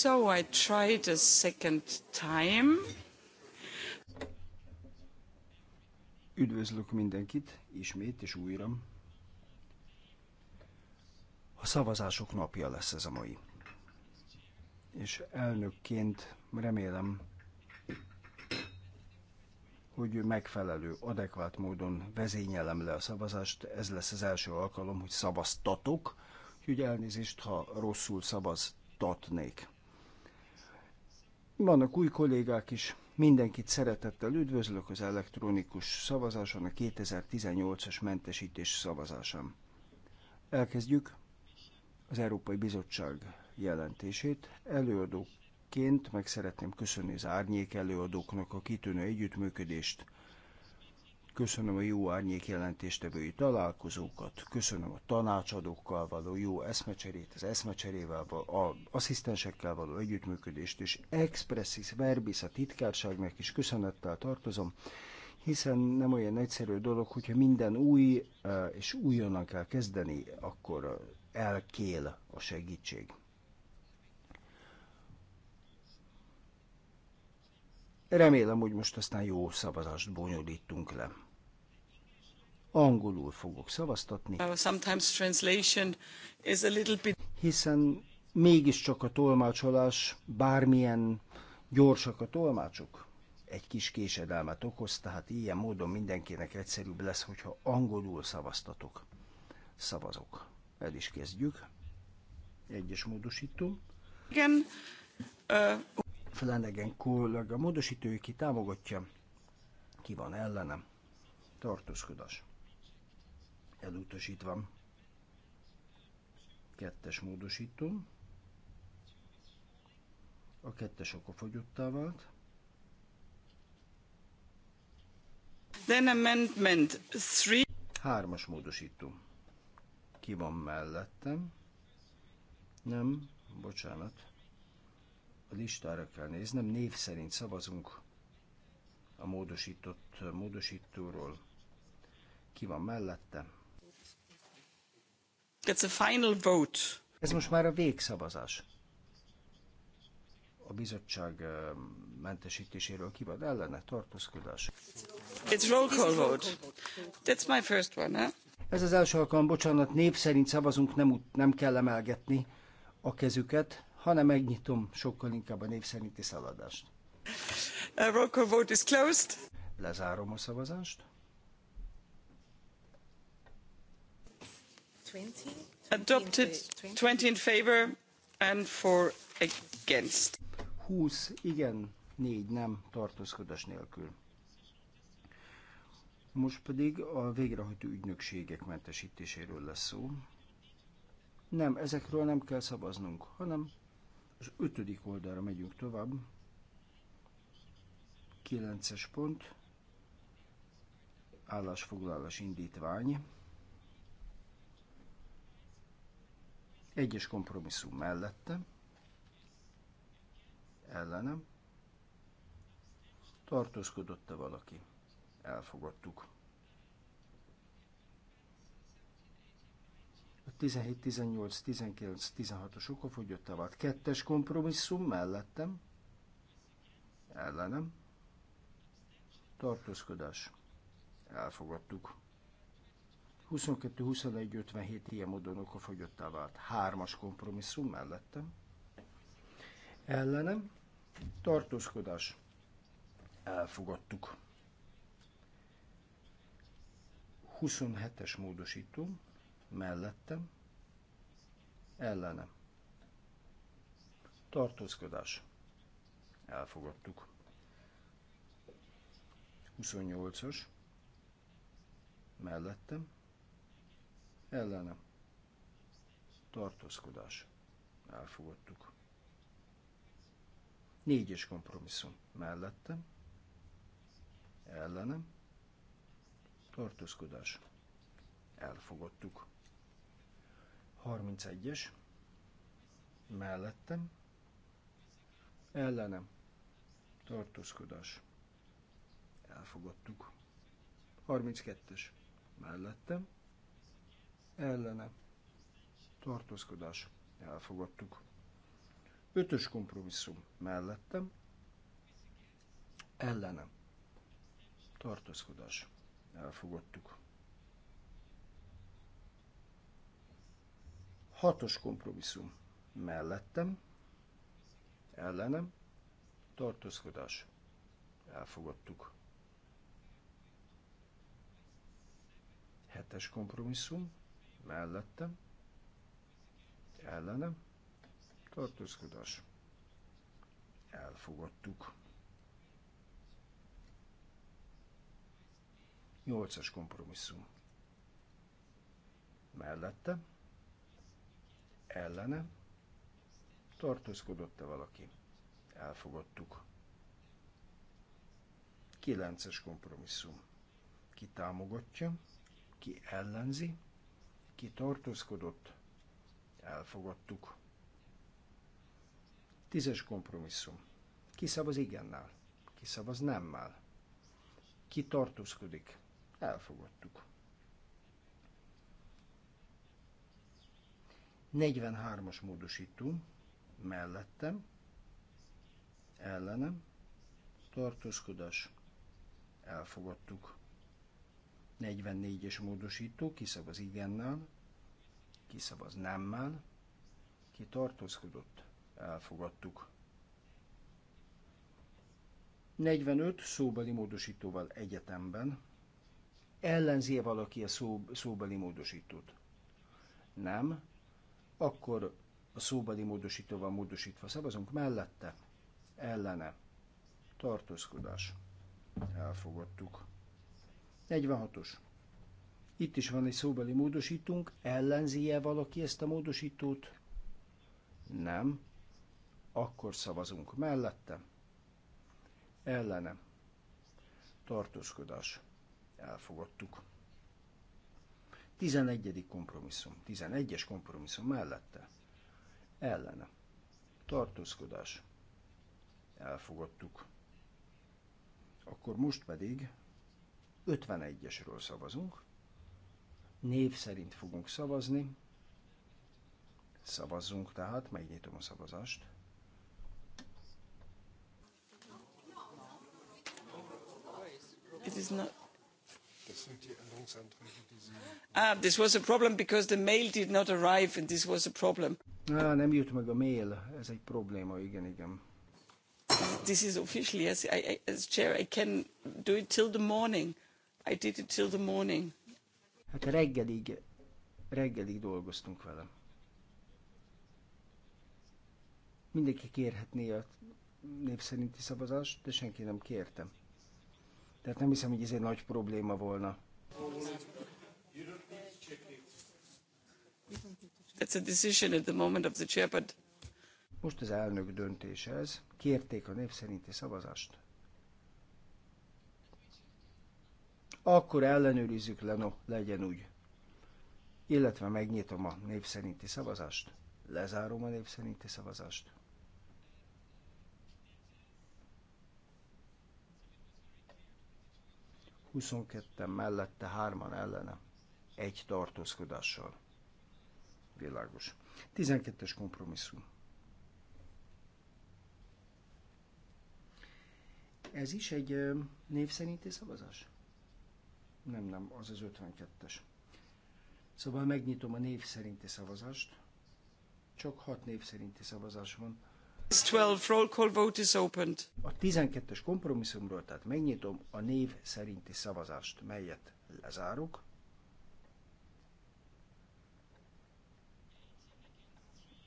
so I tried a second time. Üdvözlök mindenkit, ismét és újra. A szavazások napja lesz ez a mai. És elnökként remélem, hogy megfelelő, adekvát módon vezényelem le a szavazást. Ez lesz az első alkalom, hogy szavaztatok, hogy elnézést, ha rosszul szavaztatnék. Vannak új kollégák is, mindenkit szeretettel üdvözlök az elektronikus szavazáson, a 2018-as mentesítés szavazásán. Elkezdjük az Európai Bizottság jelentését. Előadóként meg szeretném köszönni az árnyék előadóknak a kitűnő együttműködést, köszönöm a jó árnyék jelentéstevői találkozókat, köszönöm a tanácsadókkal való jó eszmecserét, az eszmecserével, az asszisztensekkel való együttműködést, és expressis verbis a titkárságnak is köszönettel tartozom, hiszen nem olyan egyszerű dolog, hogyha minden új e, és újonnan kell kezdeni, akkor elkél a segítség. Remélem, hogy most aztán jó szavazást bonyolítunk le angolul fogok szavaztatni. Sometimes translation is a little bit... Hiszen mégiscsak a tolmácsolás, bármilyen gyorsak a tolmácsok, egy kis késedelmet okoz, tehát ilyen módon mindenkinek egyszerűbb lesz, hogyha angolul szavaztatok. Szavazok. El is kezdjük. Egyes módosító. Igen. Uh... Flanagan kollega módosítő, ki támogatja, ki van ellenem. Tartózkodás elutasítva. Kettes módosító. A kettes fogyottá vált. Then amendment three. Hármas módosító. Ki van mellettem? Nem, bocsánat. A listára kell néznem, név szerint szavazunk a módosított módosítóról. Ki van mellettem? That's a final vote. Ez most már a végszavazás. A bizottság mentesítéséről kivad ellene tartózkodás. It's roll call vote. That's my first one, eh? Ez az első alkalom, bocsánat, név szerint szavazunk, nem, nem kell emelgetni a kezüket, hanem megnyitom sokkal inkább a név szerinti szaladást. A roll call vote is closed. Lezárom a szavazást. 20. Adopted 20 in favor and 4 against. 20 igen, 4 nem, tartózkodás nélkül. Most pedig a végrehajtó ügynökségek mentesítéséről lesz szó. Nem, ezekről nem kell szavaznunk, hanem az ötödik oldalra megyünk tovább. 9-es pont, állásfoglalás indítvány. Egyes kompromisszum mellettem, ellenem, tartózkodott-e valaki? Elfogadtuk. A 17, 18, 19, 16-os okafogyott -e vált. Kettes kompromisszum mellettem, ellenem, tartózkodás. Elfogadtuk. 22, 21, 57 ilyen módon okafogyottá vált. Hármas kompromisszum mellettem. Ellenem tartózkodás. Elfogadtuk. 27-es módosító mellettem. Ellenem tartózkodás. Elfogadtuk. 28-as mellettem ellene tartózkodás elfogadtuk. Négyes kompromisszum mellette ellene tartózkodás elfogadtuk. 31-es mellettem ellenem tartózkodás elfogadtuk. 32-es mellettem ellene tartózkodás elfogadtuk. Ötös kompromisszum mellettem ellene tartózkodás elfogadtuk. Hatos kompromisszum mellettem ellenem tartózkodás elfogadtuk. hetes kompromisszum, mellettem, ellenem, tartózkodás, elfogadtuk. 8-as kompromisszum. Mellette, ellene, tartózkodott-e valaki? Elfogadtuk. 9-es kompromisszum. Ki támogatja, ki ellenzi, ki tartózkodott, elfogadtuk. Tízes kompromisszum. Ki szavaz igennel, ki szavaz nemmel, ki tartózkodik, elfogadtuk. 43-as módosító mellettem, ellenem, tartózkodás, elfogadtuk. 44-es módosító, kiszavaz igennel, kiszavaz nemmel, ki tartózkodott, elfogadtuk. 45 szóbeli módosítóval egyetemben. ellenzi -e valaki a szó, szóbeli módosítót? Nem. Akkor a szóbeli módosítóval módosítva szavazunk mellette, ellene, tartózkodás. Elfogadtuk. 46-os. Itt is van egy szóbeli módosítunk. Ellenzi-e valaki ezt a módosítót? Nem. Akkor szavazunk mellette. Ellene. Tartózkodás. Elfogadtuk. 11. kompromisszum. 11-es kompromisszum mellette. Ellene. Tartózkodás. Elfogadtuk. Akkor most pedig 51-esről szavazunk. Név szerint fogunk szavazni. Szavazzunk tehát, megnyitom a szavazást. It is not... Ah, this was a problem because the mail did not arrive and this was a problem. Ah, nem jut meg a mail, ez egy probléma, igen, igen. This is officially, as, I, as chair, I can do it till the morning. I did it till the morning. Hát reggelig, reggelig dolgoztunk vele. Mindenki kérhetné a népszerinti szavazást, de senki nem kértem. Tehát nem hiszem, hogy ez egy nagy probléma volna. That's a decision at the moment of the chair, but... Most az elnök döntése ez. Kérték a népszerinti szavazást. akkor ellenőrizzük Leno, legyen úgy. Illetve megnyitom a népszerinti szavazást, lezárom a népszerinti szavazást. Huszonketten mellette, hárman ellene, egy tartózkodással. Világos. 12-es kompromisszum. Ez is egy név szerinti szavazás? Nem, nem, az az 52-es. Szóval megnyitom a név szerinti szavazást. Csak hat név szerinti szavazás van. 12 roll call vote is opened. A 12-es kompromisszumról, tehát megnyitom a név szerinti szavazást, melyet lezárok.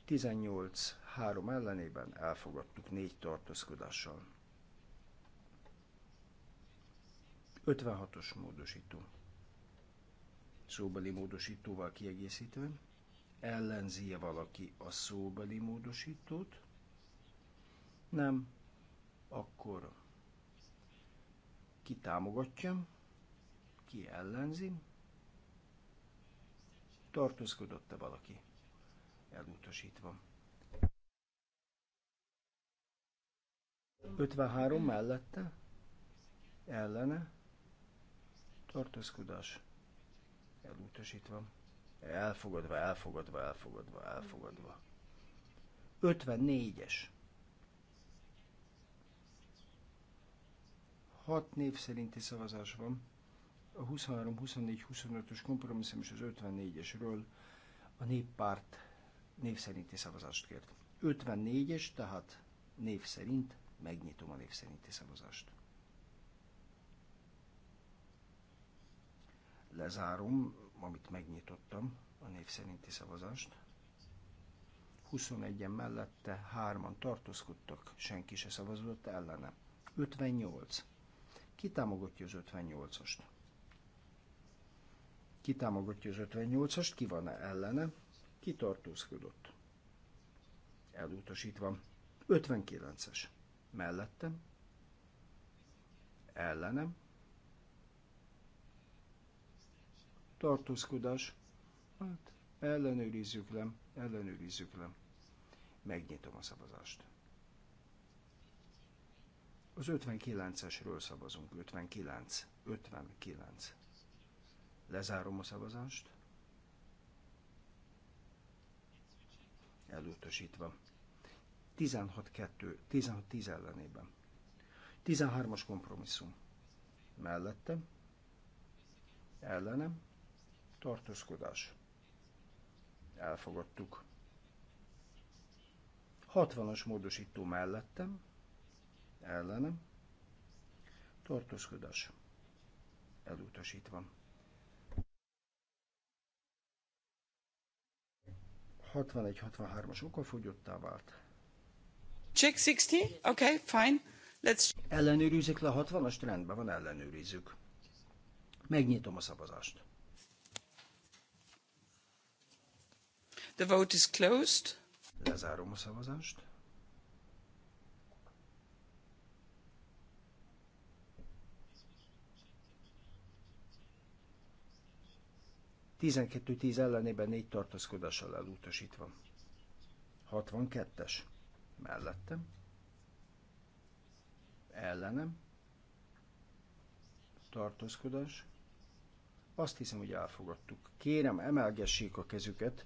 Tizennyolc három ellenében elfogadtuk négy tartózkodással. 56-os módosító. Szóbeli módosítóval kiegészítve. Ellenzi -e valaki a szóbeli módosítót? Nem. Akkor ki támogatja? Ki ellenzi? Tartózkodott-e valaki? Elutasítva. 53 mellette? Ellene? tartózkodás elutasítva, elfogadva, elfogadva, elfogadva, elfogadva. 54-es. Hat név szerinti szavazás van. A 23, 24, 25-ös kompromisszum és az 54-esről a néppárt név szerinti szavazást kért. 54-es, tehát név szerint megnyitom a név szerinti szavazást. lezárom, amit megnyitottam, a név szerinti szavazást. 21-en mellette, 3-an tartózkodtak, senki se szavazott ellene. 58. Ki támogatja az 58 ost Ki támogatja az 58-ast, ki van -e ellene? Ki tartózkodott? Elutasítva. 59-es. Mellettem. Ellenem tartózkodás, hát ellenőrizzük le, ellenőrizzük le. Megnyitom a szavazást. Az 59-esről szavazunk, 59, 59. Lezárom a szavazást. Elutasítva. 16-2, 16-10 ellenében. 13-as kompromisszum. Mellette? Ellenem tartózkodás. Elfogadtuk. 60-as módosító mellettem, ellenem, tartózkodás. Elutasítva. 61-63-as okafogyottá vált. Check 60? Okay, fine. Let's... Ellenőrizzük le a 60 as trendben, van, ellenőrizzük. Megnyitom a szavazást. The vote is closed. Lezárom a szavazást. Tizenkettő tíz ellenében négy tartaszkodással elutasítva. 62-es. Mellettem. Ellenem. Tartózkodás. Azt hiszem, hogy elfogadtuk. Kérem, emelgessék a kezüket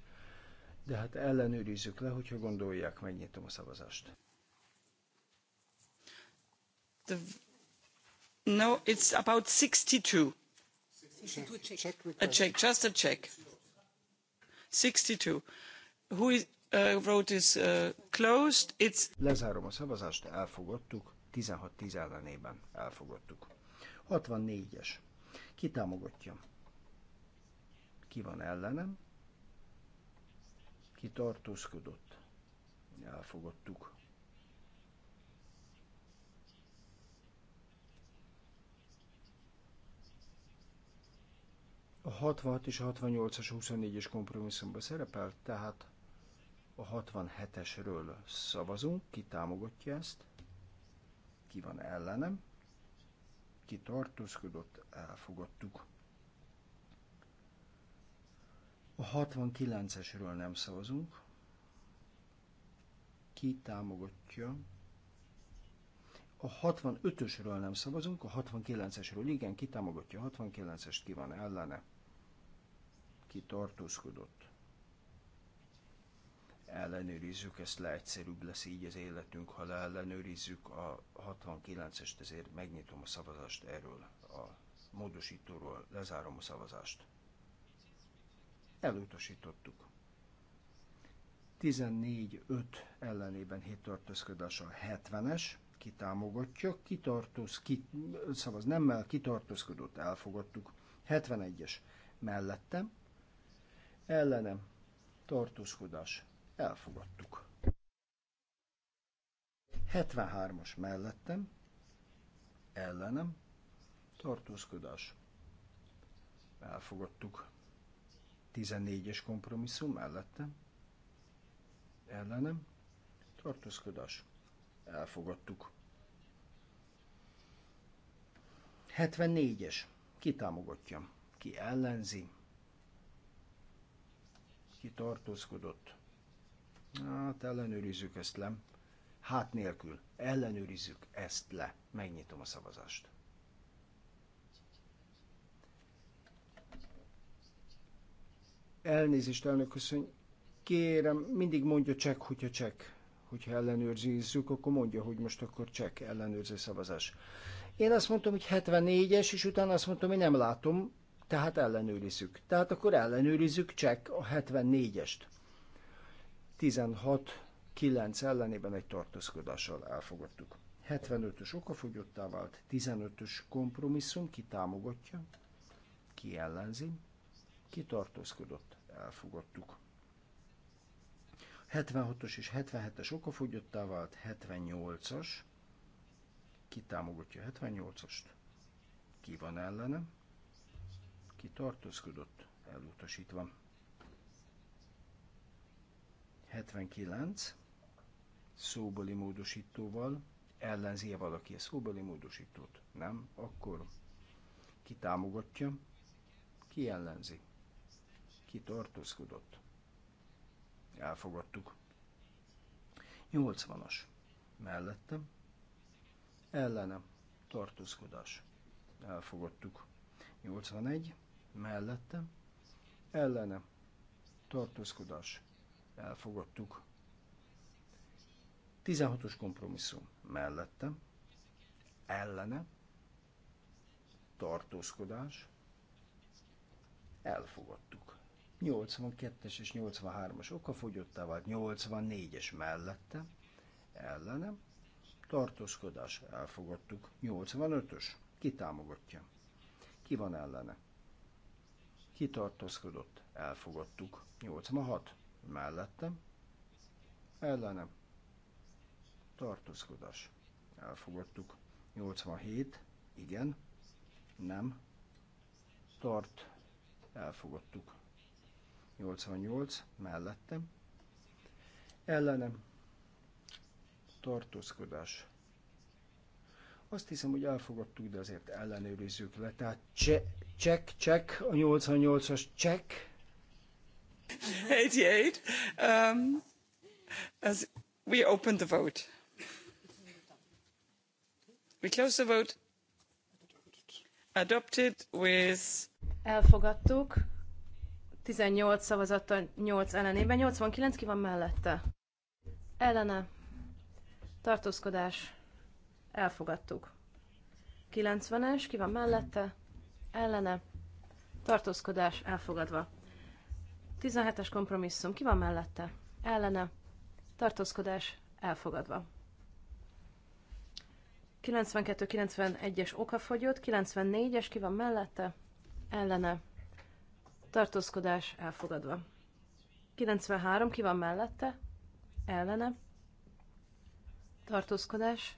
de hát ellenőrizzük le, hogyha gondolják, megnyitom a szavazást. The... No, it's about 62. A check, just a check. 62. Who is, uh, wrote is uh, closed? It's... Lezárom a szavazást, elfogadtuk. 16-10 ellenében elfogadtuk. 64-es. Ki támogatja? Ki van ellenem? ki tartózkodott. Elfogadtuk. A 66 és a 68-as 24-es kompromisszumban szerepel, tehát a 67-esről szavazunk, ki támogatja ezt, ki van ellenem, ki tartózkodott, elfogadtuk. A 69-esről nem szavazunk. Ki támogatja? A 65-ösről nem szavazunk, a 69-esről igen, ki támogatja a 69-est, ki van ellene, ki tartózkodott. Ellenőrizzük, ezt leegyszerűbb lesz így az életünk, ha leellenőrizzük a 69-est, ezért megnyitom a szavazást erről, a módosítóról, lezárom a szavazást elutasítottuk. 14-5 ellenében 7 a 70-es, kitámogatja, kitartóz, ki, szavaz nemmel, kitartózkodott, elfogadtuk. 71-es mellettem, ellenem, tartózkodás, elfogadtuk. 73-as mellettem, ellenem, tartózkodás, elfogadtuk. 14-es kompromisszum mellette, ellenem, tartózkodás, elfogadtuk. 74-es, ki támogatja, ki ellenzi, ki tartózkodott. Hát ellenőrizzük ezt le. Hát nélkül ellenőrizzük ezt le. Megnyitom a szavazást. Elnézést, elnök köszönj. Kérem, mindig mondja csek, hogyha csek. Hogyha ellenőrzézzük, akkor mondja, hogy most akkor csek, ellenőrző szavazás. Én azt mondtam, hogy 74-es, és utána azt mondtam, hogy nem látom, tehát ellenőrizzük. Tehát akkor ellenőrizzük csek a 74-est. 16 9 ellenében egy tartózkodással elfogadtuk. 75-ös okafogyottá vált, 15-ös kompromisszum, ki támogatja, ki ellenzi, ki tartózkodott elfogadtuk. 76-os és 77-es okafogyottá vált, 78-as, ki támogatja 78-ast, ki van ellene, ki tartózkodott, elutasítva. 79, szóbeli módosítóval, ellenzi -e valaki a szóbeli módosítót? Nem? Akkor ki támogatja, ki ellenzi? ki tartózkodott. Elfogadtuk. 80-as. Mellettem. Ellenem. Tartózkodás. Elfogadtuk. 81. Mellettem. Ellenem. Tartózkodás. Elfogadtuk. 16-os kompromisszum. Mellettem. Ellenem. Tartózkodás. Elfogadtuk. 82-es és 83-as okafogyottá vált, 84-es mellette, ellenem, tartózkodás, elfogadtuk, 85-ös, ki támogatja, ki van ellene, ki tartózkodott, elfogadtuk, 86, mellettem, ellenem, tartózkodás, elfogadtuk, 87, igen, nem, tart, elfogadtuk, 88 mellettem, ellenem tartózkodás. Azt hiszem, hogy elfogadtuk, de azért ellenőrizzük le. Tehát csek, csek, a 88-as csek. 88. Um, as we open the vote. We close the vote. Adopted with... Elfogadtuk. 18 szavazattal 8 ellenében, 89 ki van mellette. Ellene. Tartózkodás. Elfogadtuk. 90-es, ki van mellette? Ellene. Tartózkodás elfogadva. 17-es kompromisszum, ki van mellette? Ellene. Tartózkodás elfogadva. 92-91-es okafogyott, 94-es, ki van mellette? Ellene tartózkodás elfogadva. 93, ki van mellette? Ellene. Tartózkodás.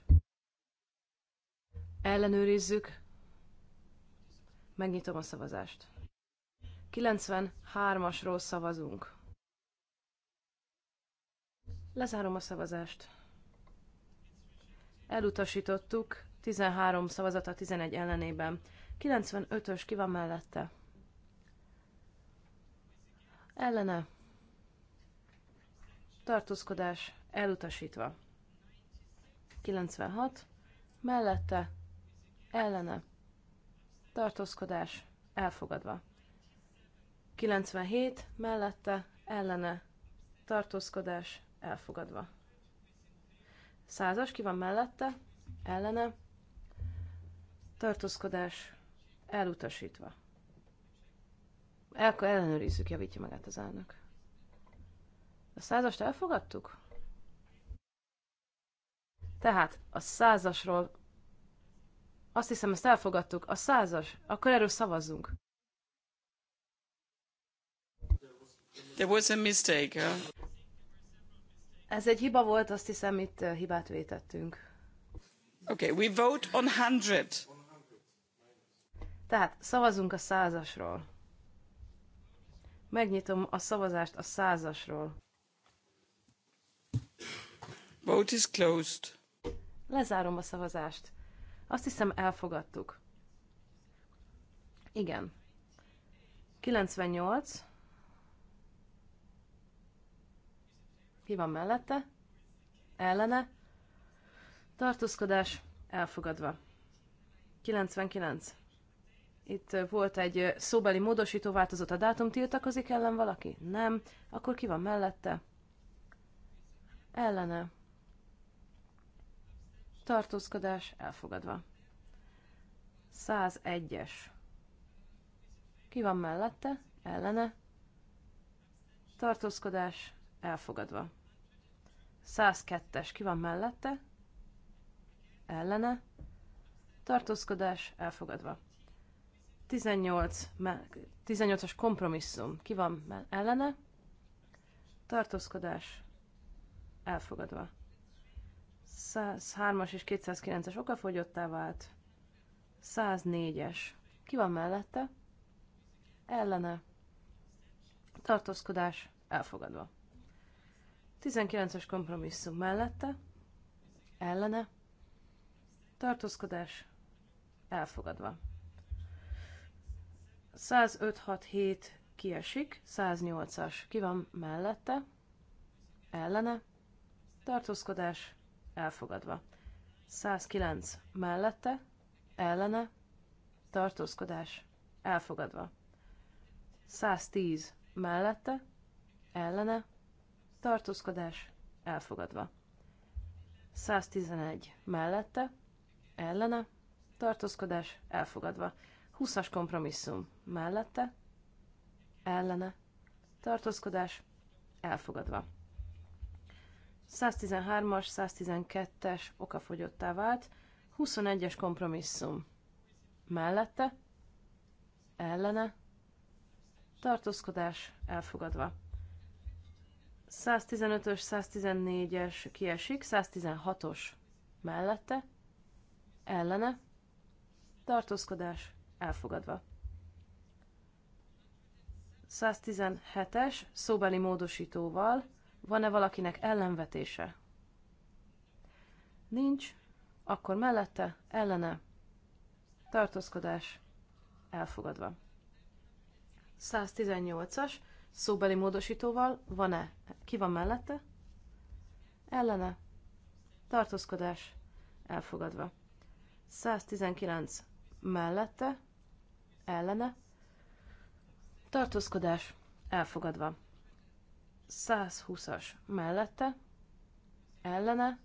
Ellenőrizzük. Megnyitom a szavazást. 93-asról szavazunk. Lezárom a szavazást. Elutasítottuk 13 szavazata 11 ellenében. 95-ös ki van mellette? ellene tartózkodás elutasítva. 96 mellette ellene tartózkodás elfogadva. 97 mellette ellene tartózkodás elfogadva. Százas ki van mellette, ellene, tartózkodás elutasítva. Akkor ellenőrizzük, javítja magát az elnök. A százast elfogadtuk? Tehát a százasról, azt hiszem, ezt elfogadtuk, a százas, akkor erről szavazzunk. There was a mistake. Huh? Ez egy hiba volt, azt hiszem, itt eh, hibát vétettünk. Okay, we vote on 100. Tehát szavazunk a százasról. Megnyitom a szavazást a százasról. Vote is closed. Lezárom a szavazást. Azt hiszem elfogadtuk. Igen. 98. Ki van mellette? Ellene? Tartózkodás elfogadva. 99. Itt volt egy szóbeli módosító változat a dátum, tiltakozik ellen valaki? Nem. Akkor ki van mellette? Ellene. Tartózkodás elfogadva. 101-es. Ki van mellette? Ellene. Tartózkodás elfogadva. 102-es. Ki van mellette? Ellene. Tartózkodás elfogadva. 18, 18-as kompromisszum. Ki van ellene? Tartózkodás. Elfogadva. 103-as és 209-es okafogyottá vált. 104-es. Ki van mellette? Ellene. Tartózkodás. Elfogadva. 19-es kompromisszum mellette. Ellene. Tartózkodás. Elfogadva. 10567 kiesik, 108-as ki van mellette, ellene, tartózkodás elfogadva. 109 mellette, ellene, tartózkodás elfogadva. 110 mellette, ellene, tartózkodás elfogadva. 111 mellette, ellene, tartózkodás elfogadva. 20-as kompromisszum mellette, ellene, tartózkodás, elfogadva. 113-as, 112-es okafogyottá vált, 21-es kompromisszum mellette, ellene, tartózkodás, elfogadva. 115-ös, 114-es kiesik, 116-os mellette, ellene, tartózkodás, elfogadva. 117-es szóbeli módosítóval van-e valakinek ellenvetése? Nincs, akkor mellette ellene tartózkodás elfogadva. 118-as szóbeli módosítóval van-e? Ki van mellette? Ellene tartózkodás elfogadva. 119 mellette ellene, tartózkodás elfogadva. 120-as mellette, ellene,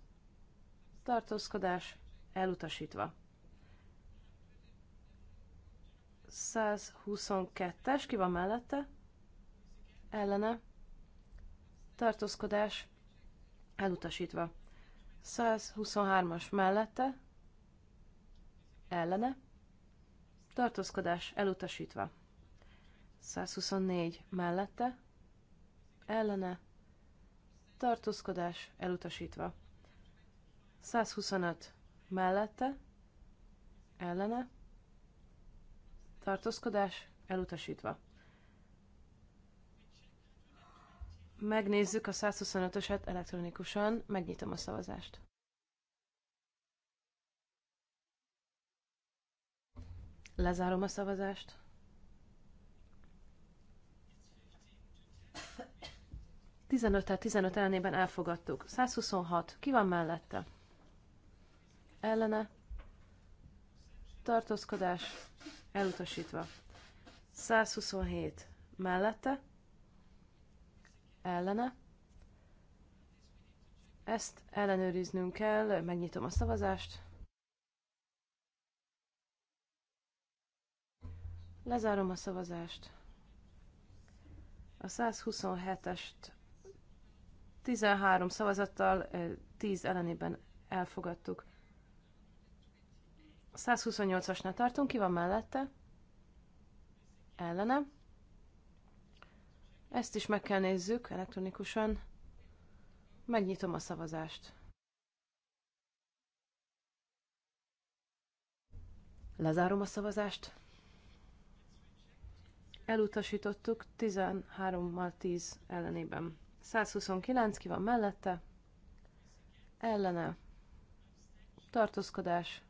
tartózkodás elutasítva. 122-es, ki van mellette? Ellene. Tartózkodás elutasítva. 123-as mellette. Ellene tartózkodás elutasítva. 124 mellette, ellene, tartózkodás elutasítva. 125 mellette, ellene, tartózkodás elutasítva. Megnézzük a 125-öset elektronikusan, megnyitom a szavazást. Lezárom a szavazást. Tizenöttel tizenöt elnében elfogadtuk. 126. Ki van mellette? Ellene. Tartózkodás. Elutasítva. 127. Mellette. Ellene. Ezt ellenőriznünk kell, megnyitom a szavazást. Lezárom a szavazást. A 127-est 13 szavazattal, 10 eh, ellenében elfogadtuk. A 128-asnál tartunk, ki van mellette? Ellene. Ezt is meg kell nézzük elektronikusan. Megnyitom a szavazást. Lezárom a szavazást. Elutasítottuk 13-mal 10 ellenében. 129 ki van mellette, ellene, tartózkodás,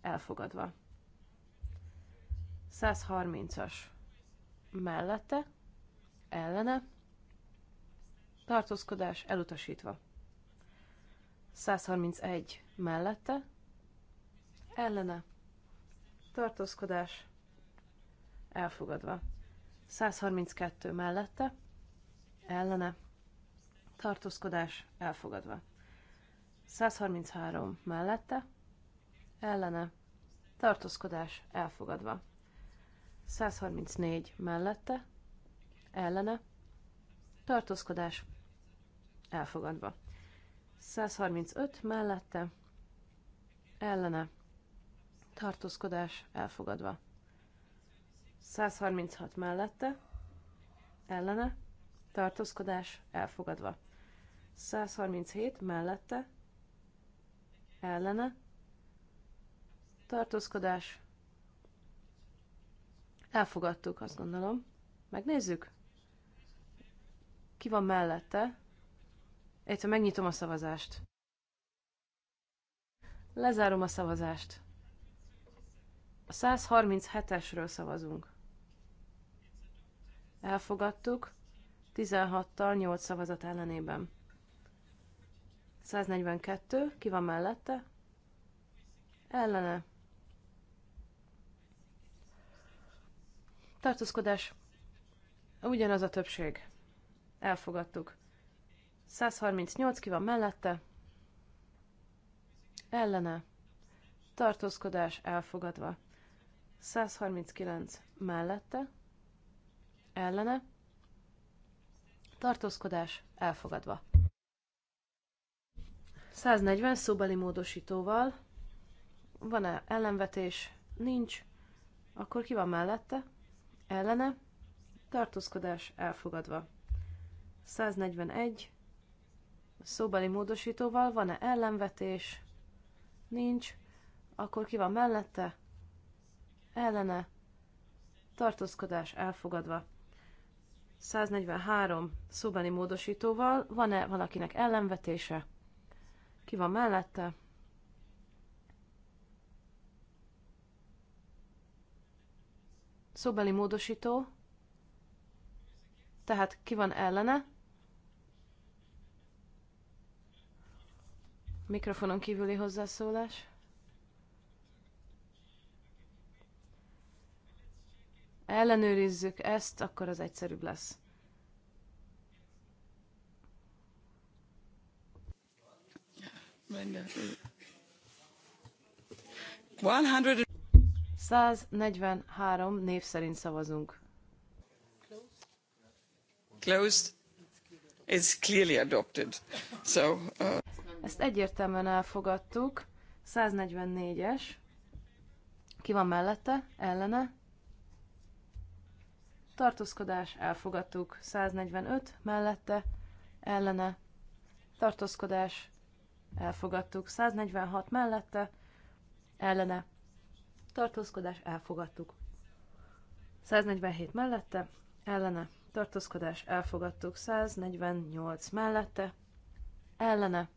elfogadva. 130-as mellette, ellene, tartózkodás elutasítva. 131 mellette, ellene, tartózkodás elfogadva. 132 mellette, ellene, tartózkodás elfogadva. 133 mellette, ellene, tartózkodás elfogadva. 134 mellette, ellene, tartózkodás elfogadva. 135 mellette, ellene, tartózkodás elfogadva. 136 mellette, ellene, tartózkodás elfogadva. 137 mellette, ellene, tartózkodás. Elfogadtuk, azt gondolom. Megnézzük. Ki van mellette? Egyszer megnyitom a szavazást. Lezárom a szavazást. A 137-esről szavazunk elfogadtuk, 16-tal 8 szavazat ellenében. 142, ki van mellette? Ellene. Tartózkodás. Ugyanaz a többség. Elfogadtuk. 138, ki van mellette? Ellene. Tartózkodás elfogadva. 139 mellette ellene, tartózkodás elfogadva. 140 szóbeli módosítóval, van-e ellenvetés? Nincs. Akkor ki van mellette? Ellene, tartózkodás elfogadva. 141 szóbeli módosítóval, van-e ellenvetés? Nincs. Akkor ki van mellette? Ellene, tartózkodás elfogadva. 143 szóbeli módosítóval. Van-e valakinek ellenvetése? Ki van mellette? Szóbeli módosító. Tehát ki van ellene? Mikrofonon kívüli hozzászólás. ellenőrizzük ezt, akkor az egyszerűbb lesz. One 143 név szerint szavazunk. Closed. It's clearly adopted. So, uh... Ezt egyértelműen elfogadtuk. 144-es. Ki van mellette? Ellene? tartózkodás, elfogadtuk. 145 mellette, ellene, tartózkodás, elfogadtuk. 146 mellette, ellene, tartózkodás, elfogadtuk. 147 mellette, ellene, tartózkodás, elfogadtuk. 148 mellette, ellene,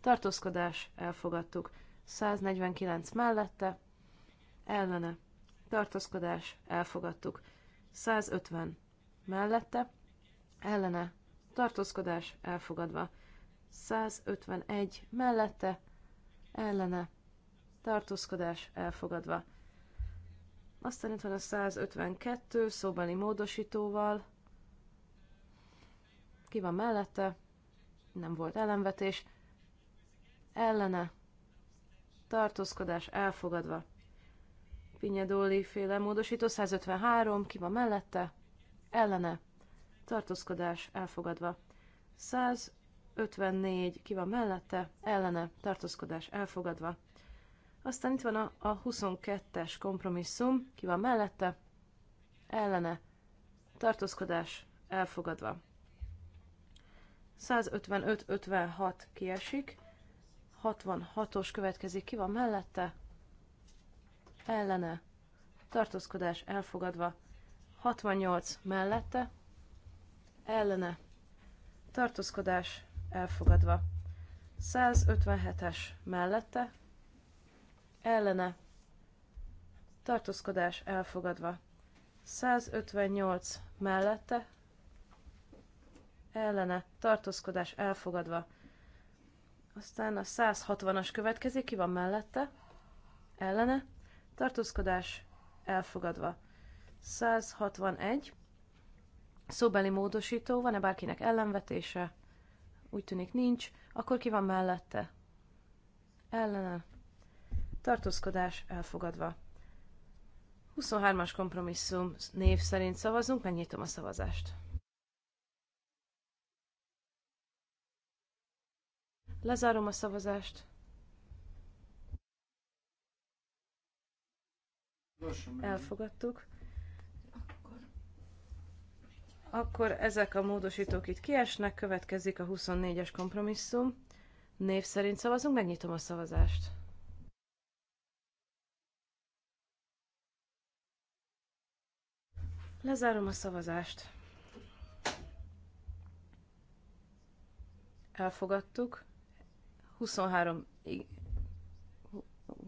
tartózkodás, elfogadtuk. 149 mellette, ellene, tartózkodás, elfogadtuk. 150 mellette, ellene, tartózkodás elfogadva. 151 mellette, ellene, tartózkodás elfogadva. Aztán itt van a 152 szóbeli módosítóval. Ki van mellette? Nem volt ellenvetés. Ellene. Tartózkodás elfogadva. Pinyedóli féle módosító 153, ki van mellette? Ellene. Tartózkodás elfogadva. 154, ki van mellette? Ellene. Tartózkodás elfogadva. Aztán itt van a, a 22-es kompromisszum, ki van mellette? Ellene. Tartózkodás elfogadva. 155-56 kiesik. 66-os következik, ki van mellette? ellene, tartózkodás elfogadva, 68 mellette, ellene, tartózkodás elfogadva, 157-es mellette, ellene, tartózkodás elfogadva, 158 mellette, ellene, tartózkodás elfogadva, aztán a 160-as következik, ki van mellette, ellene, tartózkodás elfogadva. 161. Szóbeli módosító, van-e bárkinek ellenvetése? Úgy tűnik nincs. Akkor ki van mellette? Ellene. Tartózkodás elfogadva. 23-as kompromisszum név szerint szavazunk, megnyitom a szavazást. Lezárom a szavazást. Elfogadtuk. Akkor ezek a módosítók itt kiesnek, következik a 24-es kompromisszum. Név szerint szavazunk, megnyitom a szavazást. Lezárom a szavazást. Elfogadtuk. 23,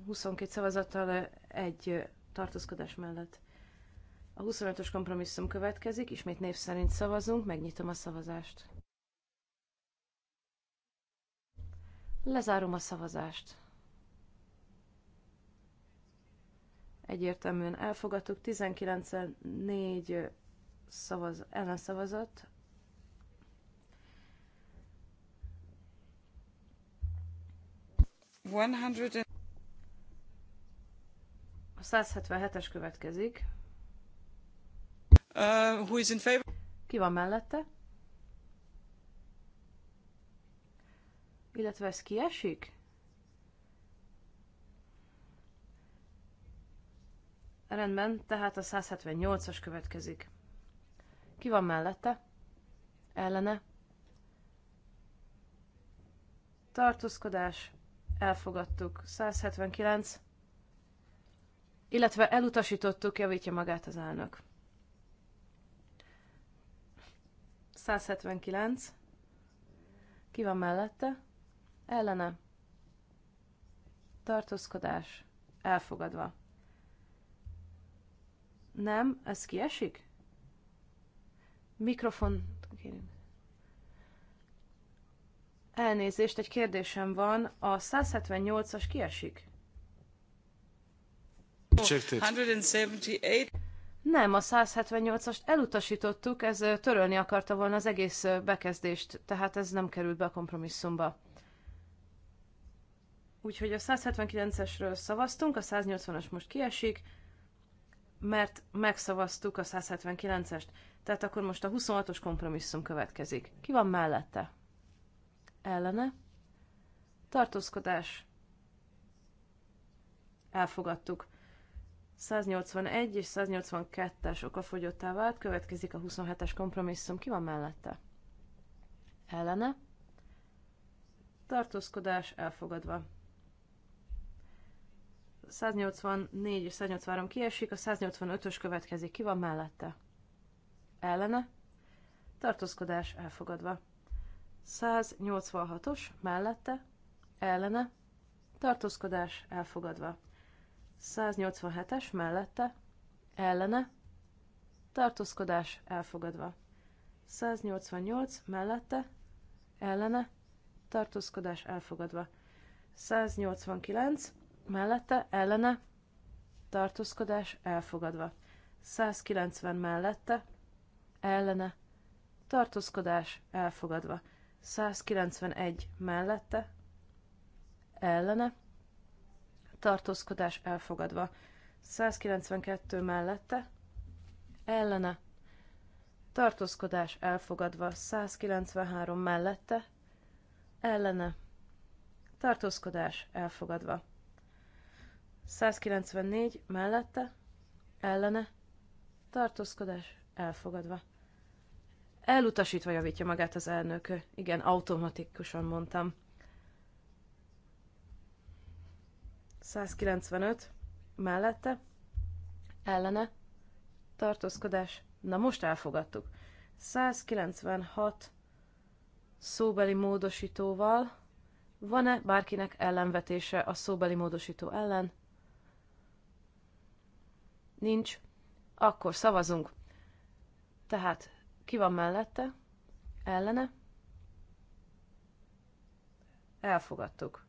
22 szavazattal egy tartózkodás mellett. A 25-ös kompromisszum következik, ismét név szerint szavazunk, megnyitom a szavazást. Lezárom a szavazást. Egyértelműen elfogadtuk, 19 4 szavaz, ellenszavazat, a 177-es következik. Uh, who is in favor? Ki van mellette? Illetve ez kiesik? Rendben, tehát a 178-as következik. Ki van mellette? Ellene? Tartózkodás. Elfogadtuk. 179 illetve elutasítottuk, javítja magát az elnök. 179. Ki van mellette? Ellene. Tartózkodás. Elfogadva. Nem, ez kiesik? Mikrofon kérünk. Elnézést, egy kérdésem van. A 178-as kiesik? Nem, a 178-ast elutasítottuk, ez törölni akarta volna az egész bekezdést, tehát ez nem került be a kompromisszumba. Úgyhogy a 179-esről szavaztunk, a 180-as most kiesik, mert megszavaztuk a 179-est, tehát akkor most a 26-os kompromisszum következik. Ki van mellette? Ellene? Tartózkodás. Elfogadtuk. 181 és 182-es okafogyottá vált, következik a 27-es kompromisszum. Ki van mellette? Ellene. Tartózkodás elfogadva. 184 és 183 kiesik, a 185-ös következik. Ki van mellette? Ellene. Tartózkodás elfogadva. 186-os mellette. Ellene. Tartózkodás elfogadva. 187-es mellette, ellene, tartózkodás elfogadva. 188 mellette, ellene, tartózkodás elfogadva. 189 mellette, ellene, tartózkodás elfogadva. 190 mellette, ellene, tartózkodás elfogadva. 191 mellette, ellene, tartózkodás elfogadva. 192 mellette, ellene, tartózkodás elfogadva. 193 mellette, ellene, tartózkodás elfogadva. 194 mellette, ellene, tartózkodás elfogadva. Elutasítva javítja magát az elnök. Igen, automatikusan mondtam. 195 mellette, ellene, tartózkodás, na most elfogadtuk. 196 szóbeli módosítóval, van-e bárkinek ellenvetése a szóbeli módosító ellen? Nincs. Akkor szavazunk. Tehát ki van mellette? Ellene? Elfogadtuk.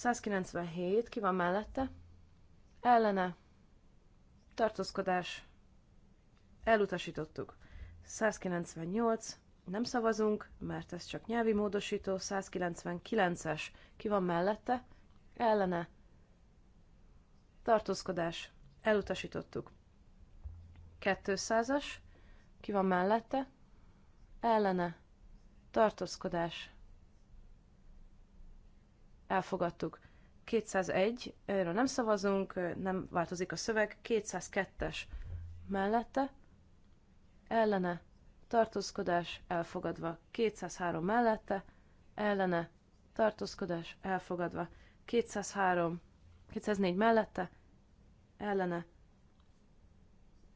197, ki van mellette? Ellene. Tartózkodás. Elutasítottuk. 198, nem szavazunk, mert ez csak nyelvi módosító. 199-es, ki van mellette? Ellene. Tartózkodás. Elutasítottuk. 200-as, ki van mellette? Ellene. Tartózkodás elfogadtuk. 201, erről nem szavazunk, nem változik a szöveg. 202-es mellette, ellene, tartózkodás, elfogadva. 203 mellette, ellene, tartózkodás, elfogadva. 203, 204 mellette, ellene,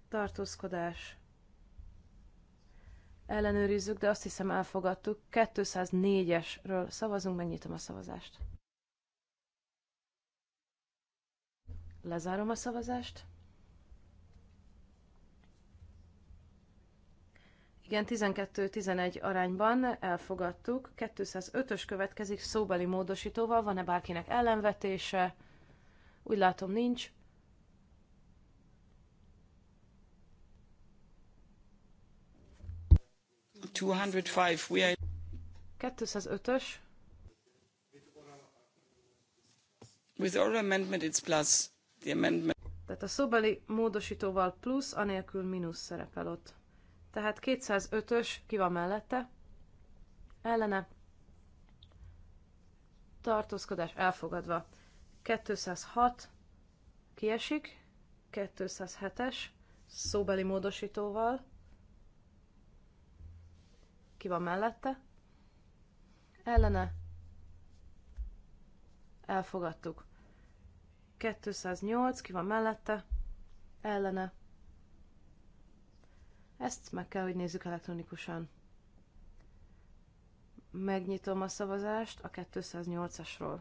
tartózkodás, ellenőrizzük, de azt hiszem elfogadtuk. 204-esről szavazunk, megnyitom a szavazást. Lezárom a szavazást. Igen, 12-11 arányban elfogadtuk. 205-ös következik szóbeli módosítóval. Van-e bárkinek ellenvetése? Úgy látom, nincs. we are... 205-ös. With oral amendment it's plus tehát a szóbeli módosítóval plusz, anélkül mínusz szerepel ott. Tehát 205-ös ki van mellette, ellene, tartózkodás elfogadva. 206 kiesik, 207-es szóbeli módosítóval, ki van mellette, ellene, elfogadtuk. 208, ki van mellette, ellene. Ezt meg kell, hogy nézzük elektronikusan. Megnyitom a szavazást a 208-asról.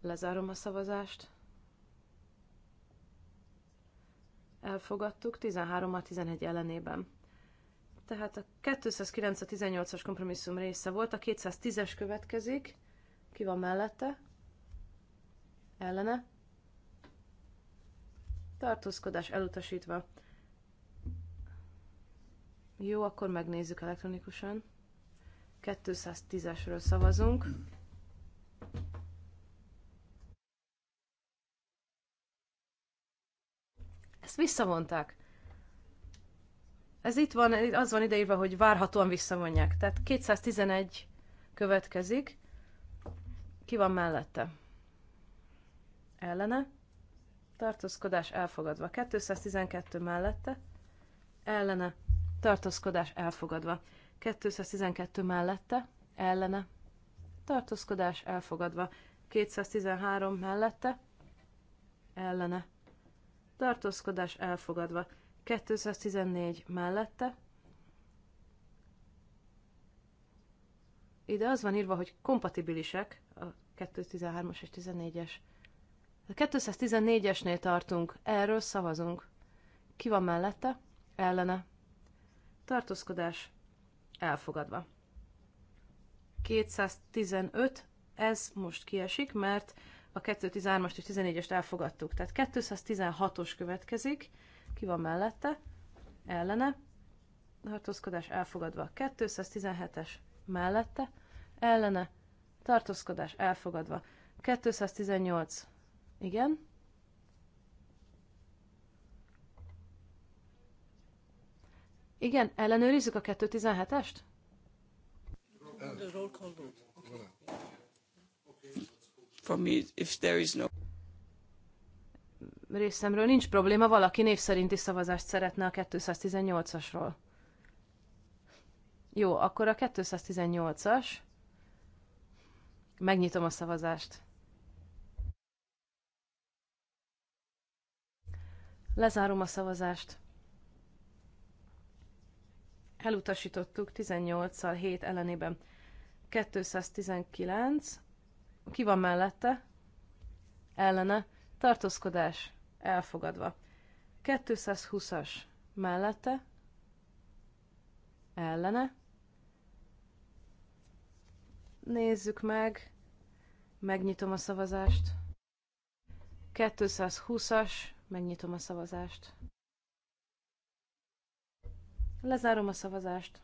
Lezárom a szavazást. Elfogadtuk 13 a 11 ellenében. Tehát a 209 a 18-as kompromisszum része volt, a 210-es következik ki van mellette? Ellene? Tartózkodás elutasítva. Jó, akkor megnézzük elektronikusan. 210-esről szavazunk. Ezt visszavonták. Ez itt van, az van ideírva, hogy várhatóan visszavonják. Tehát 211 következik. Ki van mellette? Ellene. Tartózkodás elfogadva. 212 mellette. Ellene. Tartózkodás elfogadva. 212 mellette. Ellene. Tartózkodás elfogadva. 213 mellette. Ellene. Tartózkodás elfogadva. 214 mellette. Ide az van írva, hogy kompatibilisek, 213-as és 14-es. A 214-esnél tartunk, erről szavazunk. Ki van mellette? Ellene. Tartózkodás elfogadva. 215, ez most kiesik, mert a 213 as és 14-est elfogadtuk. Tehát 216-os következik, ki van mellette, ellene, tartózkodás elfogadva. 217-es mellette, ellene, tartózkodás elfogadva. 218. Igen. Igen, ellenőrizzük a 217-est? Részemről nincs probléma, valaki név szerinti szavazást szeretne a 218-asról. Jó, akkor a 218-as. Megnyitom a szavazást. Lezárom a szavazást. Elutasítottuk 18-szal 7 ellenében. 219. Ki van mellette? Ellene. Tartózkodás. Elfogadva. 220-as. Mellette. Ellene. Nézzük meg. Megnyitom a szavazást. 220-as. Megnyitom a szavazást. Lezárom a szavazást.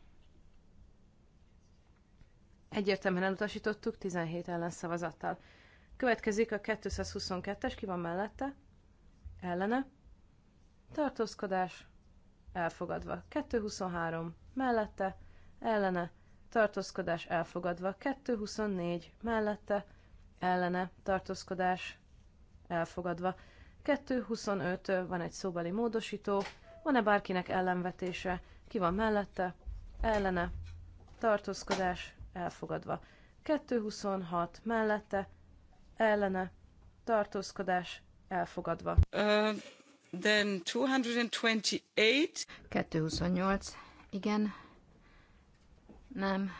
Egyértelműen elutasítottuk 17 ellen szavazattal. Következik a 222-es, ki van mellette? Ellene. Tartózkodás. Elfogadva. 223. Mellette. Ellene tartózkodás elfogadva, 224 mellette, ellene, tartózkodás elfogadva, 225 van egy szóbeli módosító, van-e bárkinek ellenvetése, ki van mellette, ellene, tartózkodás elfogadva, 226 mellette, ellene, tartózkodás elfogadva. Uh, then 228. 228, igen, nem.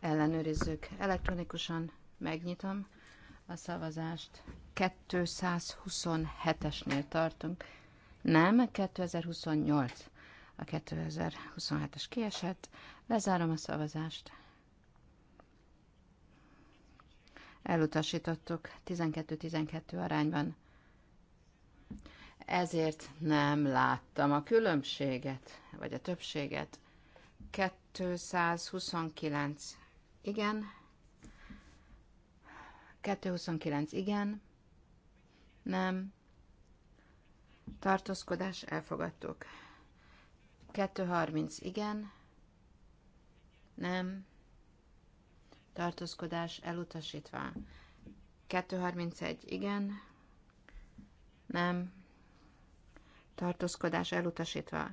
Ellenőrizzük elektronikusan. Megnyitom a szavazást. 227-esnél tartunk. Nem, 2028. A 2027-es kiesett. Lezárom a szavazást. Elutasítottuk 12-12 arányban ezért nem láttam a különbséget, vagy a többséget. 229 igen, 229 igen, nem, tartózkodás elfogadtuk. 230 igen, nem, tartózkodás elutasítva. 231 igen, nem, tartózkodás elutasítva.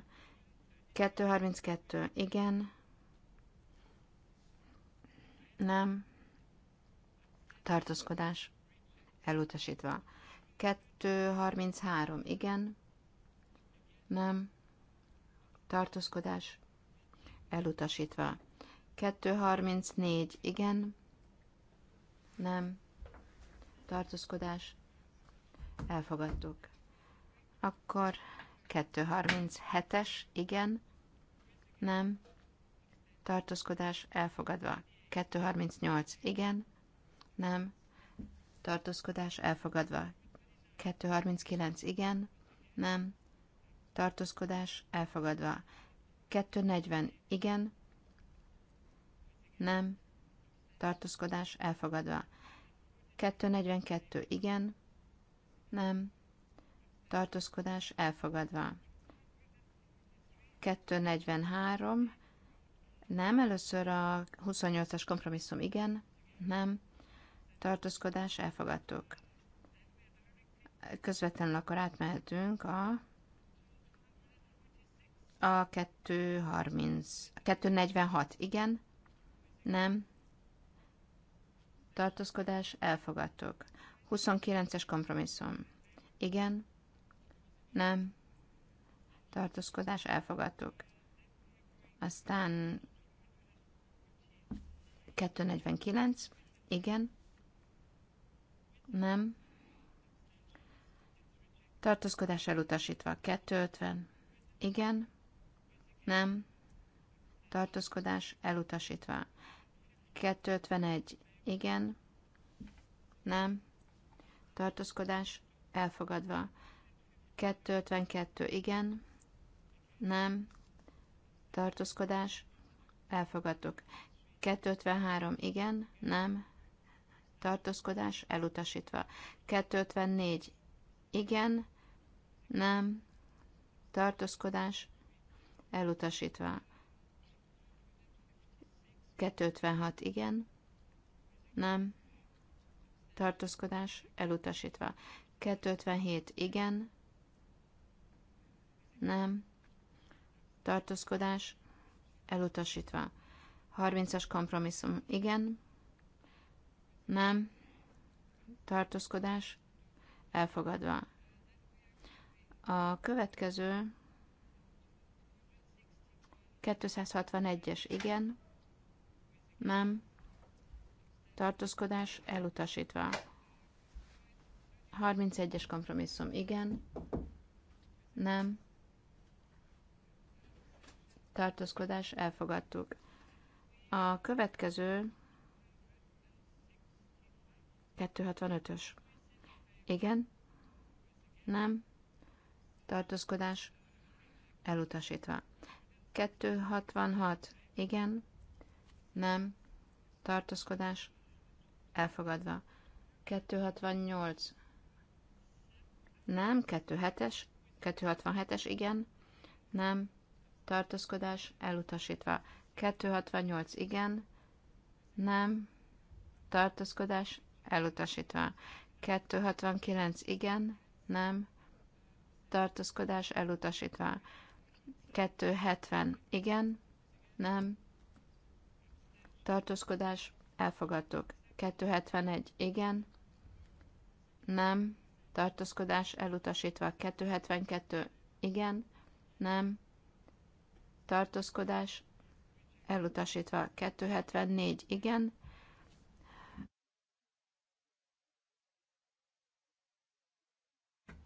232, igen, nem, tartózkodás elutasítva. 233, igen, nem, tartózkodás elutasítva. 234, igen, nem, tartózkodás, elfogadtuk. Akkor 237-es, igen, nem, tartózkodás elfogadva. 238, igen, nem, tartózkodás elfogadva. 239, igen, nem, tartózkodás elfogadva. 240, igen, nem, tartózkodás elfogadva. 242, igen, nem, tartózkodás elfogadva. 243, nem, először a 28-as kompromisszum igen, nem, tartózkodás elfogadtuk. Közvetlenül akkor átmehetünk a a 230, 246, igen, nem, tartózkodás elfogadtuk. 29-es kompromisszum, igen, nem, tartózkodás elfogadtuk. Aztán 249, igen, nem, tartózkodás elutasítva 250, igen, nem, tartózkodás elutasítva 251, igen, nem, tartózkodás elfogadva 252 igen, nem, tartózkodás, elfogadtuk. 253 igen, nem, tartózkodás, elutasítva. 254 igen, nem, tartózkodás, elutasítva. 256 igen, nem, tartózkodás, elutasítva. 257 igen, nem. Tartózkodás elutasítva. 30-as kompromisszum. Igen. Nem. Tartózkodás elfogadva. A következő 261-es. Igen. Nem. Tartózkodás elutasítva. 31-es kompromisszum. Igen. Nem tartózkodás elfogadtuk. A következő 265-ös. Igen? Nem? Tartózkodás elutasítva. 266. Igen? Nem? Tartózkodás elfogadva. 268. Nem? 27-es? 267-es? Igen? Nem? tartózkodás elutasítva. 268 igen, nem, tartózkodás elutasítva. 269 igen, nem, tartózkodás elutasítva. 270 igen, nem, tartózkodás elfogadtuk. 271 igen, nem, tartózkodás elutasítva. 272 igen, nem, tartózkodás elutasítva 274 igen,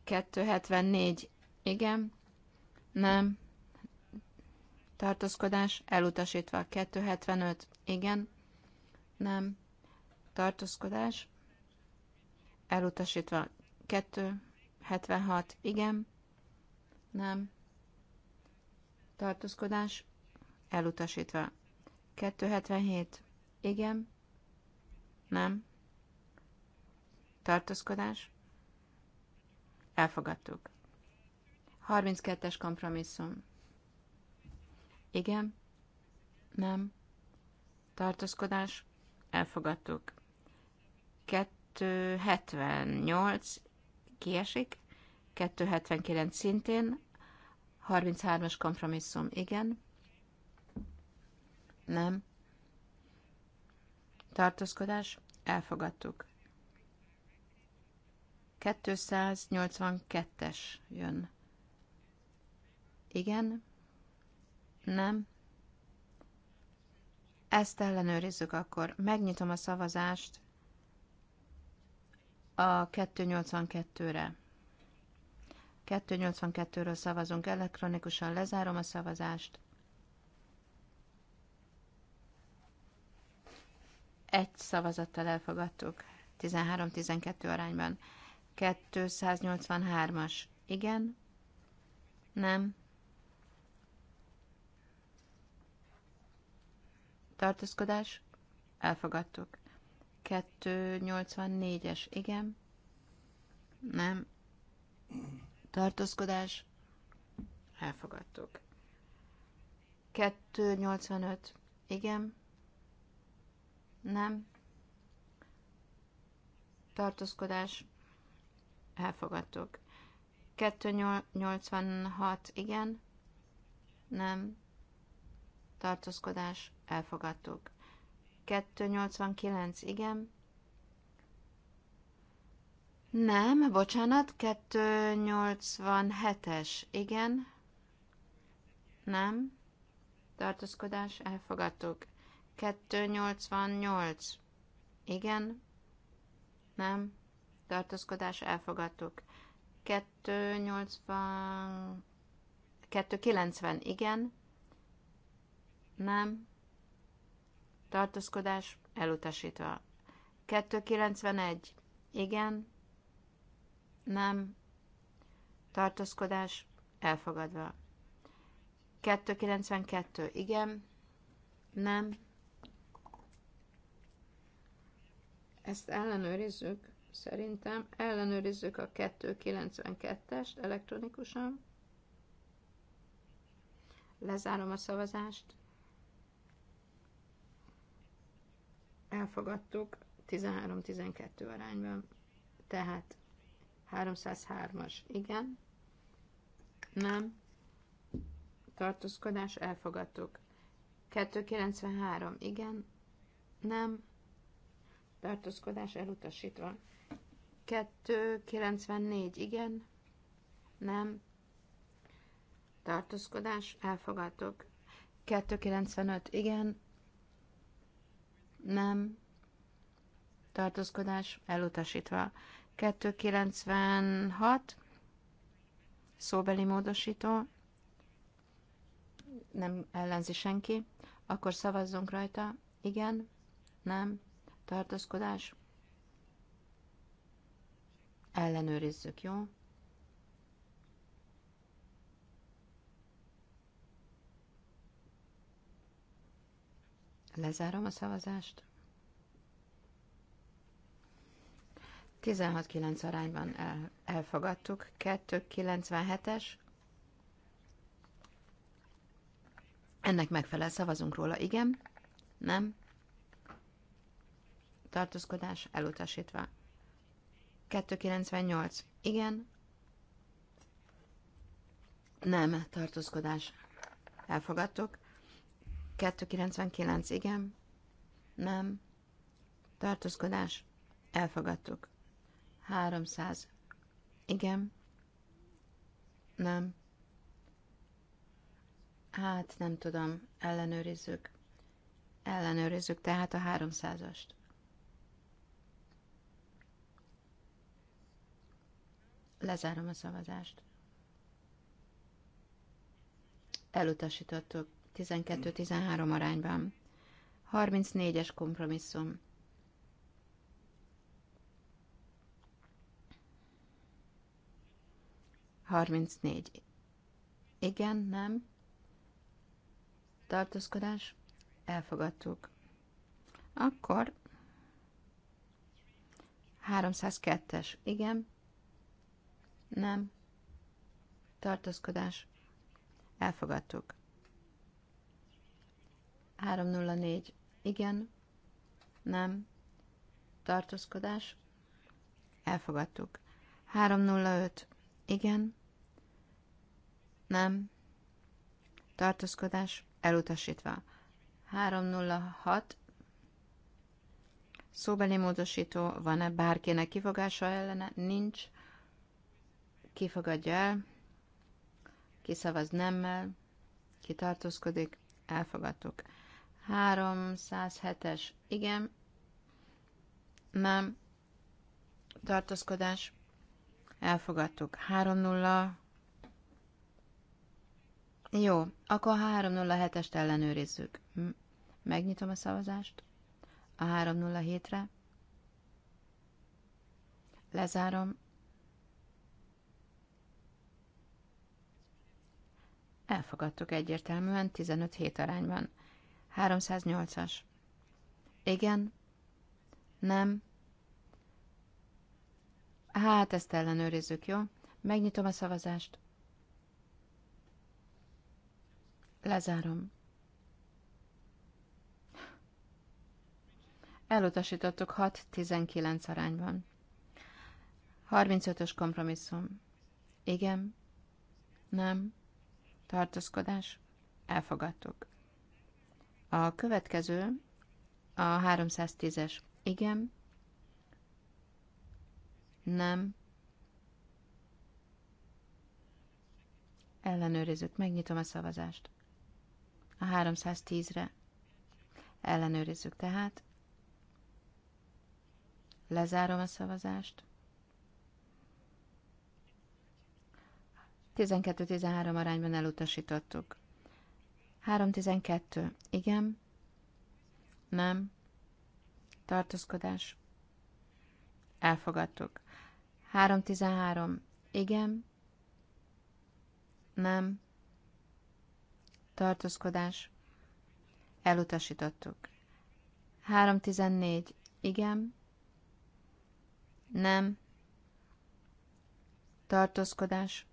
...274, igen, nem, tartózkodás, elutasítva, 275, igen, nem, tartózkodás, elutasítva, 276, igen, nem, tartózkodás elutasítva. 277. Igen. Nem. Tartózkodás. Elfogadtuk. 32-es kompromisszum. Igen. Nem. Tartózkodás. Elfogadtuk. 278. Kiesik. 279 szintén. 33-as kompromisszum, igen. Nem. Tartózkodás, elfogadtuk. 282-es jön. Igen. Nem. Ezt ellenőrizzük akkor. Megnyitom a szavazást a 282-re. 282-ről szavazunk elektronikusan, lezárom a szavazást. Egy szavazattal elfogadtuk, 13-12 arányban. 283-as, igen, nem, tartózkodás, elfogadtuk. 284-es, igen, nem, tartózkodás, elfogadtuk. 285, igen, nem, tartózkodás, elfogadtuk. 286, igen, nem, tartózkodás, elfogadtuk. 289, igen, nem, bocsánat, 287-es, igen. Nem. Tartózkodás, elfogadtuk. 288, igen. Nem. Tartózkodás, elfogadtuk. 280... 290, igen. Nem. Tartózkodás, elutasítva. 291, igen. Nem. Tartózkodás elfogadva. 292. Igen. Nem. Ezt ellenőrizzük. Szerintem ellenőrizzük a 292-est elektronikusan. Lezárom a szavazást. Elfogadtuk 13-12 arányban. Tehát 303-as. Igen. Nem. Tartózkodás. Elfogadtuk. 293. Igen. Nem. Tartózkodás elutasítva. 294. Igen. Nem. Tartózkodás. Elfogadtuk. 295. Igen. Nem. Tartózkodás elutasítva. 296 szóbeli módosító, nem ellenzi senki, akkor szavazzunk rajta, igen, nem, tartózkodás, ellenőrizzük, jó? Lezárom a szavazást. 16-9 arányban el, elfogadtuk. 297-es. Ennek megfelel szavazunk róla. Igen. Nem. Tartózkodás elutasítva. 298. Igen. Nem. Tartózkodás. Elfogadtuk. 299. Igen. Nem. Tartózkodás. Elfogadtuk. 300. Igen. Nem. Hát nem tudom, ellenőrizzük. Ellenőrizzük tehát a 300-ast. Lezárom a szavazást. Elutasítottuk 12-13 arányban. 34-es kompromisszum. 34. Igen, nem. Tartózkodás. Elfogadtuk. Akkor 302-es. Igen. Nem. Tartózkodás. Elfogadtuk. 304. Igen. Nem. Tartózkodás. Elfogadtuk. 305. Igen nem, tartózkodás elutasítva. 306 szóbeli módosító, van-e bárkinek kifogása ellene? Nincs. Kifogadja el, kiszavaz nemmel, kitartózkodik, elfogadtuk. 307-es, igen, nem, tartózkodás, elfogadtuk. 30 jó, akkor a 307-est ellenőrizzük. Megnyitom a szavazást. A 307-re. Lezárom. Elfogadtuk egyértelműen 15 hét arányban. 308-as. Igen. Nem. Hát ezt ellenőrizzük, jó? Megnyitom a szavazást. Lezárom. Elutasítottuk 6-19 arányban. 35-ös kompromisszum. Igen. Nem. Tartózkodás. Elfogadtuk. A következő a 310-es. Igen. Nem. Ellenőrizzük, megnyitom a szavazást a 310-re. Ellenőrizzük tehát. Lezárom a szavazást. 12-13 arányban elutasítottuk. 312. Igen. Nem. Tartózkodás. Elfogadtuk. 313. Igen. Nem tartózkodás, elutasítottuk. 314, igen, nem, tartózkodás,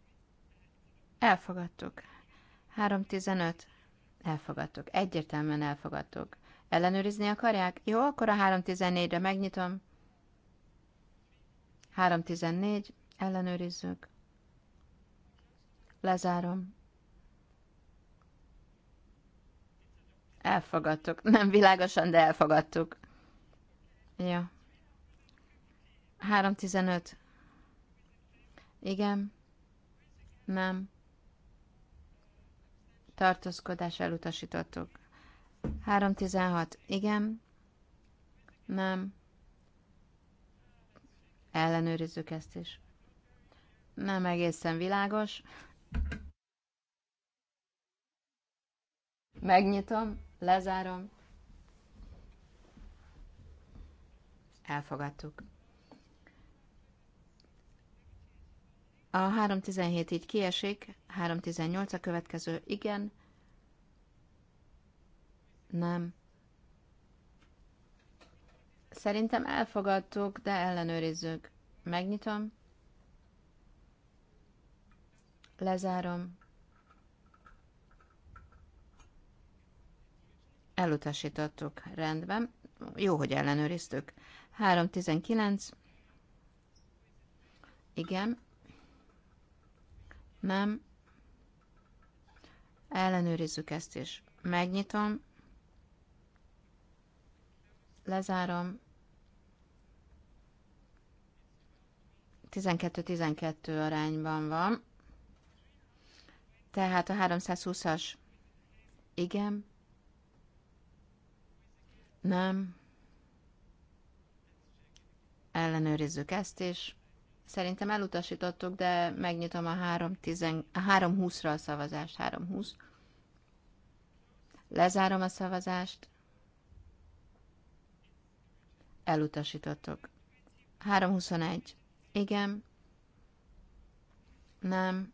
elfogadtuk. 315, elfogadtuk, egyértelműen elfogadtuk. Ellenőrizni akarják? Jó, akkor a 314-re megnyitom. 314, ellenőrizzük. Lezárom. Elfogadtuk. Nem világosan, de elfogadtuk. Ja. 3.15. Igen. Nem. Tartózkodás elutasítottuk. 3.16. Igen. Nem. Ellenőrizzük ezt is. Nem egészen világos. Megnyitom. Lezárom. Elfogadtuk. A 317 így kiesik, 318 a következő, igen, nem. Szerintem elfogadtuk, de ellenőrizzük. Megnyitom. Lezárom. Elutasítottuk. Rendben. Jó, hogy ellenőriztük. 319. Igen. Nem. Ellenőrizzük ezt is. Megnyitom. Lezárom. 12-12 arányban van. Tehát a 320-as igen, nem. Ellenőrizzük ezt is. Szerintem elutasítottuk, de megnyitom a 3.20-ra a szavazást. 3.20. Lezárom a szavazást. Elutasítottuk. 3.21. Igen. Nem.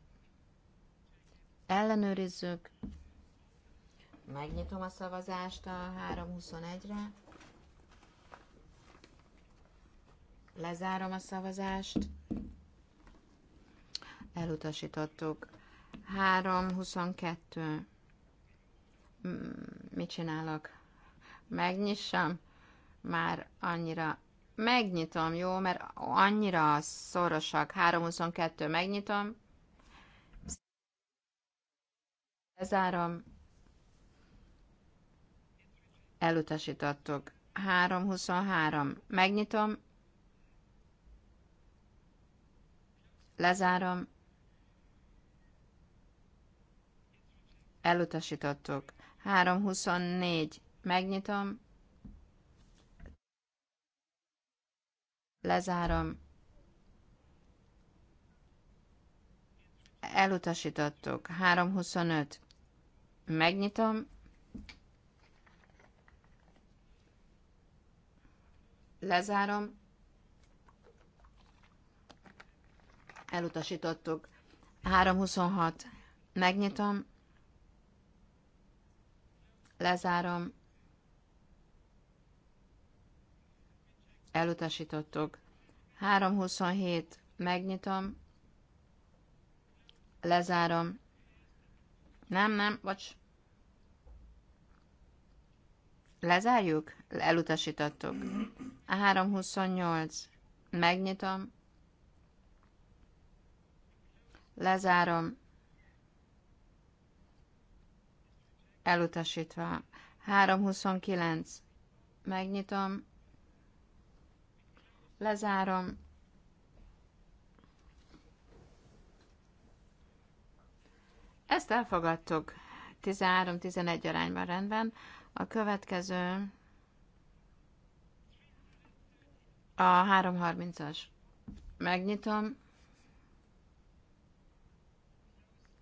Ellenőrizzük. Megnyitom a szavazást a 321-re. Lezárom a szavazást. Elutasítottuk. 322. Mit csinálok? Megnyissam? Már annyira megnyitom, jó? Mert annyira szorosak. 322 megnyitom. Lezárom elutasítottuk. 323. Megnyitom. Lezárom. Elutasítottuk. 324. Megnyitom. Lezárom. Elutasítottuk. 325. Megnyitom. Lezárom. Elutasítottuk. 326. Megnyitom. Lezárom. Elutasítottuk. 327. Megnyitom. Lezárom. Nem, nem, vagy Lezárjuk? Elutasítottuk. A 328. Megnyitom. Lezárom. Elutasítva. 329. Megnyitom. Lezárom. Ezt elfogadtuk. 13-11 arányban rendben. A következő a 330-as. Megnyitom,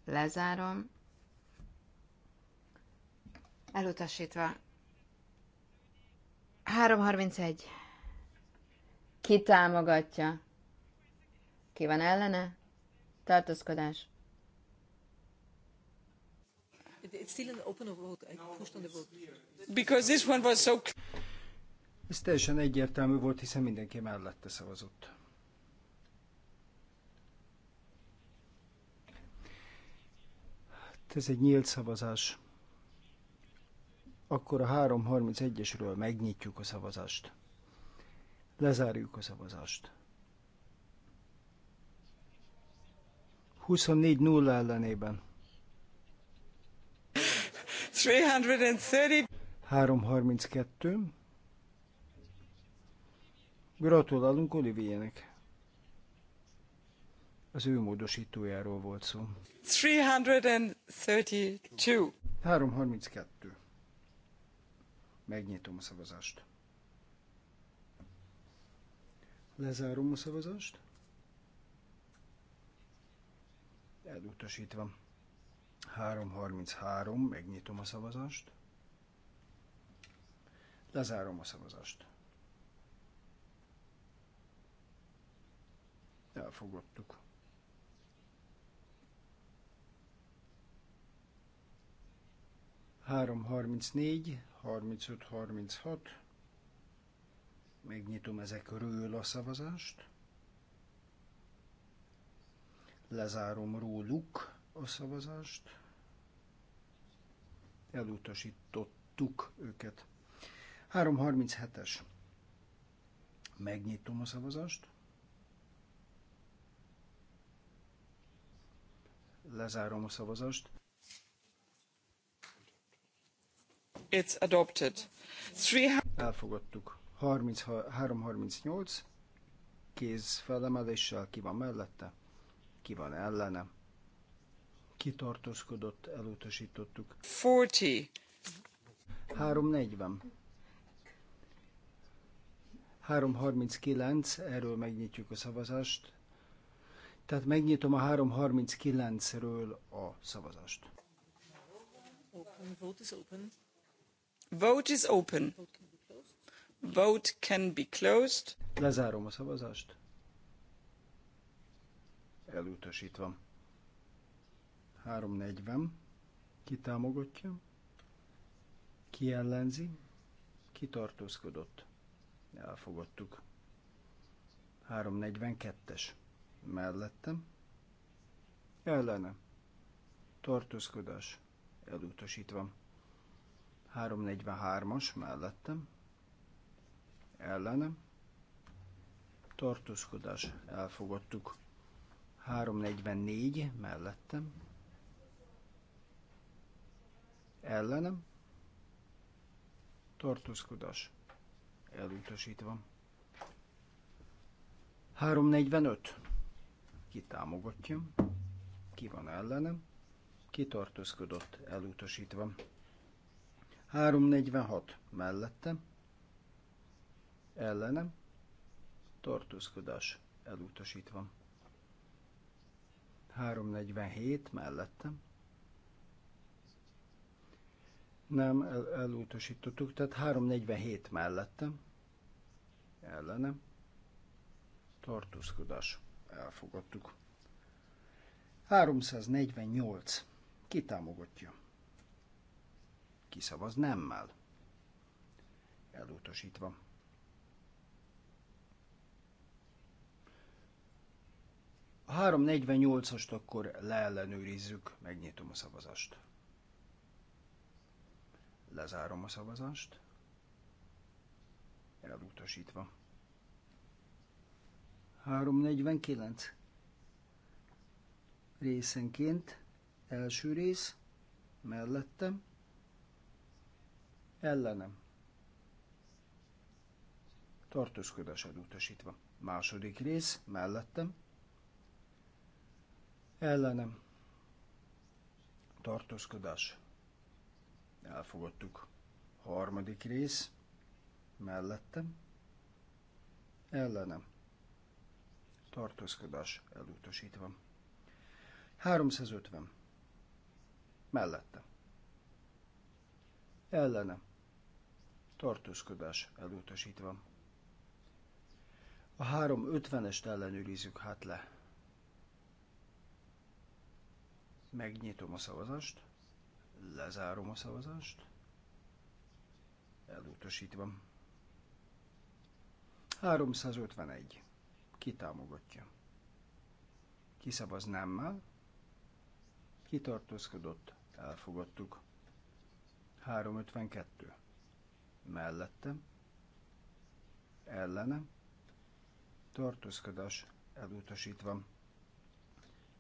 lezárom, elutasítva. 331. Ki támogatja? Ki van ellene? Tartózkodás. It's still an open vote. on the vote. Because this one was so Ez teljesen egyértelmű volt, hiszen mindenki mellette szavazott. Hát ez egy nyílt szavazás. Akkor a 331-esről megnyitjuk a szavazást. Lezárjuk a szavazást. 24-0 ellenében. 332. Gratulálunk Olivier-nek. Az ő módosítójáról volt szó. 332. 332. Megnyitom a szavazást. Lezárom a szavazást. Elutasítva. 333, megnyitom a szavazást. Lezárom a szavazást. Elfogadtuk. Három, harminc négy, harmincöt, harminchat. Megnyitom ezekről a szavazást. Lezárom róluk a szavazást elutasítottuk őket. 337-es. Megnyitom a szavazást. Lezárom a szavazást. It's adopted. Three... Elfogadtuk. 338. Kéz felemeléssel ki van mellette, ki van ellene kitartózkodott, elutasítottuk. 40. 340. 339, erről megnyitjuk a szavazást. Tehát megnyitom a 339-ről a szavazást. Vote is open. Vote is open. Vote can be closed. Lezárom a szavazást. Elutasítva. 340. Ki támogatja? Ki ellenzi? Ki tartózkodott? Elfogadtuk. 342-es. Mellettem. Ellene. Tartózkodás. Elutasítva. 343-as. Mellettem. Ellenem. Tartózkodás. Elfogadtuk. 344 mellettem ellenem, tartózkodás elutasítva. 345. Ki támogatja, ki van ellenem, ki tartózkodott elutasítva. 346 mellettem, ellenem, tartózkodás elutasítva. 347 mellettem, nem, el, elutasítottuk, tehát 347 mellettem, ellenem, tartózkodás, elfogadtuk. 348, ki támogatja? Kiszavaz nemmel, elutasítva. A 348-ast akkor leellenőrizzük, megnyitom a szavazást. Lezárom a szavazást. Elutasítva. 349 részenként első rész mellettem ellenem tartózkodás elutasítva. Második rész mellettem ellenem tartózkodás elfogadtuk. Harmadik rész, mellettem, ellenem, tartózkodás elutasítva. 350, mellettem, ellenem, tartózkodás elutasítva. A 350-est ellenőrizzük hát le. Megnyitom a szavazást. Lezárom a szavazást. Elutasítva. 351. Ki támogatja? Ki szavaz nemmel? Ki tartózkodott? Elfogadtuk. 352. Mellettem. Ellenem. Tartózkodás elutasítva.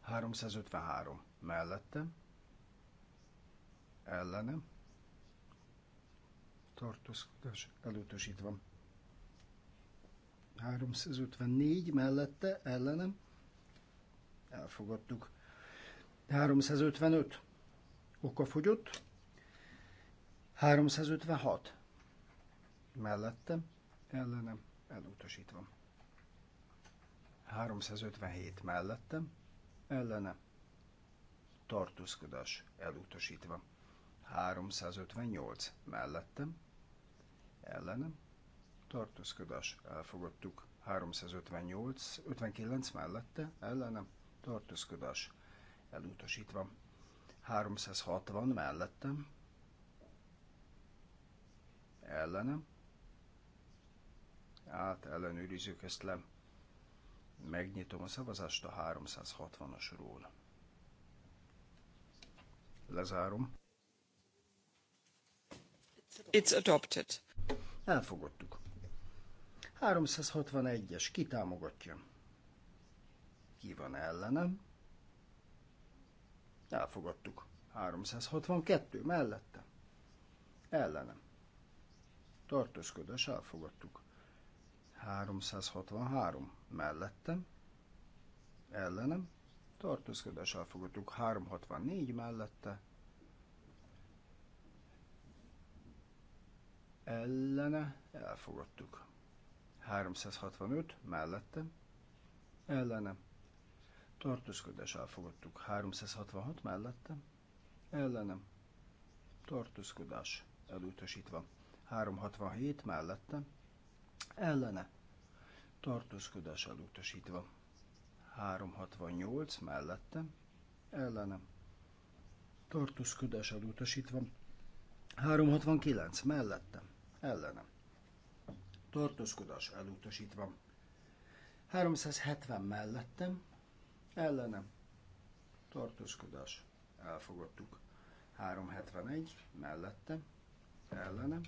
353. Mellettem ellenem tartózkodás elutasítva. 354 mellette ellenem elfogadtuk. 355 fogyott. 356 mellette ellenem elutasítva. 357 mellettem, ellene tartózkodás elutasítva. 358 mellettem, ellenem, tartózkodás, elfogadtuk. 358, 59 mellette, ellenem, tartózkodás, elutasítva. 360 mellettem, ellenem, át ellenőrizzük ezt le. Megnyitom a szavazást a 360-asról. Lezárom. It's adopted. Elfogadtuk. 361-es, ki támogatja? Ki van ellenem? Elfogadtuk. 362 mellette. Ellenem. Tartózkodás, elfogadtuk. 363 mellettem. Ellenem. Tartózkodás, elfogadtuk. 364 mellette ellene elfogadtuk. 365 mellette ellene tartózkodás elfogadtuk. 366 mellette ellene tartózkodás elutasítva. 367 mellette ellene tartózkodás elutasítva. 368 mellette ellene tartózkodás elutasítva. 369 mellettem ellenem. Tartózkodás elutasítva. 370 mellettem, ellenem. Tartózkodás elfogadtuk. 371 mellettem, ellenem.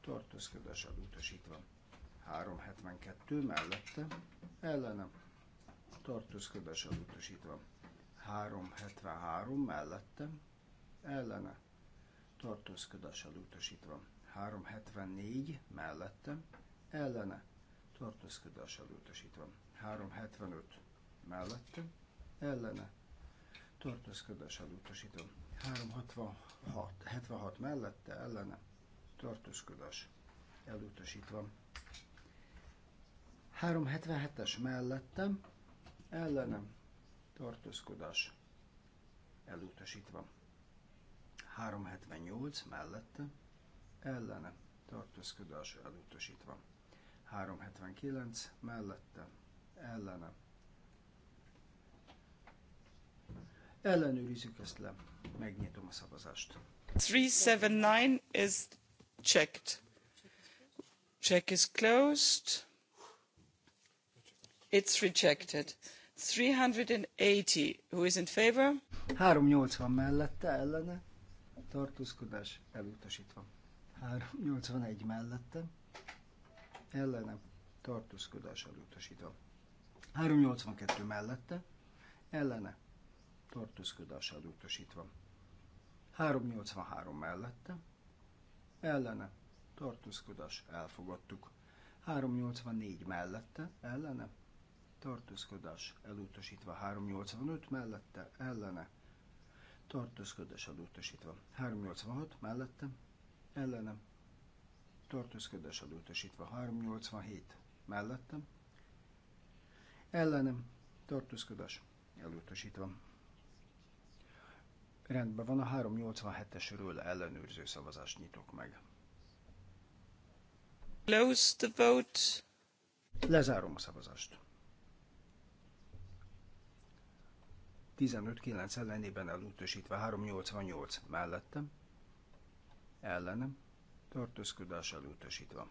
Tartózkodás elutasítva. 372 mellettem, ellenem. Tartózkodás elutasítva. 373 mellettem, ellene Tartózkodás elutasítva. 374 mellette, ellene, tartózkodással utasítva. 375 mellette, ellene, tartózkodással utasítva. 366 76 mellette, ellene, tartózkodás elutasítva. 377-es mellettem, ellenem, tartózkodás elutasítva. 378 mellette, ellene tartózkodás elutasítva. 379 mellette ellene. Ellenőrizzük ezt le. Megnyitom a szavazást. 379 is checked. Check is closed. It's rejected. 380. Who is in favor? 380 mellette ellene. Tartózkodás elutasítva. 381 mellette ellene tartózkodás elutasítva. 382 mellette ellene tartózkodás elutasítva. 383 mellette ellene tartózkodás elfogadtuk. 384 mellette ellene tartózkodás elutasítva. 385 mellette ellene tartózkodás elutasítva. 386 mellette ellenem, tartózkodás elutasítva 387 mellettem, ellenem, tartózkodás elutasítva. Rendben van, a 387-esről ellenőrző szavazást nyitok meg. Close the vote. Lezárom a szavazást. 15-9 ellenében elutasítva 388 mellettem, ellenem, tartózkodás elutasítva.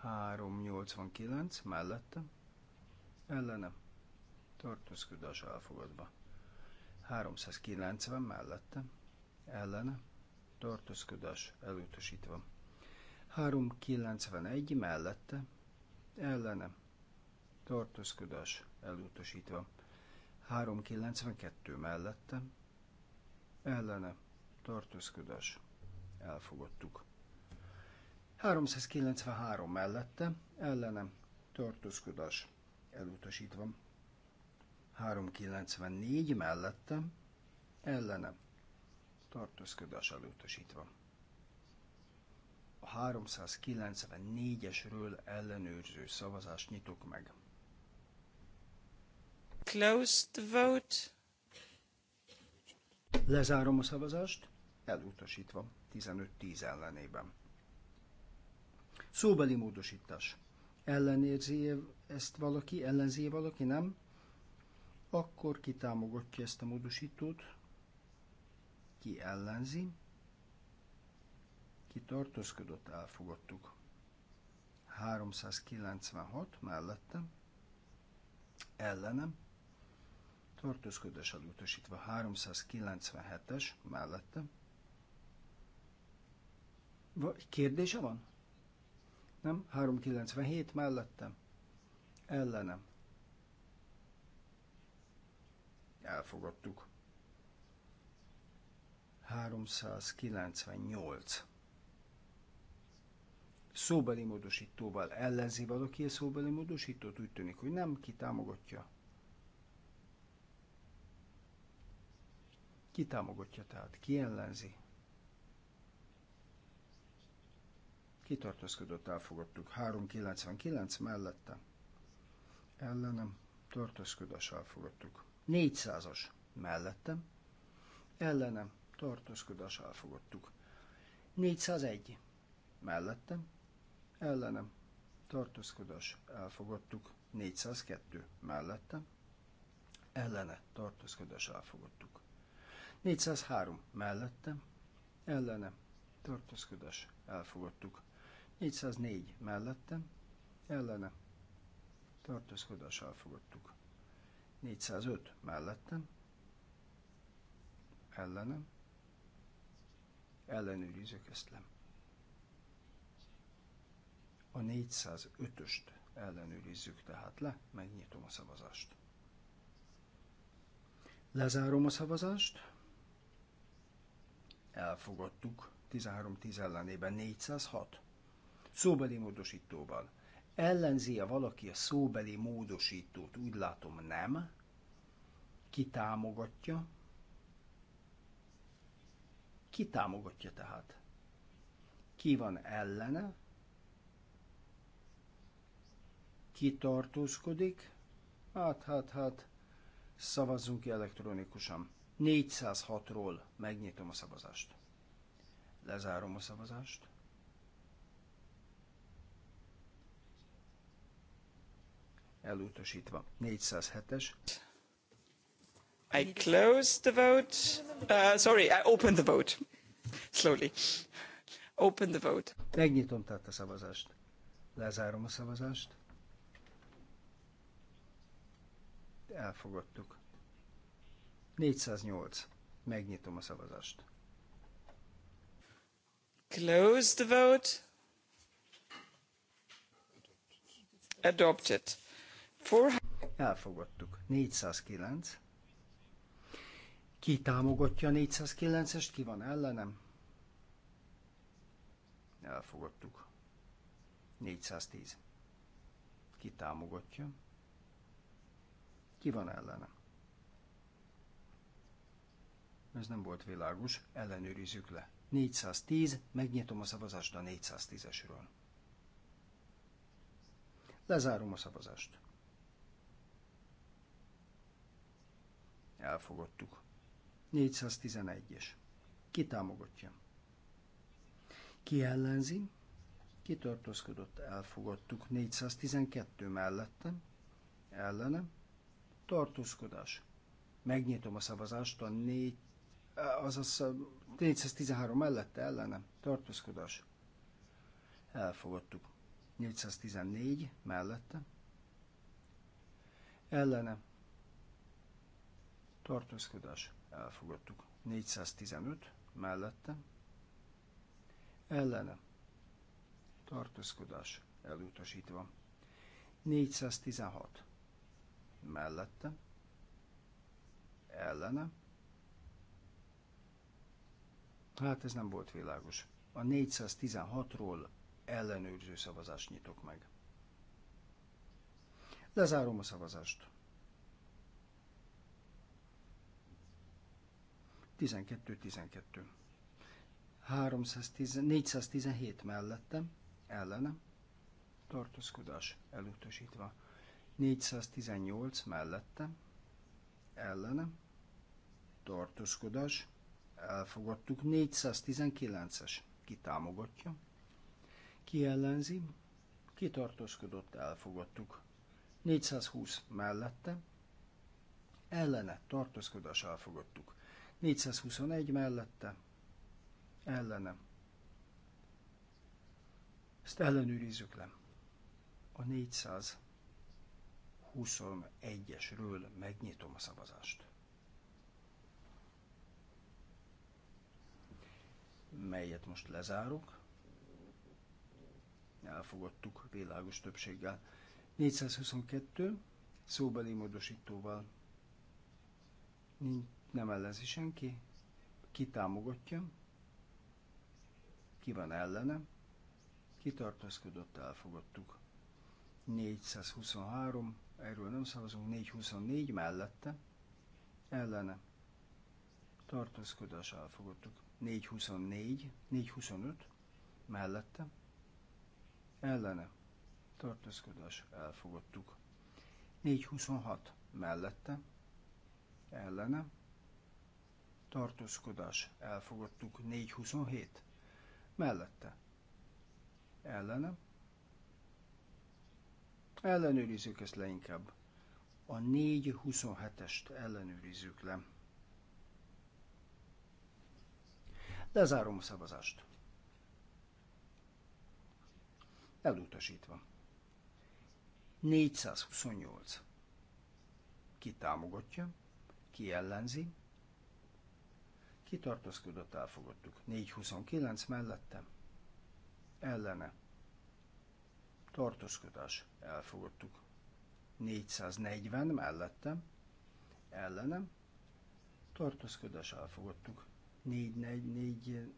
389 mellettem, ellenem, tartózkodás elfogadva. 390 mellettem, ellenem, tartózkodás elutasítva. 391 mellette, ellenem, tartózkodás elutasítva. 392 mellette, ellene tartózkodás elfogadtuk. 393 mellette, ellenem, tartózkodás, elutasítva. 394 mellette, ellenem, tartózkodás elutasítva. A 394-esről ellenőrző szavazást nyitok meg. Close the vote. Lezárom a szavazást, elutasítva. 15-10 ellenében. Szóbeli módosítás. Ellenérzi ezt valaki, ellenzi valaki, nem? Akkor ki támogatja ezt a módosítót? Ki ellenzi? Ki tartózkodott, elfogadtuk. 396 mellettem, ellenem, tartózkodás elutasítva 397-es mellettem, Kérdése van? Nem? 397 mellettem. Ellenem. Elfogadtuk. 398. Szóbeli módosítóval ellenzi valaki a szóbeli módosítót? Úgy tűnik, hogy nem. Ki támogatja? Ki támogatja tehát? Ki ellenzi? kitartózkodott, elfogadtuk. 399 mellette, ellenem, tartózkodás, elfogadtuk. 400-as mellettem, ellenem, tartózkodás, elfogadtuk. 401 mellettem, ellenem, tartózkodás, elfogadtuk. 402 mellettem, ellene, tartózkodás, elfogadtuk. 403 mellettem, ellene, tartózkodás, elfogadtuk. 404 mellettem, ellene, tartózkodással fogadtuk. 405 mellettem, ellenem, ellenőrizzük ezt le. A 405-öst ellenőrizzük tehát le, megnyitom a szavazást. Lezárom a szavazást, elfogadtuk 13-10 ellenében 406 szóbeli módosítóval. Ellenzi-e valaki a szóbeli módosítót? Úgy látom, nem. Ki támogatja? Ki támogatja tehát? Ki van ellene? Ki tartózkodik? Hát, hát, hát, szavazzunk ki elektronikusan. 406-ról megnyitom a szavazást. Lezárom a szavazást. elutasítva. 407-es. I close the vote. Uh, sorry, I open the vote. Slowly. Open the vote. Megnyitom tehát a szavazást. Lezárom a szavazást. Elfogadtuk. 408. Megnyitom a szavazást. Close the vote. Adopted. Elfogadtuk. 409. Ki támogatja a 409-est, ki van ellenem? Elfogadtuk. 410. Ki támogatja? Ki van ellenem? Ez nem volt világos, ellenőrizzük le. 410, megnyitom a szavazást a 410-esről. Lezárom a szavazást. elfogadtuk. 411-es. Ki támogatja? Ki ellenzi? Ki tartózkodott? Elfogadtuk. 412 mellettem. Ellenem. Tartózkodás. Megnyitom a szavazást a 4, azaz 413 mellette ellenem. Tartózkodás. Elfogadtuk. 414 mellette. Ellenem tartózkodás, elfogadtuk. 415 mellette, ellene, tartózkodás, elutasítva. 416 mellette, ellene, Hát ez nem volt világos. A 416-ról ellenőrző szavazást nyitok meg. Lezárom a szavazást. 12-12. 310, 417 mellettem, ellenem, tartózkodás elutasítva. 418 mellettem, ellenem, tartózkodás, elfogadtuk. 419-es, kitámogatja, kiellenzi, kitartózkodott, elfogadtuk. 420 mellette, ellene tartózkodás elfogadtuk. 421 mellette, ellenem. Ezt ellenőrizzük le. A 421-esről megnyitom a szavazást. Melyet most lezárok. Elfogadtuk világos többséggel. 422 szóbeli módosítóval. Nincs nem ellenzi senki. Ki támogatja? Ki van ellene? Ki tartózkodott? Elfogadtuk. 423, erről nem szavazunk, 424 mellette, ellene. Tartózkodás elfogadtuk. 424, 425 mellette, ellene. Tartózkodás elfogadtuk. 426 mellette, ellene tartózkodás, elfogadtuk 427, mellette, ellenem, ellenőrizzük ezt le inkább, a 427-est ellenőrizzük le. Lezárom a szavazást. Elutasítva. 428. Ki támogatja, ki ellenzi, kitartózkodott, elfogadtuk. 429 mellette, ellene, tartózkodás, elfogadtuk. 440 mellettem, ellenem, tartózkodás, elfogadtuk. 441,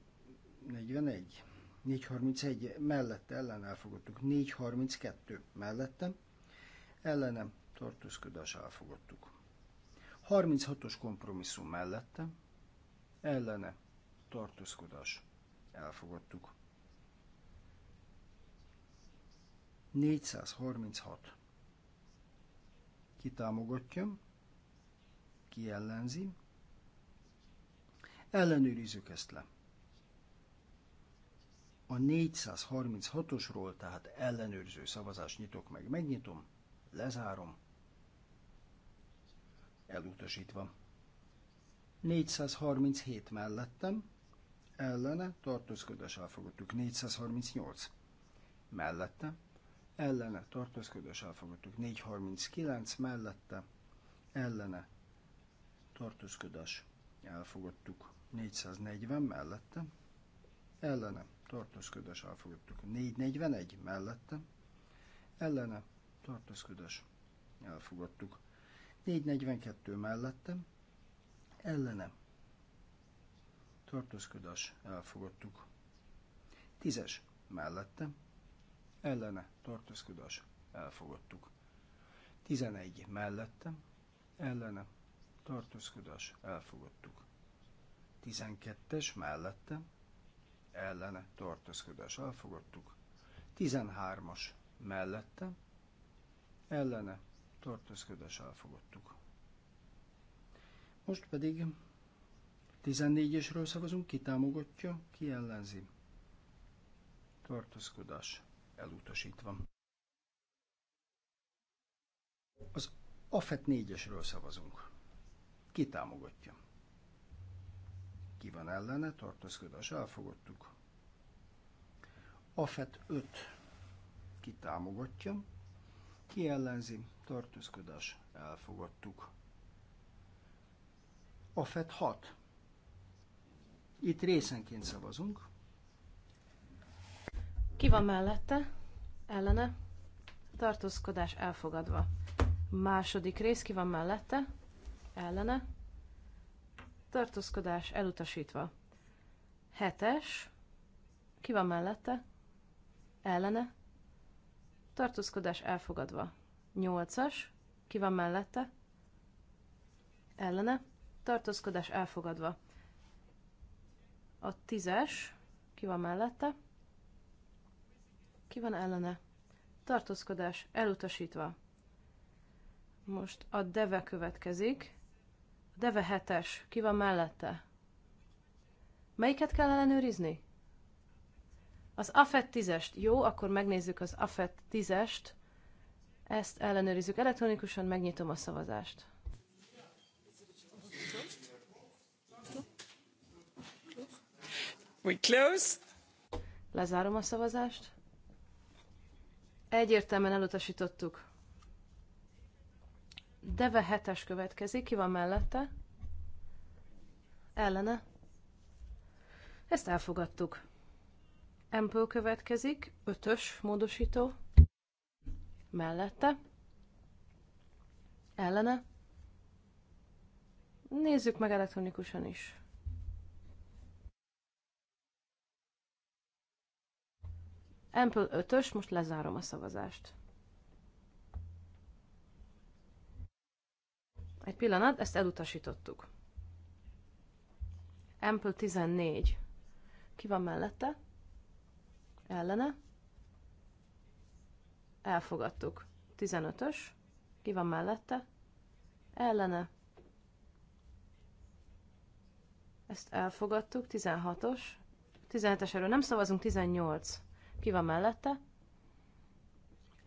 431 mellette, ellen elfogadtuk. 432 mellettem, ellenem, tartózkodás, elfogadtuk. 36-os kompromisszum mellettem, ellene tartózkodás elfogadtuk. 436. Ki támogatja, ki ellenzi, ellenőrizzük ezt le. A 436-osról, tehát ellenőrző szavazást nyitok meg, megnyitom, lezárom, elutasítva. 437 mellettem, ellene tartózkodás elfogadtuk 438 mellette, ellene tartózkodás elfogadtuk 439 mellette, ellene tartózkodás elfogadtuk 440 mellette, ellene tartózkodás elfogadtuk 441 mellette, ellene tartózkodás elfogadtuk 442 mellettem, ellene tartózkodás elfogadtuk. Tízes mellette ellene tartózkodás elfogadtuk. Tizenegy mellette ellene tartózkodás elfogadtuk. Tizenkettes mellette ellene tartózkodás elfogadtuk. Tizenhármas mellette ellene tartózkodás elfogadtuk. Most pedig 14-esről szavazunk, ki támogatja, ki ellenzi. Tartózkodás elutasítva. Az AFET 4-esről szavazunk. Ki támogatja? Ki van ellene? Tartózkodás elfogadtuk. AFET 5. Ki támogatja? Ki ellenzi? Tartózkodás elfogadtuk. AFET 6. Itt részenként szavazunk. Ki van mellette? Ellene? Tartózkodás elfogadva. Második rész ki van mellette? Ellene? Tartózkodás elutasítva. Hetes. Ki van mellette? Ellene? Tartózkodás elfogadva. Nyolcas. Ki van mellette? Ellene? tartózkodás elfogadva. A tízes, ki van mellette? Ki van ellene? Tartózkodás elutasítva. Most a deve következik. A deve hetes, ki van mellette? Melyiket kell ellenőrizni? Az AFET 10 Jó, akkor megnézzük az AFET 10 Ezt ellenőrizzük elektronikusan, megnyitom a szavazást. We close. Lezárom a szavazást. Egyértelműen elutasítottuk. Deve hetes következik. Ki van mellette? Ellene. Ezt elfogadtuk. Empő következik. Ötös módosító. Mellette. Ellene. Nézzük meg elektronikusan is. Ample 5-ös, most lezárom a szavazást. Egy pillanat, ezt elutasítottuk. Ample 14. Ki van mellette? Ellene? Elfogadtuk. 15-ös. Ki van mellette? Ellene. Ezt elfogadtuk. 16-os. 17-es erről nem szavazunk, 18. Ki van mellette?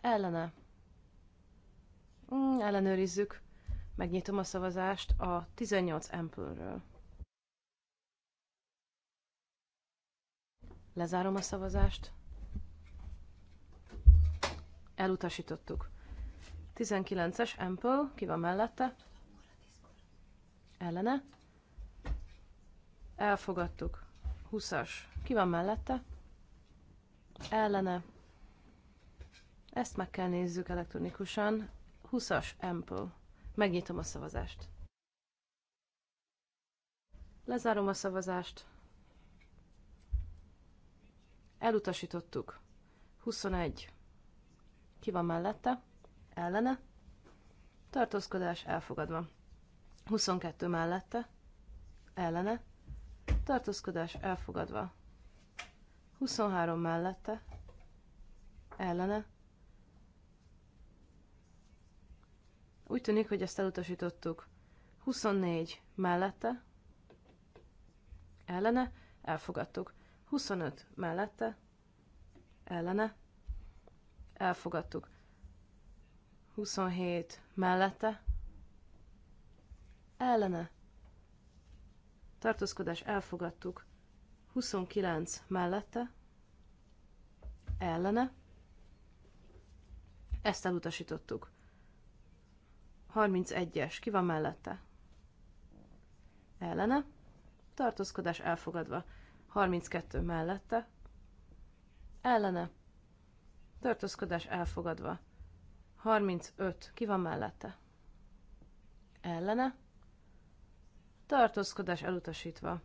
Ellene. Mm, ellenőrizzük. Megnyitom a szavazást a 18 Ample-ről. Lezárom a szavazást. Elutasítottuk. 19-es Ample, ki van mellette? Ellene. Elfogadtuk. 20-as, ki van mellette? ellene. Ezt meg kell nézzük elektronikusan. 20-as Ample. Megnyitom a szavazást. Lezárom a szavazást. Elutasítottuk. 21. Ki van mellette? Ellene. Tartózkodás elfogadva. 22 mellette. Ellene. Tartózkodás elfogadva. 23 mellette, ellene. Úgy tűnik, hogy ezt elutasítottuk. 24 mellette, ellene, elfogadtuk. 25 mellette, ellene, elfogadtuk. 27 mellette, ellene, tartózkodás, elfogadtuk. 29 mellette, ellene, ezt elutasítottuk. 31-es, ki van mellette? Ellene, tartózkodás elfogadva. 32 mellette, ellene, tartózkodás elfogadva. 35, ki van mellette? Ellene, tartózkodás elutasítva.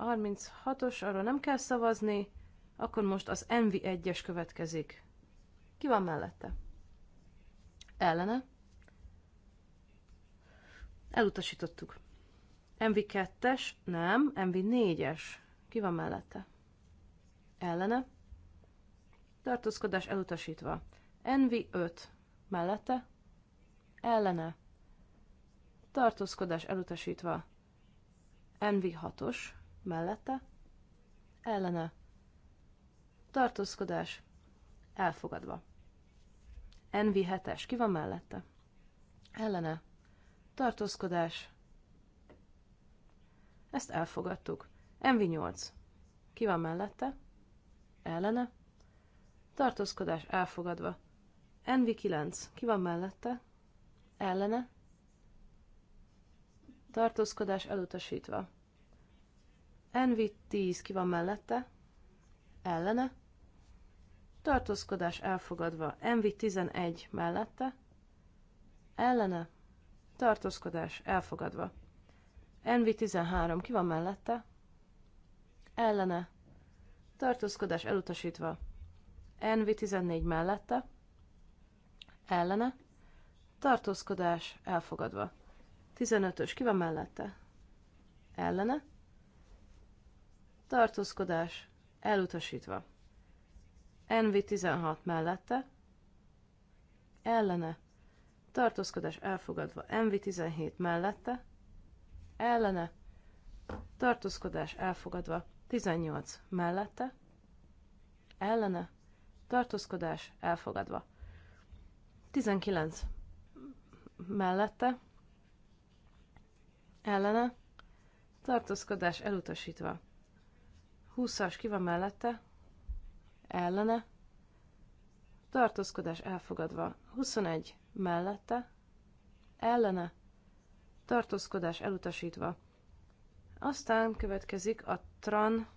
36-os, arról nem kell szavazni, akkor most az MV1-es következik. Ki van mellette? Ellene? Elutasítottuk. MV2-es? Nem. MV4-es. Ki van mellette? Ellene? Tartózkodás elutasítva. NV5. Mellette? Ellene. Tartózkodás elutasítva. NV6-os mellette, ellene, tartózkodás, elfogadva. Envi hetes, ki van mellette? Ellene, tartózkodás, ezt elfogadtuk. Envi 8 ki van mellette? Ellene, tartózkodás, elfogadva. Envi 9 ki van mellette? Ellene, tartózkodás elutasítva. Envi 10 ki van mellette, ellene, tartózkodás elfogadva. Envi 11 mellette, ellene, tartózkodás elfogadva. Envi 13 ki van mellette, ellene, tartózkodás elutasítva. Envi 14 mellette, ellene, tartózkodás elfogadva. 15-ös ki van mellette, ellene, tartózkodás elutasítva. NV16 mellette, ellene, tartózkodás elfogadva. NV17 mellette, ellene, tartózkodás elfogadva. 18 mellette, ellene, tartózkodás elfogadva. 19 mellette, ellene, tartózkodás elutasítva. Húszas, ki van mellette, ellene, tartózkodás elfogadva. 21 mellette, ellene, tartózkodás elutasítva. Aztán következik a tran,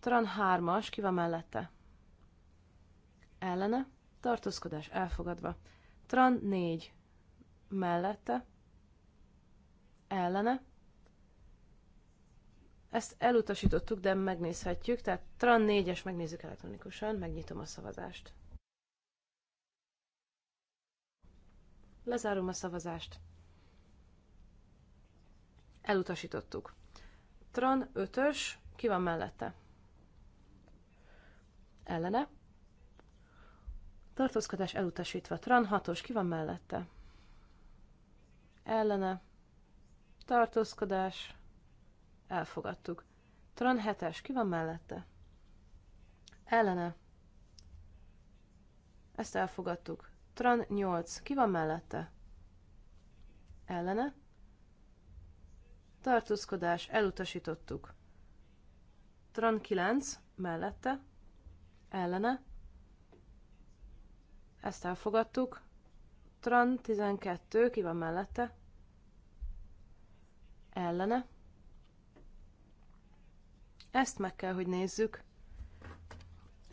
tran 3-as, ki van mellette, ellene, tartózkodás elfogadva. Tran 4 mellette, ellene, ezt elutasítottuk, de megnézhetjük. Tehát TRAN 4-es megnézzük elektronikusan, megnyitom a szavazást. Lezárom a szavazást. Elutasítottuk. Tran 5-ös, ki van mellette? Ellene. Tartózkodás elutasítva. Tran 6-os, ki van mellette? Ellene. Tartózkodás elfogadtuk. Tron hetes, ki van mellette? Ellene. Ezt elfogadtuk. Tron 8, ki van mellette? Ellene. Tartózkodás, elutasítottuk. Tron 9, mellette. Ellene. Ezt elfogadtuk. Tran 12, ki van mellette? Ellene. Ezt meg kell, hogy nézzük.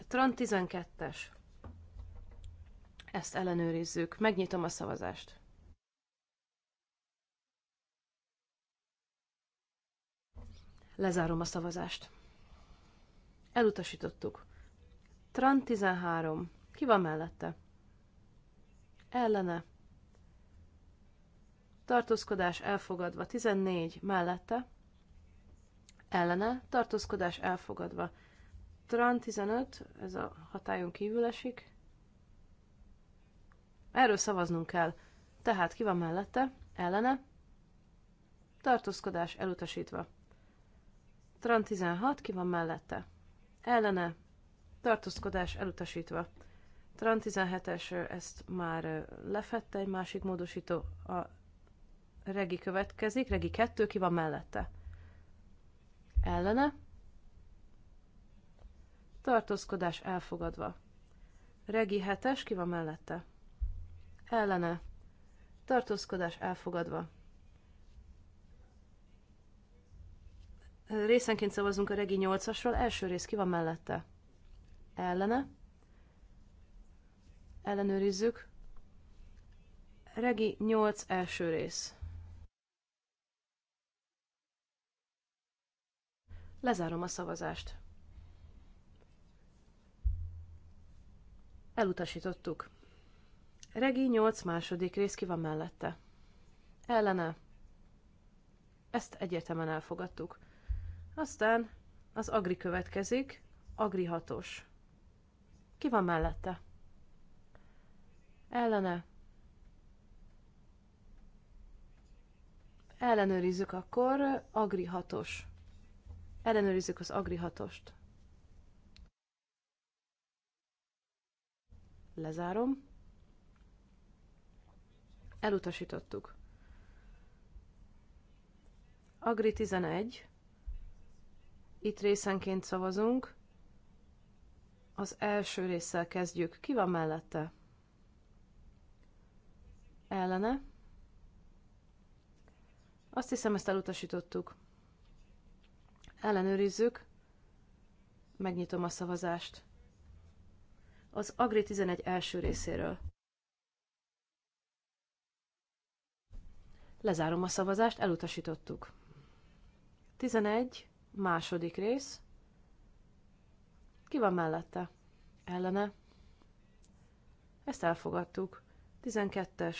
Tron 12-es. Ezt ellenőrizzük. Megnyitom a szavazást. Lezárom a szavazást. Elutasítottuk. Tran 13. Ki van mellette? Ellene. Tartózkodás elfogadva 14. Mellette ellene, tartózkodás elfogadva. Tran 15, ez a hatályon kívül esik. Erről szavaznunk kell. Tehát ki van mellette, ellene, tartózkodás elutasítva. Tran 16, ki van mellette, ellene, tartózkodás elutasítva. Tran 17-es ezt már lefette, egy másik módosító a regi következik, regi 2, ki van mellette ellene, tartózkodás elfogadva. Regi 7 ki van mellette? Ellene, tartózkodás elfogadva. Részenként szavazunk a Regi 8-asról, első rész ki van mellette? Ellene, ellenőrizzük. Regi 8 első rész. Lezárom a szavazást. Elutasítottuk. Regi 8 második rész ki van mellette. Ellene. Ezt egyértelműen elfogadtuk. Aztán az Agri következik, Agri 6-os. Ki van mellette? Ellene. Ellenőrizzük akkor, Agri 6-os. Ellenőrizzük az Agri Lezárom. Elutasítottuk. Agri 11. Itt részenként szavazunk. Az első résszel kezdjük. Ki van mellette? Ellene. Azt hiszem, ezt elutasítottuk. Ellenőrizzük. Megnyitom a szavazást. Az Agri 11 első részéről. Lezárom a szavazást, elutasítottuk. 11. Második rész. Ki van mellette? Ellene. Ezt elfogadtuk. 12-es.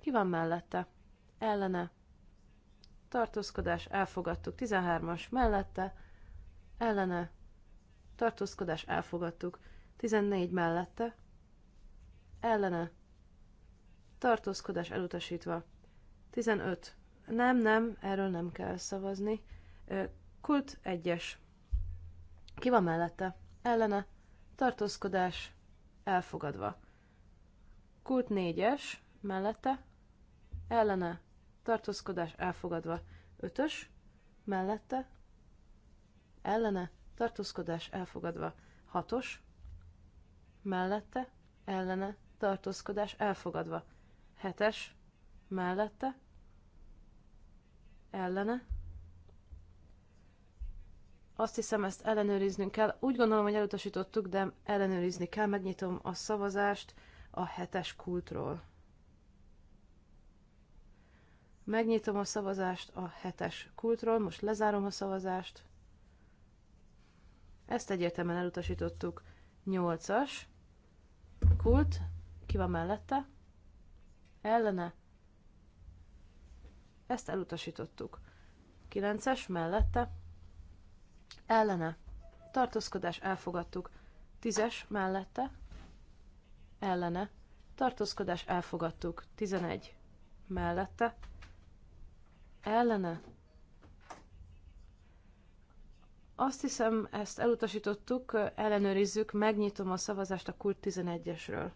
Ki van mellette? Ellene tartózkodás, elfogadtuk. 13-as mellette, ellene, tartózkodás, elfogadtuk. 14 mellette, ellene, tartózkodás elutasítva. 15. Nem, nem, erről nem kell szavazni. Kult 1-es. Ki van mellette? Ellene, tartózkodás, elfogadva. Kult 4-es, mellette, ellene, tartózkodás elfogadva. Ötös, mellette, ellene, tartózkodás elfogadva. Hatos, mellette, ellene, tartózkodás elfogadva. Hetes, mellette, ellene. Azt hiszem, ezt ellenőriznünk kell. Úgy gondolom, hogy elutasítottuk, de ellenőrizni kell. Megnyitom a szavazást a hetes kultról. Megnyitom a szavazást a hetes kultról, most lezárom a szavazást. Ezt egyértelműen elutasítottuk. 8-as kult, ki van mellette? Ellene? Ezt elutasítottuk. 9-es mellette? Ellene? Tartózkodás elfogadtuk. 10-es mellette? Ellene? Tartózkodás elfogadtuk. 11 mellette? ellene. Azt hiszem, ezt elutasítottuk, ellenőrizzük, megnyitom a szavazást a kult 11-esről.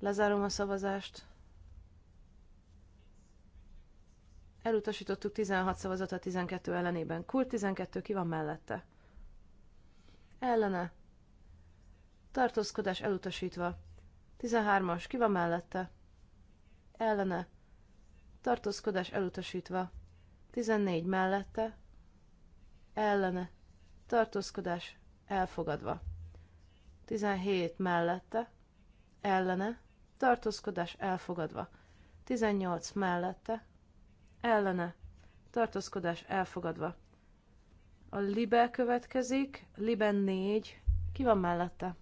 Lezárom a szavazást. Elutasítottuk 16 szavazat a 12 ellenében. Kult 12 ki van mellette? Ellene. Tartózkodás elutasítva. 13-as ki van mellette? ellene, tartózkodás elutasítva. 14 mellette, ellene, tartózkodás elfogadva. 17 mellette, ellene, tartózkodás elfogadva. 18 mellette, ellene, tartózkodás elfogadva. A libe következik, liben 4, ki van mellette?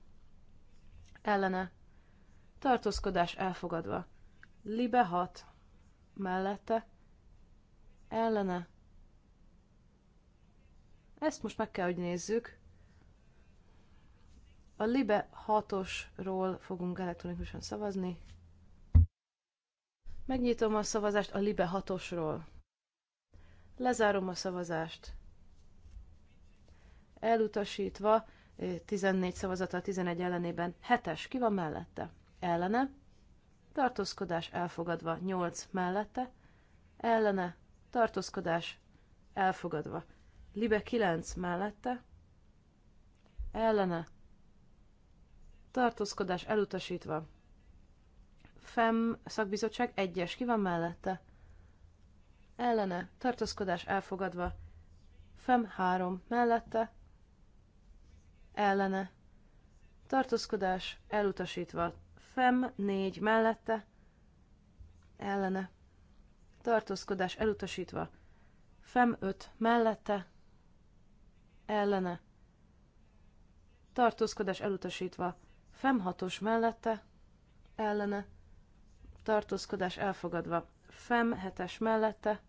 Ellene, tartózkodás elfogadva. Libe hat Mellette. Ellene. Ezt most meg kell, hogy nézzük. A Libe 6-osról fogunk elektronikusan szavazni. Megnyitom a szavazást a Libe 6-osról. Lezárom a szavazást. Elutasítva 14 eh, szavazata 11 ellenében 7-es. Ki van mellette? Ellene tartózkodás elfogadva. 8 mellette, ellene, tartózkodás elfogadva. Libe 9 mellette, ellene, tartózkodás elutasítva. FEM szakbizottság 1-es, ki van mellette? Ellene, tartózkodás elfogadva. FEM 3 mellette, ellene, tartózkodás elutasítva. FEM 4 mellette, ellene, tartózkodás elutasítva, FEM 5 mellette, ellene, tartózkodás elutasítva, FEM 6-os mellette, ellene, tartózkodás elfogadva, FEM 7-es mellette,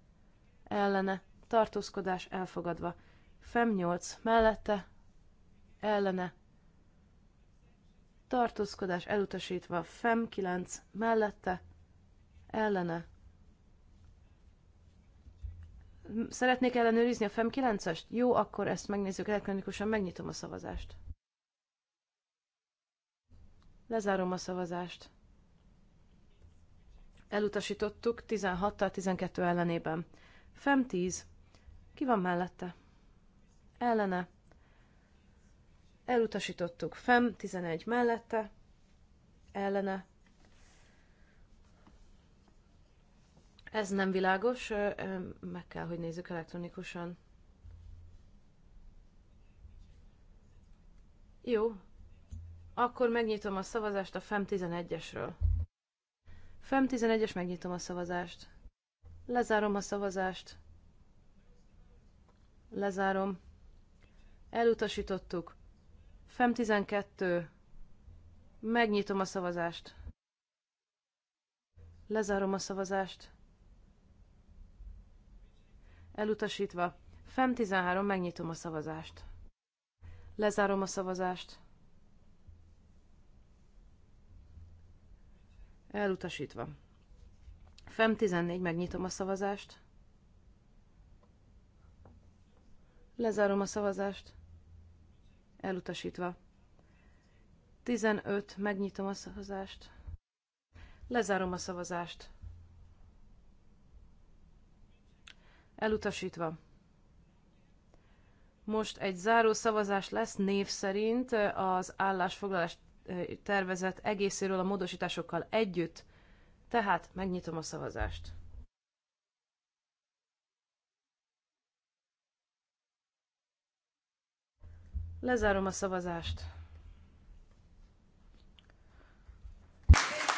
ellene, tartózkodás elfogadva, FEM 8 mellette, ellene, tartózkodás elutasítva, FEM 9 mellette, ellene. Szeretnék ellenőrizni a FEM 9-est? Jó, akkor ezt megnézzük elektronikusan, megnyitom a szavazást. Lezárom a szavazást. Elutasítottuk 16-tal 12 ellenében. FEM 10. Ki van mellette? Ellene Elutasítottuk FEM 11 mellette, ellene. Ez nem világos, meg kell, hogy nézzük elektronikusan. Jó, akkor megnyitom a szavazást a FEM 11-esről. FEM 11-es, megnyitom a szavazást. Lezárom a szavazást. Lezárom. Elutasítottuk. FEM 12. Megnyitom a szavazást. Lezárom a szavazást. Elutasítva. FEM 13. Megnyitom a szavazást. Lezárom a szavazást. Elutasítva. FEM 14. Megnyitom a szavazást. Lezárom a szavazást elutasítva. 15, megnyitom a szavazást. Lezárom a szavazást. Elutasítva. Most egy záró szavazás lesz név szerint az állásfoglalás tervezet egészéről a módosításokkal együtt, tehát megnyitom a szavazást. Lezárom a szavazást.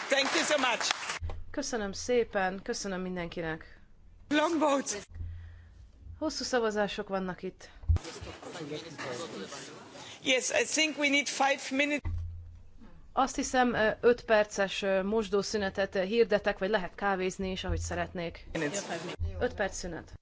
Thank you so much. Köszönöm szépen, köszönöm mindenkinek. Long votes. Hosszú szavazások vannak itt. Yes, I think we need five minutes. Azt hiszem, 5 perces mosdószünetet hirdetek, vagy lehet kávézni is, ahogy szeretnék. 5 perc szünet.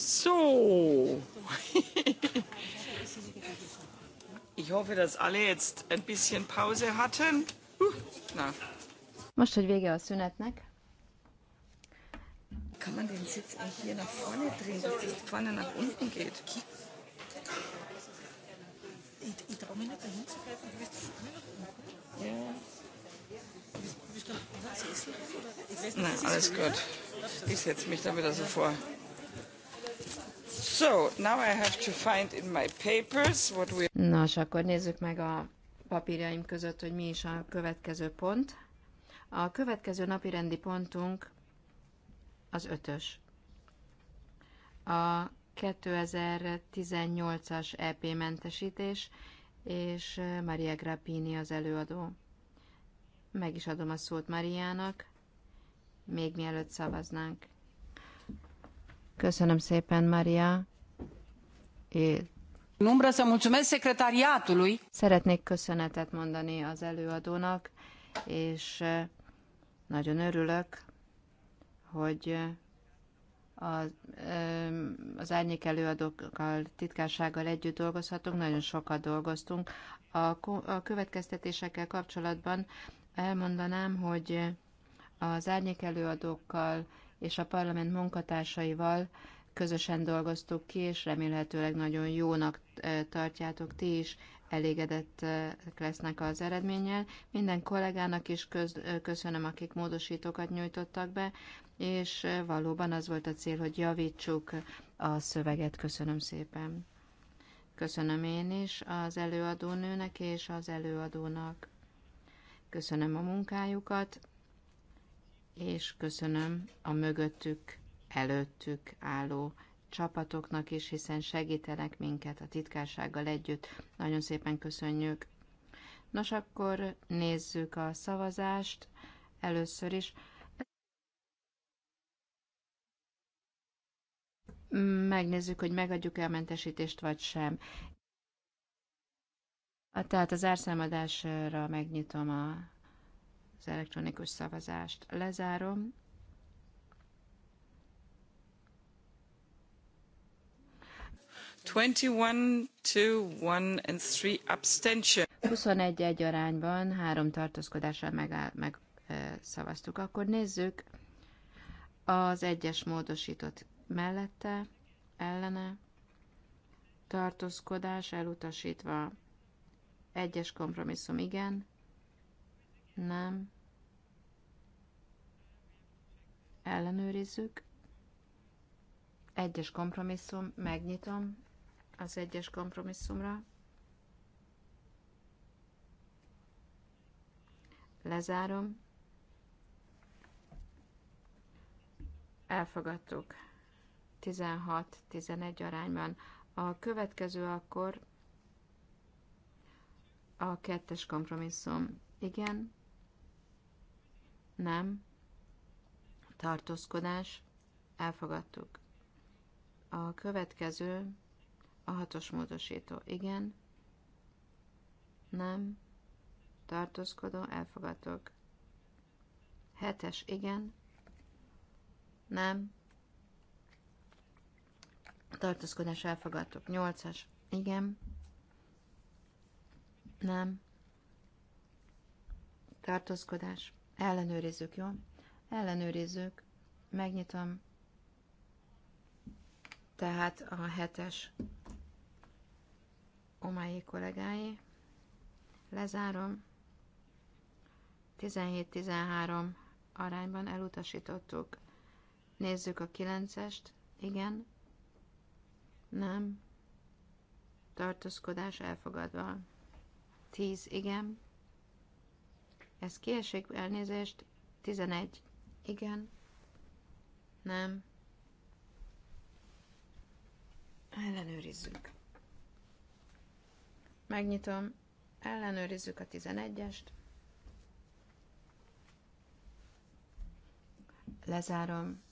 So. Ich hoffe, dass alle jetzt ein bisschen Pause hatten. Uh, na. Most, hogy vége a szünetnek. Kann man den Sitz eigentlich hier nach vorne drehen, dass es vorne nach unten geht? Ich, ich traue mich nicht dahin zu greifen. Du bist vorne nach unten. Ja. Nein, alles gut. Ich setze mich da wieder so vor. Nos, akkor nézzük meg a papírjaim között, hogy mi is a következő pont. A következő napi rendi pontunk az ötös. A 2018-as EP mentesítés, és Maria Grappini az előadó. Meg is adom a szót Mariának, még mielőtt szavaznánk. Köszönöm szépen, Maria. Szeretnék köszönetet mondani az előadónak, és eh, nagyon örülök, hogy eh, az, eh, az árnyék előadókkal, titkársággal együtt dolgozhatunk, nagyon sokat dolgoztunk. A, a következtetésekkel kapcsolatban elmondanám, hogy az árnyék előadókkal és a parlament munkatársaival közösen dolgoztuk ki, és remélhetőleg nagyon jónak eh, tartjátok ti is, elégedettek lesznek az eredménnyel. Minden kollégának is köz, eh, köszönöm, akik módosítókat nyújtottak be, és eh, valóban az volt a cél, hogy javítsuk a szöveget. Köszönöm szépen. Köszönöm én is az előadónőnek és az előadónak. Köszönöm a munkájukat, és köszönöm a mögöttük előttük álló csapatoknak is, hiszen segítenek minket a titkársággal együtt. Nagyon szépen köszönjük. Nos, akkor nézzük a szavazást először is. Megnézzük, hogy megadjuk-e a mentesítést, vagy sem. Tehát az árszámadásra megnyitom a, az elektronikus szavazást. Lezárom. 21 to 1 and 3 abstention. 21 egy arányban három tartózkodással meg, meg szavaztuk. Akkor nézzük az egyes módosított mellette, ellene, tartózkodás elutasítva, egyes kompromisszum igen, nem, ellenőrizzük, egyes kompromisszum, megnyitom, az egyes kompromisszumra. Lezárom. Elfogadtuk. 16-11 arányban. A következő akkor a kettes kompromisszum. Igen. Nem. Tartózkodás. Elfogadtuk. A következő a hatos módosító. Igen. Nem. Tartózkodó. Elfogadok. Hetes. Igen. Nem. Tartózkodás Elfogadok. Nyolcas. Igen. Nem. Tartózkodás. Ellenőrizzük, jó? Ellenőrizzük. Megnyitom. Tehát a hetes Omai kollégái. Lezárom. 17-13 arányban elutasítottuk. Nézzük a 9-est. Igen. Nem. Tartózkodás elfogadva. 10. Igen. Ez kiesik, elnézést. 11. Igen. Nem. Ellenőrizzük. Megnyitom, ellenőrizzük a 11-est. Lezárom.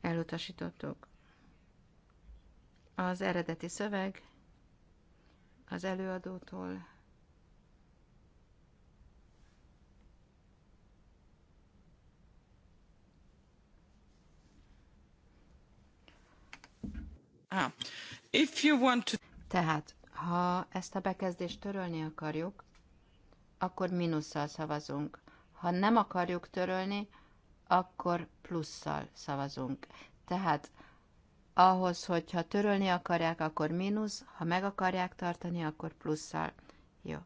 Elutasítottuk. Az eredeti szöveg az előadótól Ah, If you want to... Tehát, ha ezt a bekezdést törölni akarjuk, akkor minusszal szavazunk. Ha nem akarjuk törölni, akkor plusszal szavazunk. Tehát ahhoz, hogyha törölni akarják, akkor mínusz, ha meg akarják tartani, akkor plusszal. Jó.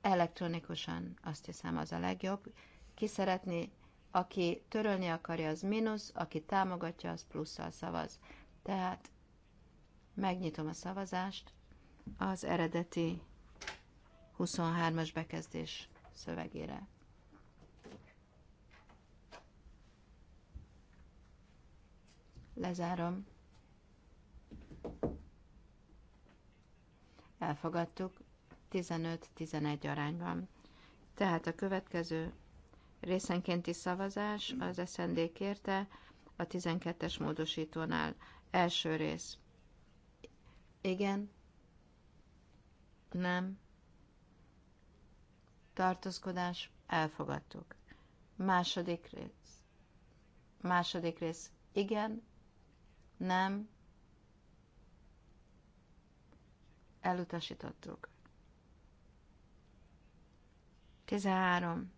Elektronikusan azt hiszem az a legjobb. Ki szeretné aki törölni akarja, az mínusz, aki támogatja, az plusszal szavaz. Tehát megnyitom a szavazást az eredeti 23-as bekezdés szövegére. Lezárom. Elfogadtuk 15-11 arányban. Tehát a következő Részenkénti szavazás az SND kérte a 12-es módosítónál. Első rész. Igen. Nem. Tartózkodás. Elfogadtuk. Második rész. Második rész. Igen. Nem. Elutasítottuk. 13.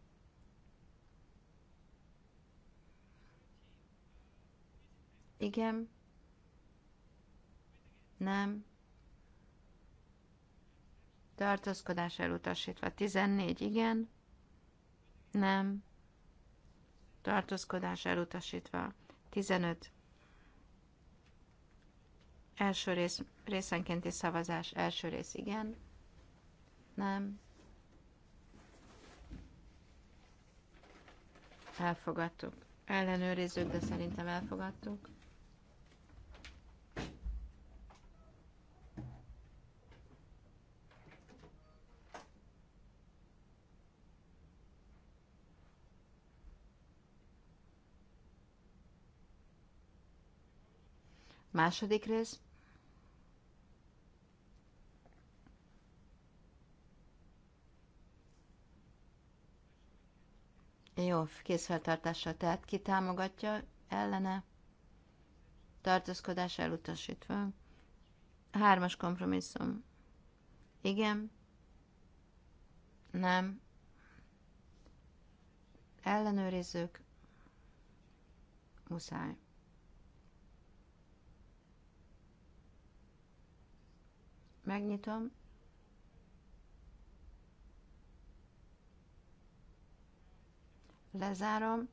Igen. Nem. Tartózkodás elutasítva. 14. Igen. Nem. Tartózkodás elutasítva. 15. Első rész, részenkénti szavazás. Első rész igen. Nem. Elfogadtuk. Ellenőrizzük, de szerintem elfogadtuk. Második rész. Jó, készfeltartásra tehát ki támogatja ellene. Tartózkodás elutasítva. Hármas kompromisszum. Igen. Nem. Ellenőrizzük. Muszáj. Megnyitom. Lezárom.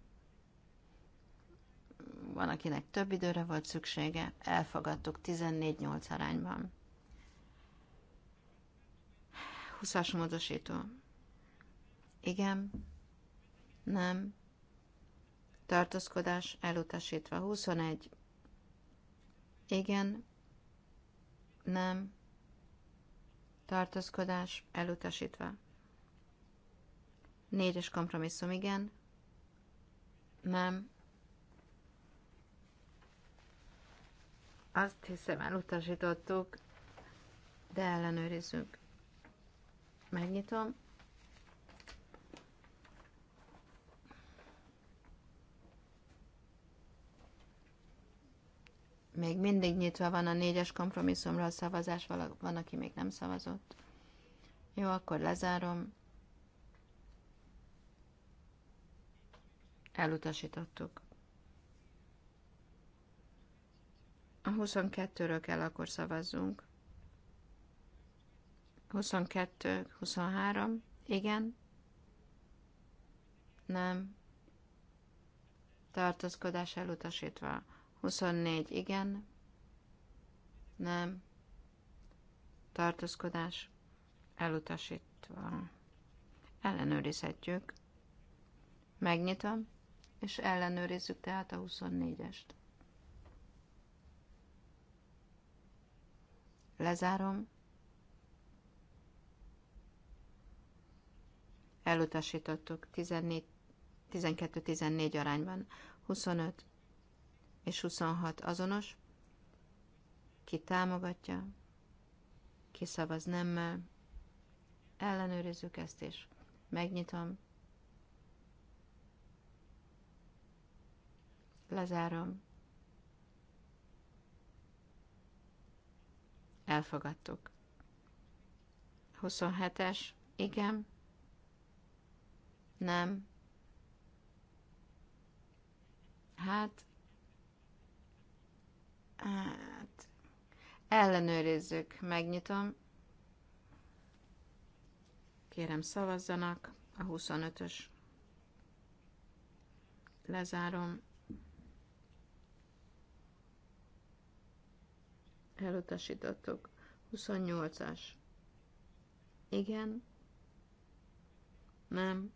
Van, akinek több időre volt szüksége. Elfogadtuk 14-8 arányban. 20-as módosító. Igen. Nem. Tartózkodás elutasítva. 21. Igen. Nem tartózkodás elutasítva. Négyes kompromisszum igen, nem. Azt hiszem elutasítottuk, de ellenőrizzük. Megnyitom. Még mindig nyitva van a négyes kompromisszumra a szavazás, van, aki még nem szavazott. Jó, akkor lezárom. Elutasítottuk. A 22-ről kell akkor szavazzunk. 22, 23, igen. Nem. Tartózkodás elutasítva. 24 igen, nem, tartózkodás elutasítva. Ellenőrizhetjük. Megnyitom, és ellenőrizzük tehát a 24-est. Lezárom. Elutasítottuk 12-14 arányban. 25 és 26 azonos, ki támogatja, ki szavaz nemmel, ellenőrizzük ezt és Megnyitom, lezárom, elfogadtuk. 27-es, igen, nem, hát Hát, ellenőrizzük, megnyitom. Kérem szavazzanak a 25-ös. Lezárom. Elutasítottuk. 28-as. Igen. Nem.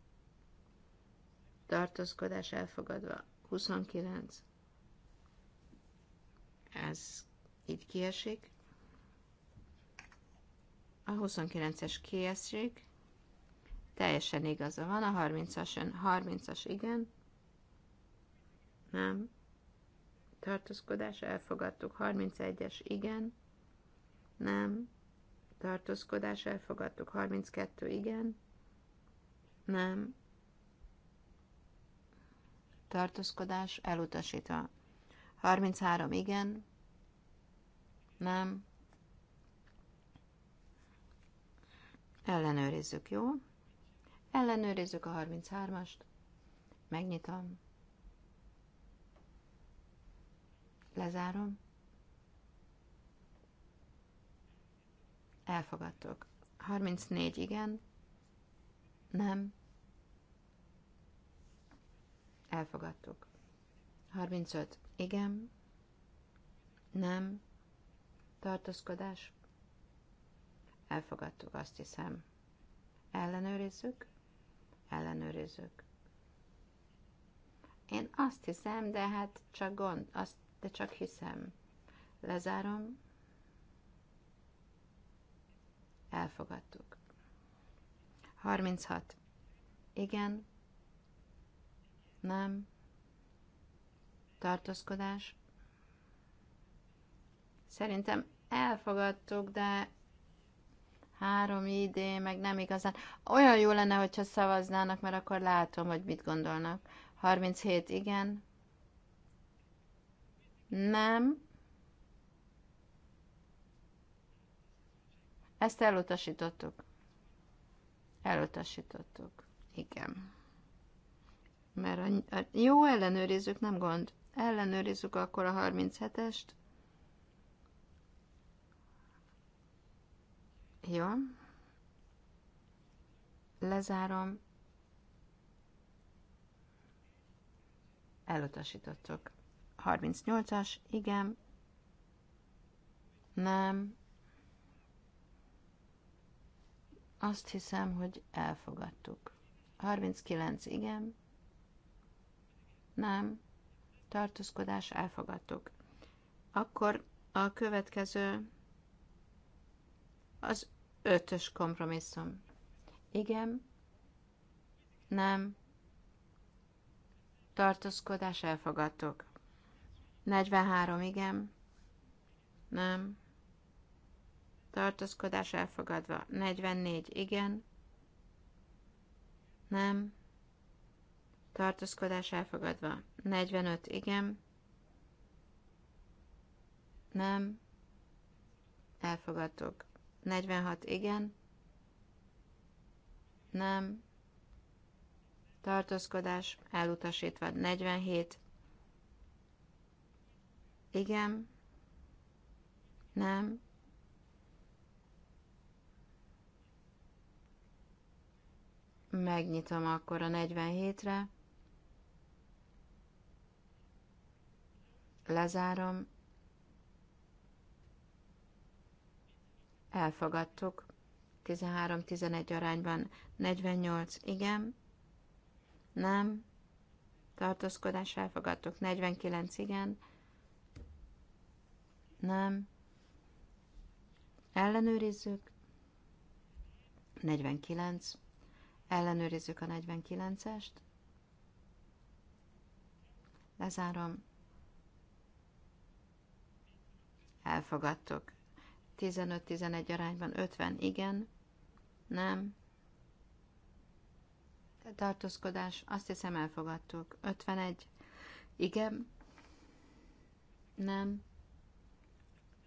Tartózkodás elfogadva. 29. Ez így kiesik. A 29-es kiesik. Teljesen igaza van. A 30-as, 30-as igen. Nem. Tartózkodás elfogadtuk. 31-es igen. Nem. Tartózkodás elfogadtuk. 32 igen. Nem. Tartózkodás elutasítva. 33 igen, nem. Ellenőrizzük, jó? Ellenőrizzük a 33-ast. Megnyitom. Lezárom. Elfogadtok. 34 igen. Nem. Elfogadtuk. 35. Igen. Nem. Tartózkodás. Elfogadtuk, azt hiszem. Ellenőrizzük. Ellenőrizzük. Én azt hiszem, de hát csak gond, azt, de csak hiszem. Lezárom. Elfogadtuk. 36. Igen. Nem tartózkodás. Szerintem elfogadtuk, de három idé, meg nem igazán. Olyan jó lenne, hogyha szavaznának, mert akkor látom, hogy mit gondolnak. 37 igen. Nem. Ezt elutasítottuk. Elutasítottuk. Igen. Mert a, a jó ellenőrizzük, nem gond. Ellenőrizzük akkor a 37-est. Jó. Lezárom. Elutasítottuk. 38-as, igen. Nem. Azt hiszem, hogy elfogadtuk. 39, igen. Nem tartózkodás elfogadtuk. Akkor a következő az ötös kompromisszum. Igen, nem, tartózkodás elfogadtuk. 43, igen, nem, tartózkodás elfogadva. 44, igen, nem, tartózkodás elfogadva. 45, igen, nem, elfogadtuk. 46, igen, nem, tartózkodás elutasítva. 47, igen, nem, megnyitom akkor a 47-re, Lezárom. Elfogadtuk. 13-11 arányban 48, igen. Nem. Tartózkodás elfogadtuk. 49, igen. Nem. Ellenőrizzük. 49. Ellenőrizzük a 49-est. Lezárom. Elfogadtuk. 15-11 arányban 50 igen, nem. Tartózkodás, azt hiszem elfogadtuk. 51 igen, nem.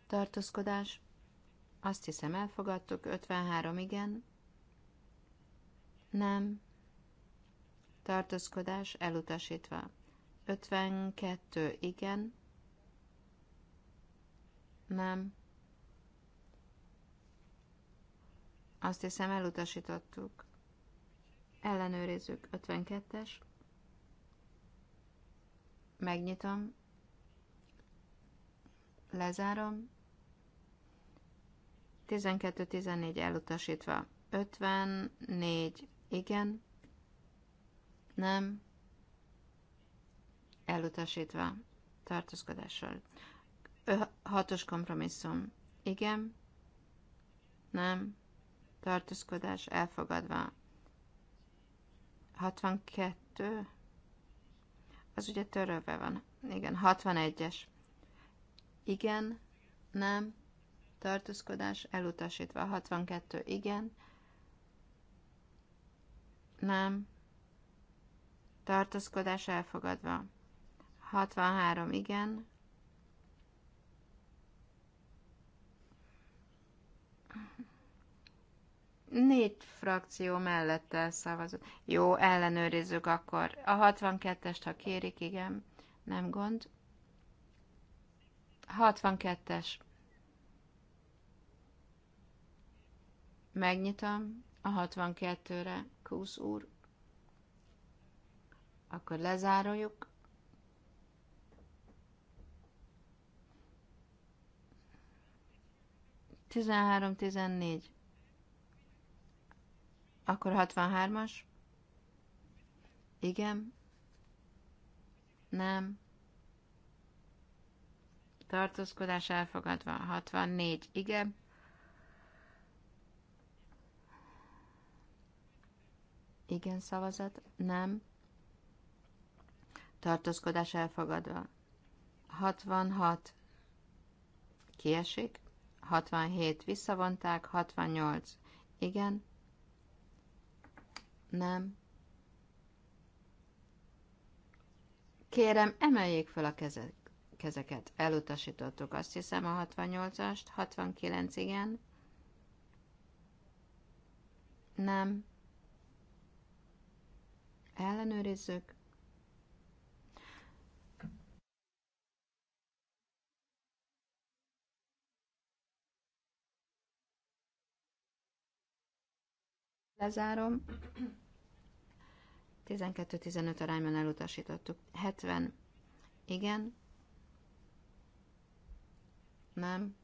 Tartózkodás, azt hiszem elfogadtuk. 53 igen, nem. Tartózkodás elutasítva. 52 igen, nem. Azt hiszem elutasítottuk. Ellenőrizzük. 52-es. Megnyitom. Lezárom. 12-14 elutasítva. 54. Igen. Nem. Elutasítva. Tartózkodással. Hatos kompromisszum. Igen. Nem. Tartózkodás elfogadva. 62. Az ugye törölve van. Igen, 61-es. Igen. Nem. Tartózkodás elutasítva. 62. Igen. Nem. Tartózkodás elfogadva. 63. Igen. Négy frakció mellette szavazott. Jó, ellenőrizzük akkor. A 62-est, ha kérik, igen, nem gond. 62-es. Megnyitom a 62-re, Kúsz úr. Akkor lezároljuk. Tizenhárom, tizennégy. Akkor 63-as? Igen. Nem. Tartózkodás elfogadva. 64. Igen. Igen szavazat. Nem. Tartózkodás elfogadva. 66. Kiesik. 67. Visszavonták. 68. Igen. Nem. Kérem, emeljék fel a kezek, kezeket. Elutasítottuk, azt hiszem, a 68-ast. 69, igen. Nem. Ellenőrizzük. Lezárom. 12-15 arányban elutasítottuk. 70. Igen. Nem.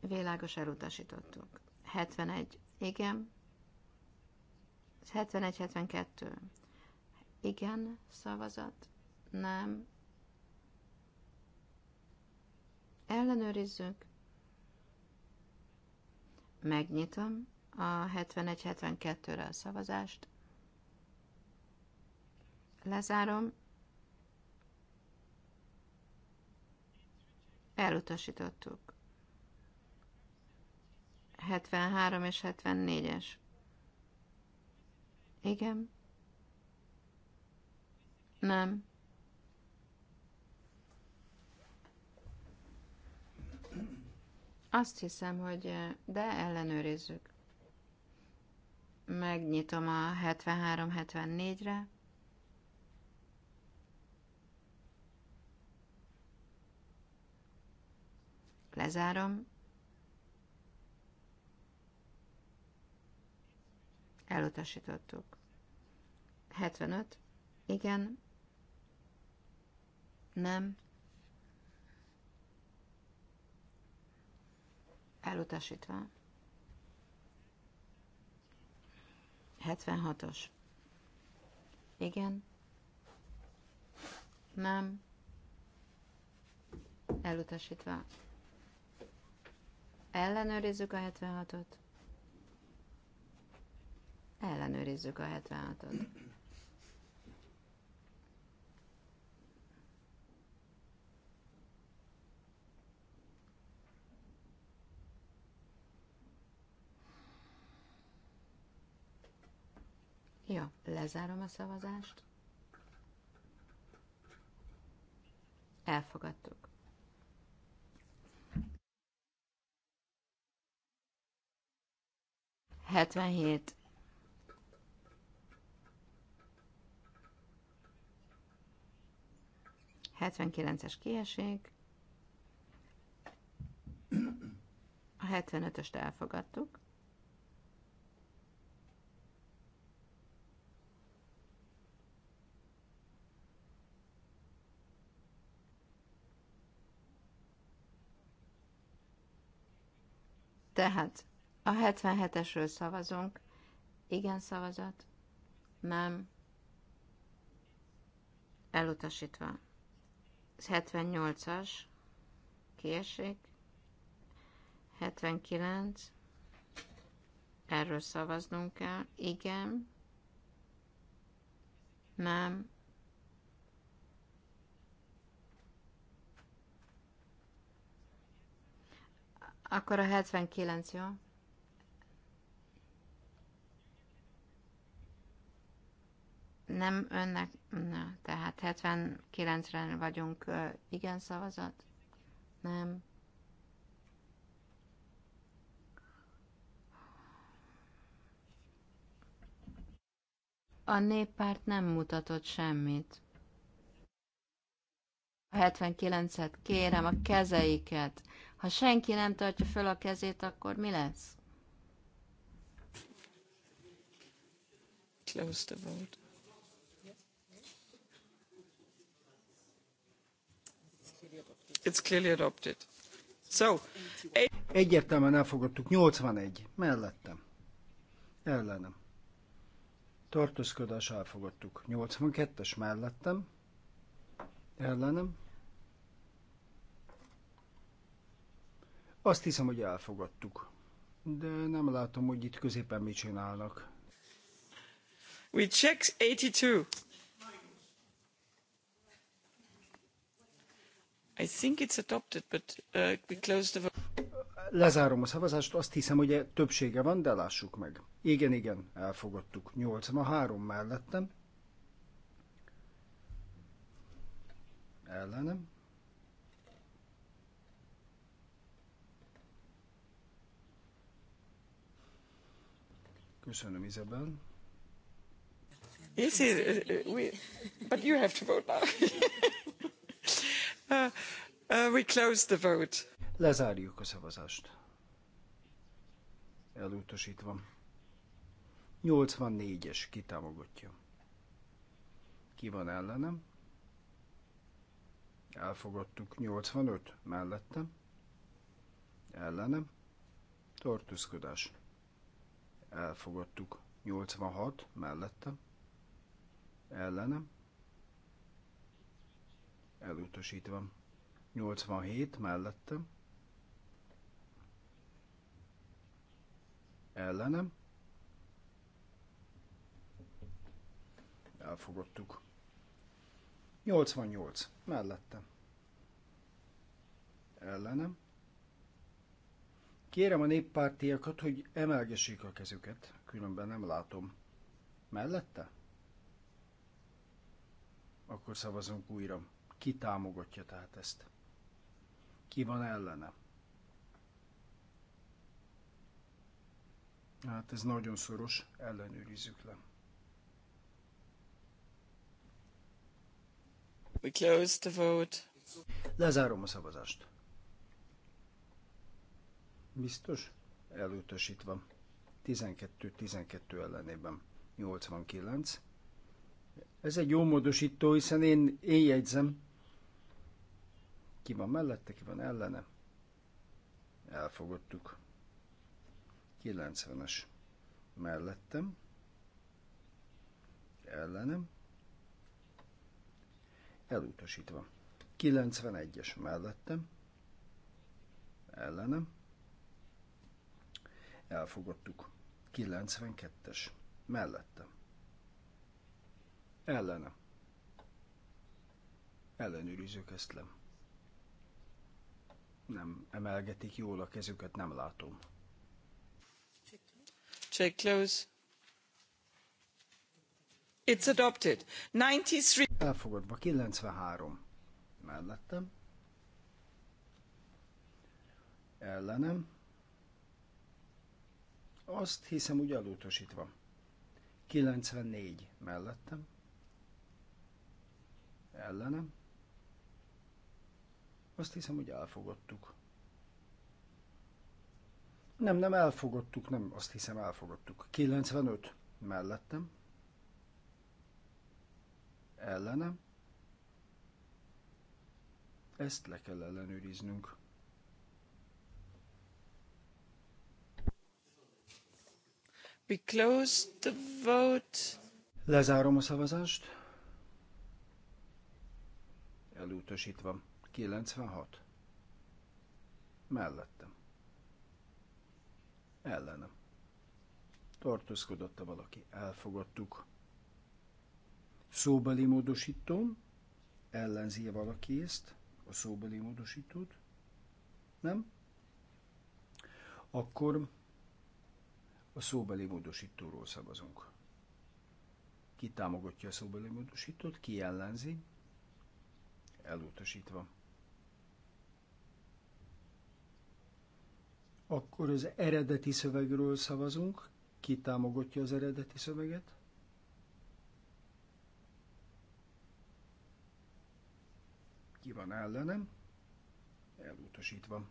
Világos elutasítottuk. 71. Igen. 71-72. Igen, szavazat. Nem. Ellenőrizzük. Megnyitom a 71-72-re a szavazást. Lezárom. Elutasítottuk. 73 és 74-es. Igen. Nem. Azt hiszem, hogy de ellenőrizzük. Megnyitom a 73-74-re. Lezárom. Elutasítottuk. 75. Igen. Nem. elutasítva. 76-os. Igen. Nem. Elutasítva. Ellenőrizzük a 76-ot. Ellenőrizzük a 76-ot. Ja, lezárom a szavazást. Elfogadtuk. Hetvenhét. Hetvenkilences kieség. A 75-öst elfogadtuk. Tehát a 77-esről szavazunk. Igen szavazat. Nem. Elutasítva. 78-as. Kiesik. 79. Erről szavaznunk kell. Igen. Nem. Akkor a 79, jó? Nem önnek, na, tehát 79-re vagyunk, igen szavazat? Nem. A néppárt nem mutatott semmit. A 79-et kérem, a kezeiket. Ha senki nem tartja föl a kezét, akkor mi lesz? Close the vote. It's clearly adopted. So, Egyértelműen elfogadtuk. 81. Mellettem. Ellenem. Tartózkodás elfogadtuk. 82-es mellettem. Ellenem Azt hiszem, hogy elfogadtuk. De nem látom, hogy itt középen mit csinálnak. We check 82. I think it's adopted, but uh, we close the vote. Lezárom a szavazást, azt hiszem, hogy többsége van, de lássuk meg. Igen, igen, elfogadtuk. 83 mellettem. Ellenem. Köszönöm, Izabel. Yes, we, but you have to vote now. uh, uh, we close the vote. Lezárjuk a szavazást. Elutasítva. 84-es kitámogatja. Ki van ellenem? Elfogadtuk 85 mellettem. Ellenem. Tartózkodás elfogadtuk. 86 mellette, ellenem, elutasítva. 87 mellette, ellenem, elfogadtuk. 88 mellette, ellenem, Kérem a néppártiakat, hogy emelgessék a kezüket, különben nem látom. Mellette? Akkor szavazunk újra. Ki támogatja tehát ezt? Ki van ellene? Hát ez nagyon szoros, ellenőrizzük le. We close the vote. Lezárom a szavazást. Biztos? Elutasítva. 12-12 ellenében. 89. Ez egy jó módosító, hiszen én, én jegyzem. Ki van mellette, ki van ellene. Elfogadtuk. 90-es. Mellettem. Ellenem. Elutasítva. 91-es mellettem. Ellenem Elfogadtuk. 92-es. Mellette. Ellene. Ellenőrizzük ezt le. Nem emelgetik jól a kezüket, nem látom. Check close. It's adopted. 93. Elfogadva 93. Mellettem. Ellenem. Azt hiszem, úgy elutasítva. 94 mellettem. Ellenem. Azt hiszem, hogy elfogadtuk. Nem, nem elfogadtuk, nem, azt hiszem elfogadtuk. 95 mellettem. Ellenem. Ezt le kell ellenőriznünk. We close the vote. Lezárom a szavazást. Elutasítva. 96. Mellettem. Ellenem. Tartózkodott-e valaki? Elfogadtuk. Szóbeli módosítom. Ellenzi -e valaki ezt? A szóbeli módosítót? Nem? Akkor a szóbeli módosítóról szavazunk. Ki támogatja a szóbeli módosítót, ki ellenzi, elutasítva. Akkor az eredeti szövegről szavazunk. Ki támogatja az eredeti szöveget? Ki van ellenem? Elutasítva.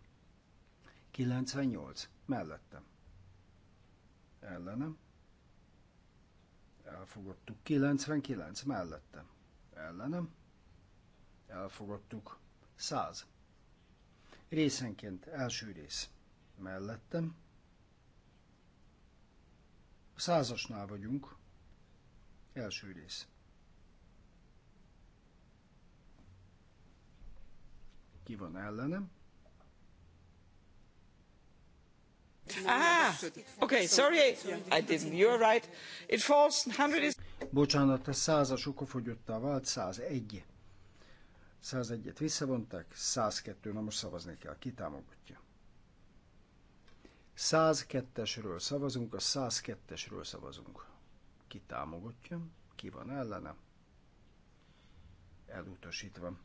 98. Mellettem ellenem, elfogadtuk. 99 mellettem, ellenem, elfogadtuk. 100. Részenként első rész mellettem. A százasnál vagyunk, első rész. Ki van ellenem? Ah, okay, sorry, I didn't, you're right. It falls 100 Bocsánat, a százas okofogyottá vált, 101. 101-et visszavonták, 102, na most szavazni kell, ki támogatja. 102-esről szavazunk, a 102-esről szavazunk. Ki támogatja, ki van ellene, elutasítva.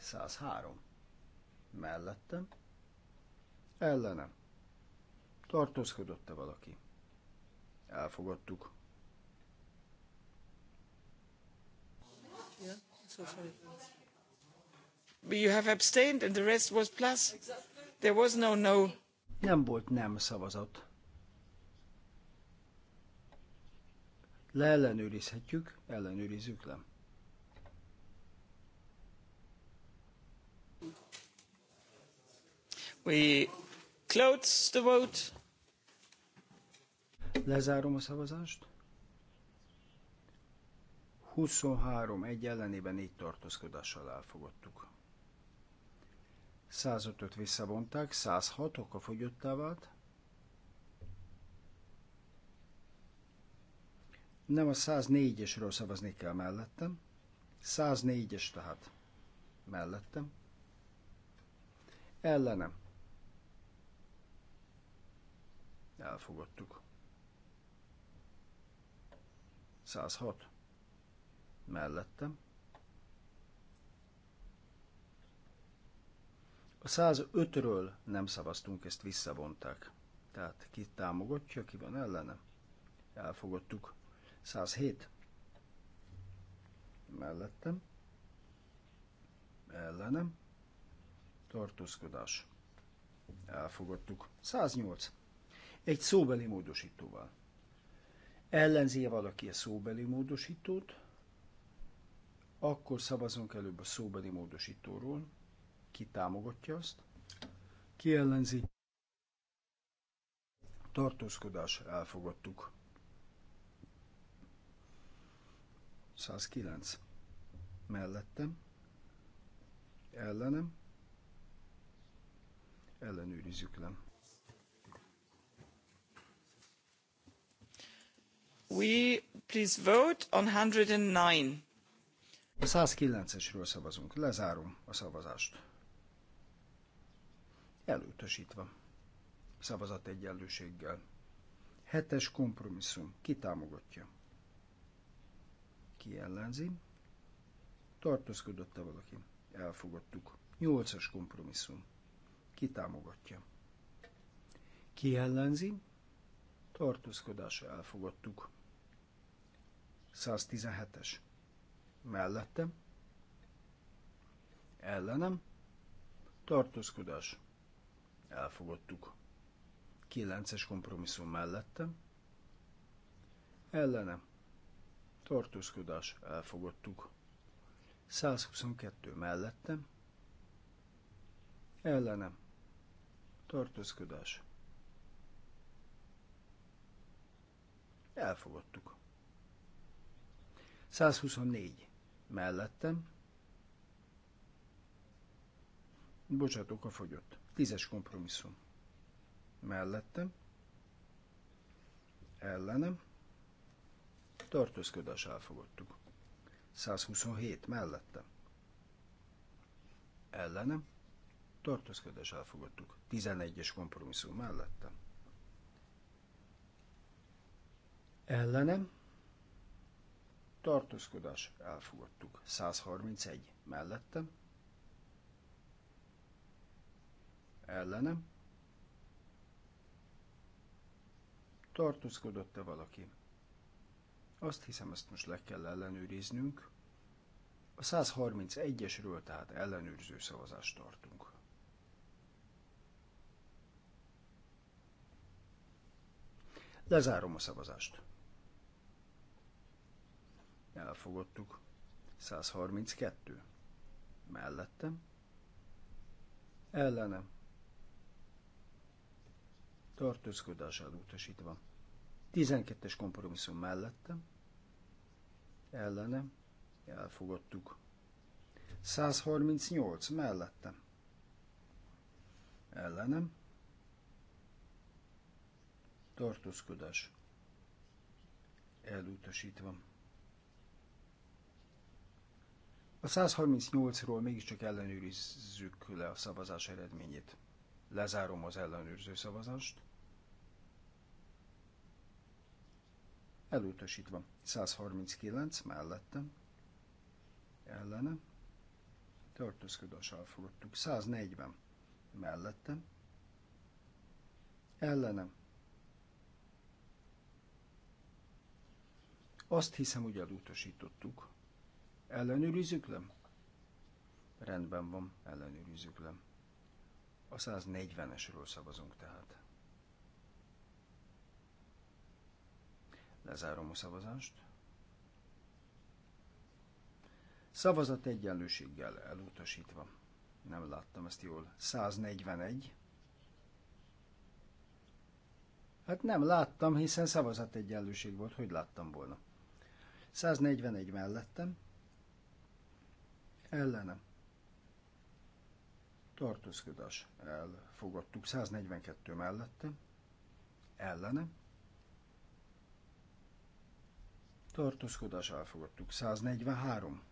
103. Mellettem, ellenem, Tartózkodott-e valaki? Elfogadtuk. But you have abstained and the rest was plus. There was no no. Nem volt nem szavazat. Leellenőrizhetjük, ellenőrizzük le. We close the vote. Lezárom a szavazást. 23 egy ellenében négy tartózkodással elfogadtuk. 105-öt visszavonták, 106 oka fogyottá vált. Nem a 104-esről szavazni kell mellettem. 104-es tehát mellettem. Ellenem. Elfogadtuk. 106 mellettem. A 105-ről nem szavaztunk, ezt visszavonták. Tehát ki támogatja, ki van ellene. Elfogadtuk. 107 mellettem. Ellenem. Tartózkodás. Elfogadtuk. 108. Egy szóbeli módosítóval ellenzi -e valaki a szóbeli módosítót, akkor szavazunk előbb a szóbeli módosítóról, ki támogatja azt, ki ellenzi. Tartózkodás elfogadtuk. 109. Mellettem. Ellenem. Ellenőrizzük le. We please A 109-esről szavazunk. Lezárom a szavazást. Elutasítva. Szavazat egyenlőséggel. Hetes kompromisszum. Ki támogatja? Ki ellenzi? Tartózkodott-e valaki? Elfogadtuk. Nyolcas kompromisszum. Ki támogatja? Ki ellenzi? Tartózkodásra elfogadtuk. 117-es. Mellettem. Ellenem. Tartózkodás. Elfogadtuk. 9-es kompromisszum mellettem. Ellenem. Tartózkodás. Elfogadtuk. 122 mellettem. Ellenem. Tartózkodás. Elfogadtuk. 124 mellettem. Bocsátok, a fogyott. Tízes kompromisszum. Mellettem. Ellenem. Tartózkodás elfogadtuk. 127 mellettem. Ellenem. Tartózkodás elfogadtuk. 11-es kompromisszum mellettem. Ellenem tartózkodás, elfogadtuk. 131 mellettem, ellenem, tartózkodott-e valaki? Azt hiszem, ezt most le kell ellenőriznünk. A 131-esről tehát ellenőrző szavazást tartunk. Lezárom a szavazást. Elfogadtuk. 132. Mellettem. Ellenem. Tartózkodás utasítva. 12-es kompromisszum mellettem. Ellenem. Elfogadtuk. 138 mellettem. Ellenem. Tartózkodás. Elutasítva. A 138-ról mégiscsak ellenőrizzük le a szavazás eredményét. Lezárom az ellenőrző szavazást. Elutasítva. 139 mellettem. Ellene. Tartózkodás elfogadtuk. 140 mellettem. Ellenem. Azt hiszem, hogy elutasítottuk. Ellenőrizzük le? Rendben van, ellenőrizzük le. A 140-esről szavazunk tehát. Lezárom a szavazást. Szavazat egyenlőséggel elutasítva. Nem láttam ezt jól. 141. Hát nem láttam, hiszen szavazat egyenlőség volt. Hogy láttam volna? 141 mellettem. Ellenem. Tartózkodás. Elfogadtuk. 142 mellette. Ellenem. Tartózkodás. Elfogadtuk. 143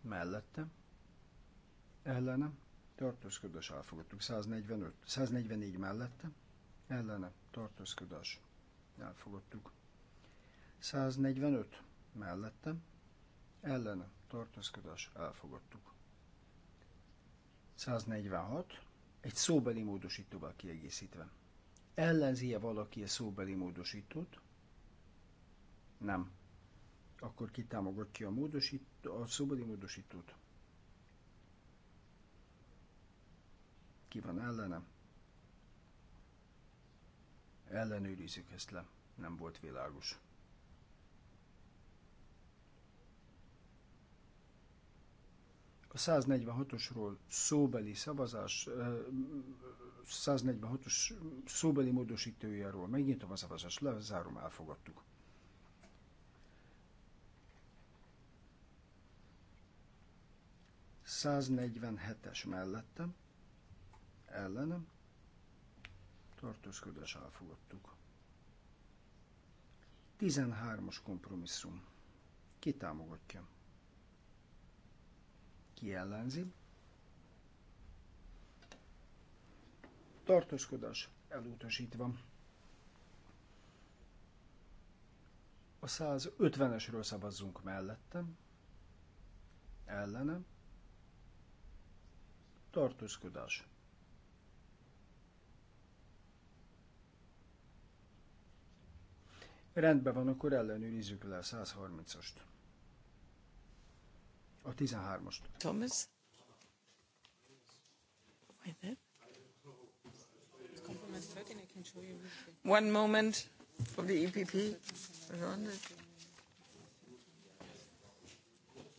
mellette. Ellenem. Tartózkodás. Elfogadtuk. 145. 144 mellette. Ellenem. Tartózkodás. Elfogadtuk. 145 mellette. Ellenem tartózkodás, elfogadtuk. 146, egy szóbeli módosítóval kiegészítve. Ellenzi-e valaki a szóbeli módosítót? Nem. Akkor ki támogatja a, módosító, a szóbeli módosítót? Ki van ellenem? Ellenőrizzük ezt le. Nem volt világos. A 146-osról szóbeli szavazás, 146-os szóbeli módosítójáról megnyitom a szavazást, lezárom, elfogadtuk. ...147-es mellettem, ellenem, tartózkodás elfogadtuk. 13-as kompromisszum. Ki támogatja? ki ellenzi. Tartózkodás elutasítva. A 150-esről szavazzunk mellettem, ellenem, tartózkodás. Rendben van, akkor ellenőrizzük le a 130 ost a 13-ost. Thomas? One moment for the EPP.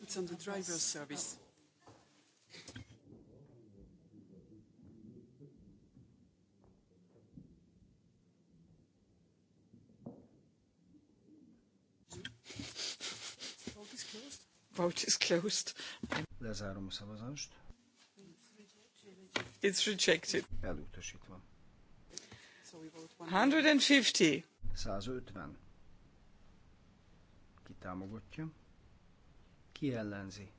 It's on the driver's service. Vote is closed. Lezárom a szavazást. It's rejected. Elutasítva. 150. 150. Ki támogatja? Ki ellenzi?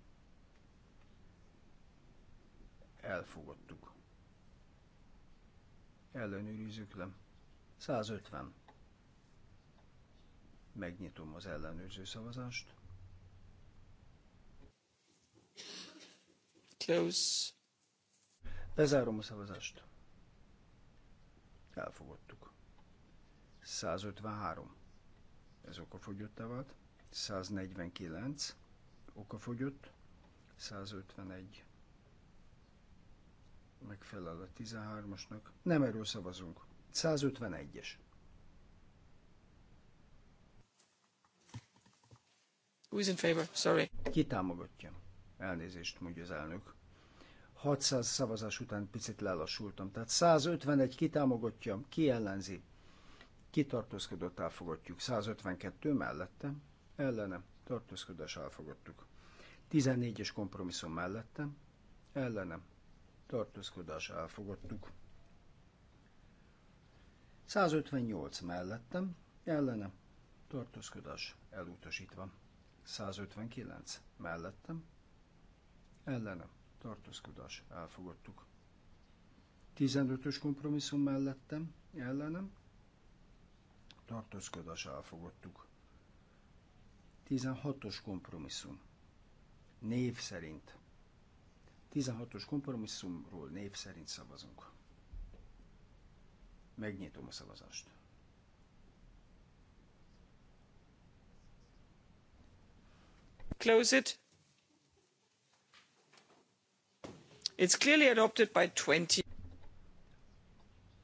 Elfogadtuk. Ellenőrizzük le. 150. Megnyitom az ellenőrző szavazást. Close. Bezárom a szavazást. Elfogadtuk. 153. Ez okafogyottá vált. 149. Okafogyott. 151. Megfelel a 13-asnak. Nem erről szavazunk. 151-es. Who is in favor? Sorry. Ki támogatja? Elnézést mondja az elnök. 600 szavazás után picit lelassultam. Tehát 151 kitámogatja, ki ellenzi, kitartózkodott elfogadjuk. 152 mellette, ellene, tartózkodás elfogadtuk. 14-es kompromisszum mellette, ellene, tartózkodás elfogadtuk. 158 mellettem, ellenem, tartózkodás elutasítva. 159 mellettem, ellene tartózkodás elfogadtuk. 15-ös kompromisszum mellettem, ellenem tartózkodás elfogadtuk. 16-os kompromisszum név szerint. 16-os kompromisszumról név szerint szavazunk. Megnyitom a szavazást. Close it. It's clearly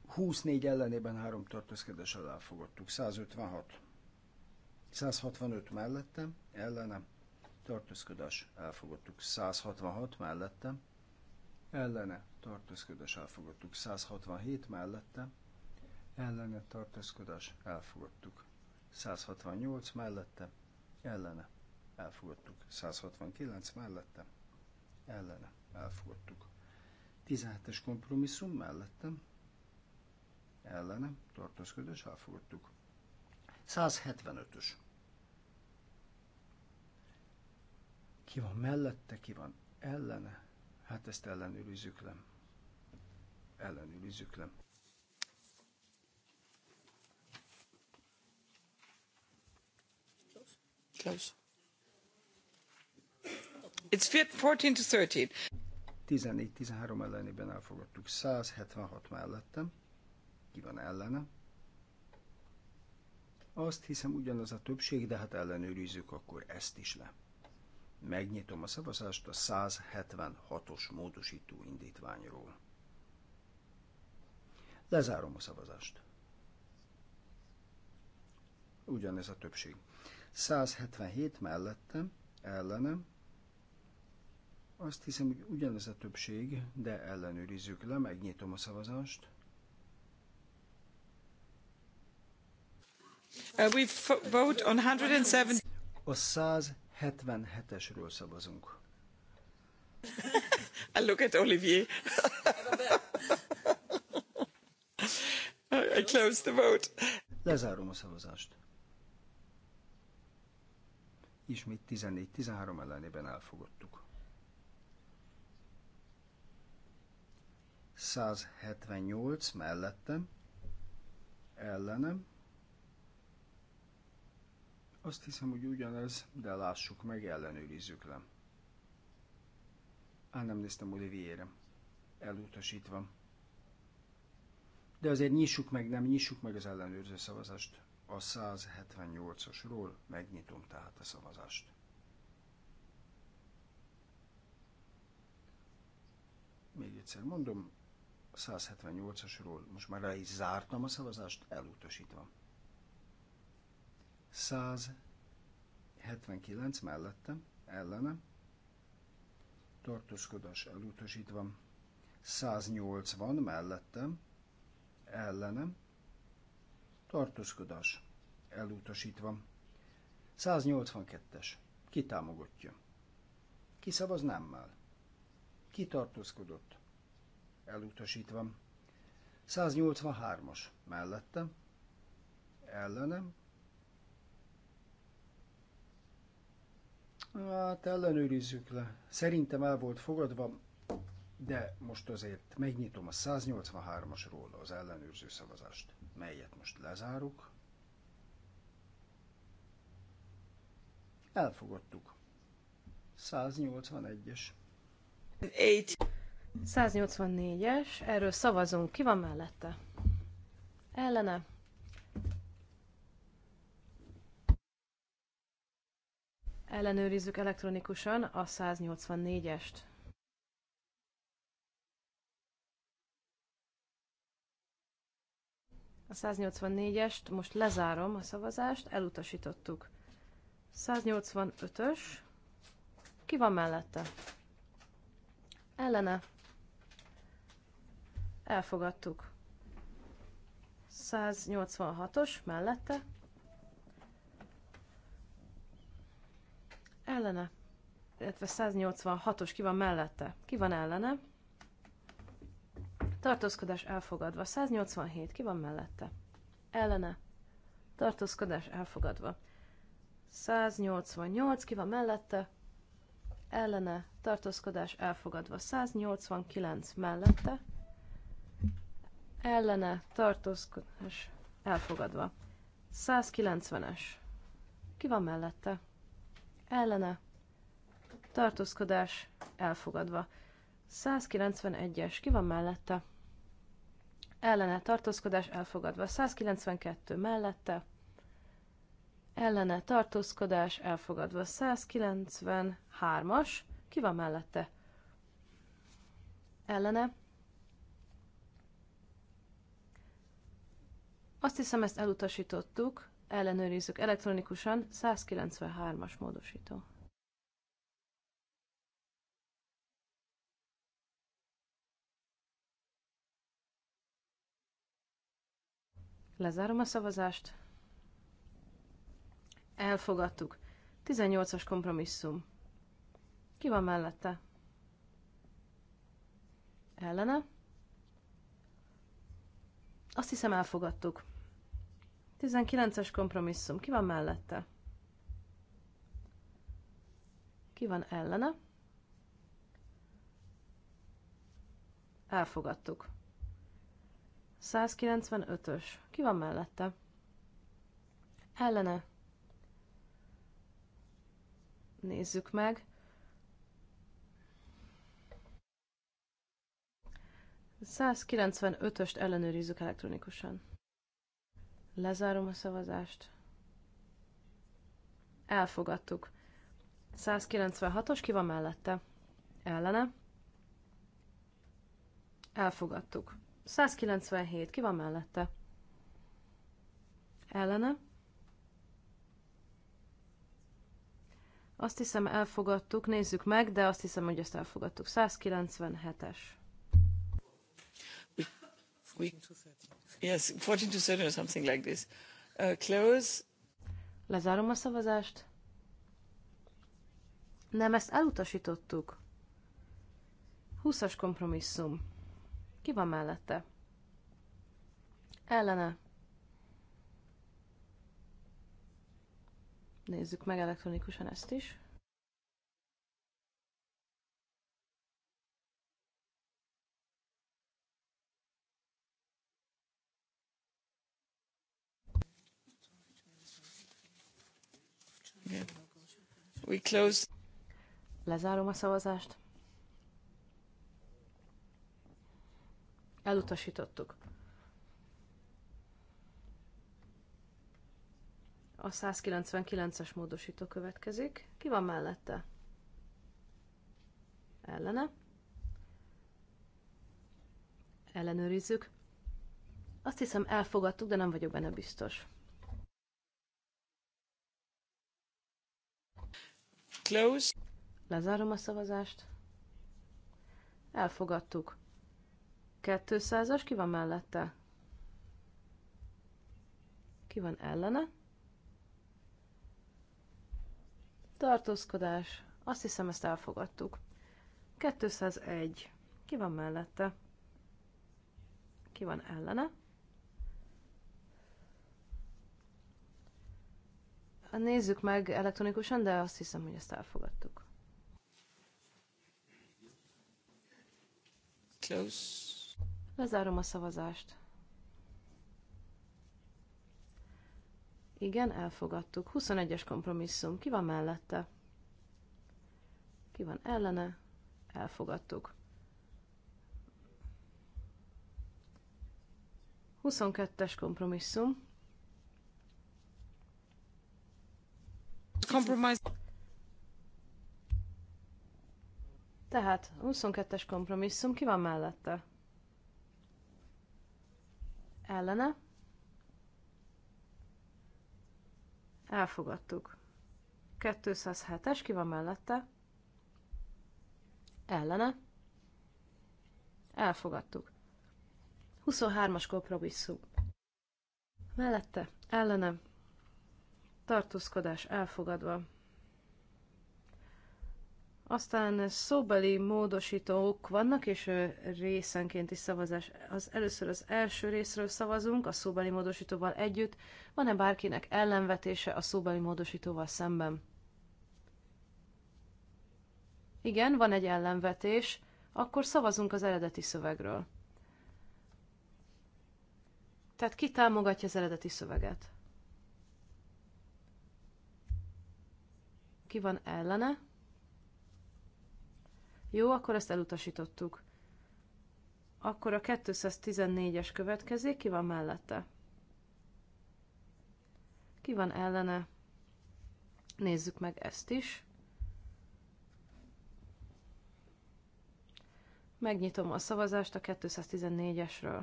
24 ellenében három alá elfogadtuk. 156. 165 mellettem, ellenem, tartózkodás elfogadtuk. 166 mellettem, ellene, tartózkodás elfogadtuk. 167 mellettem, ellene, tartózkodás elfogadtuk. 168 mellette, ellene, elfogadtuk. 169 mellettem, ellene, elfogadtuk. 17-es kompromisszum mellettem, ellenem, tartózkodás, elfogadtuk. 175-ös. Ki van mellette, ki van ellene? Hát ezt ellenőrizzük le. Ellenőrizzük le. Close. It's 14 to 13. 14-13 ellenében elfogadtuk. 176 mellettem. Ki van ellene? Azt hiszem ugyanaz a többség, de hát ellenőrizzük akkor ezt is le. Megnyitom a szavazást a 176-os módosító indítványról. Lezárom a szavazást. Ugyanez a többség. 177 mellettem, ellenem, azt hiszem, hogy ugyanez a többség, de ellenőrizzük le, megnyitom a szavazást. Uh, we vote on 170. A 177-esről szavazunk. I look at Olivier. I close the vote. Lezárom a szavazást. Ismét 14-13 ellenében elfogadtuk. 178 mellettem, ellenem. Azt hiszem, hogy ugyanez, de lássuk meg, ellenőrizzük le. Á, nem néztem Olivier-re. Elutasítva. De azért nyissuk meg, nem nyissuk meg az ellenőrző szavazást. A 178-asról megnyitom tehát a szavazást. Még egyszer mondom, 178-asról most már le is zártam a szavazást, elutasítva. 179 mellettem, ellenem, tartózkodás elutasítva. 180 mellettem, ellenem, tartózkodás elutasítva. 182-es, ki támogatja? Ki szavaz nemmel? Ki tartózkodott? elutasítva. 183-as mellette, ellenem. Hát ellenőrizzük le. Szerintem el volt fogadva, de most azért megnyitom a 183-asról az ellenőrző szavazást, melyet most lezárok. Elfogadtuk. 181-es. 8. 184-es, erről szavazunk. Ki van mellette? Ellene. Ellenőrizzük elektronikusan a 184-est. A 184-est most lezárom a szavazást, elutasítottuk. 185-ös. Ki van mellette? Ellene. Elfogadtuk. 186-os mellette. Ellene. Illetve 186-os ki van mellette. Ki van ellene? Tartózkodás elfogadva. 187 ki van mellette. Ellene. Tartózkodás elfogadva. 188 ki van mellette. Ellene. Tartózkodás elfogadva. 189 mellette ellene tartózkodás elfogadva. 190-es. Ki van mellette? Ellene tartózkodás elfogadva. 191-es. Ki van mellette? Ellene tartózkodás elfogadva. 192 mellette. Ellene tartózkodás elfogadva. 193-as. Ki van mellette? Ellene Azt hiszem, ezt elutasítottuk, ellenőrizzük elektronikusan, 193-as módosító. Lezárom a szavazást. Elfogadtuk. 18-as kompromisszum. Ki van mellette? Ellene? Azt hiszem elfogadtuk. 19-es kompromisszum. Ki van mellette? Ki van ellene? Elfogadtuk. 195-ös. Ki van mellette? Ellene. Nézzük meg. 195 195-öst ellenőrizzük elektronikusan. Lezárom a szavazást. Elfogadtuk. 196-os ki van mellette? Ellene. Elfogadtuk. 197 ki van mellette? Ellene. Azt hiszem elfogadtuk, nézzük meg, de azt hiszem, hogy ezt elfogadtuk. 197-es. We, we, Yes, 14 to 7 or something like this. Uh, close. Lezárom a szavazást. Nem, ezt elutasítottuk. 20-as kompromisszum. Ki van mellette? Ellene. Nézzük meg elektronikusan ezt is. We close. Lezárom a szavazást. Elutasítottuk. A 199-es módosító következik. Ki van mellette? Ellene. Ellenőrizzük. Azt hiszem elfogadtuk, de nem vagyok benne biztos. close. Lezárom a szavazást. Elfogadtuk. 200-as ki van mellette? Ki van ellene? Tartózkodás. Azt hiszem, ezt elfogadtuk. 201. Ki van mellette? Ki van ellene? Nézzük meg elektronikusan, de azt hiszem, hogy ezt elfogadtuk. Close. Lezárom a szavazást. Igen, elfogadtuk. 21-es kompromisszum. Ki van mellette? Ki van ellene? Elfogadtuk. 22-es kompromisszum. compromise... Tehát 22-es kompromisszum, ki van mellette? Ellene? Elfogadtuk. 207-es, ki van mellette? Ellene? Elfogadtuk. 23-as kompromisszum. Mellette, ellene, tartózkodás elfogadva. Aztán szóbeli módosítók vannak, és részenkénti szavazás. Az először az első részről szavazunk, a szóbeli módosítóval együtt. Van-e bárkinek ellenvetése a szóbeli módosítóval szemben? Igen, van egy ellenvetés, akkor szavazunk az eredeti szövegről. Tehát ki támogatja az eredeti szöveget? Ki van ellene? Jó, akkor ezt elutasítottuk. Akkor a 214-es következik, ki van mellette? Ki van ellene? Nézzük meg ezt is. Megnyitom a szavazást a 214-esről.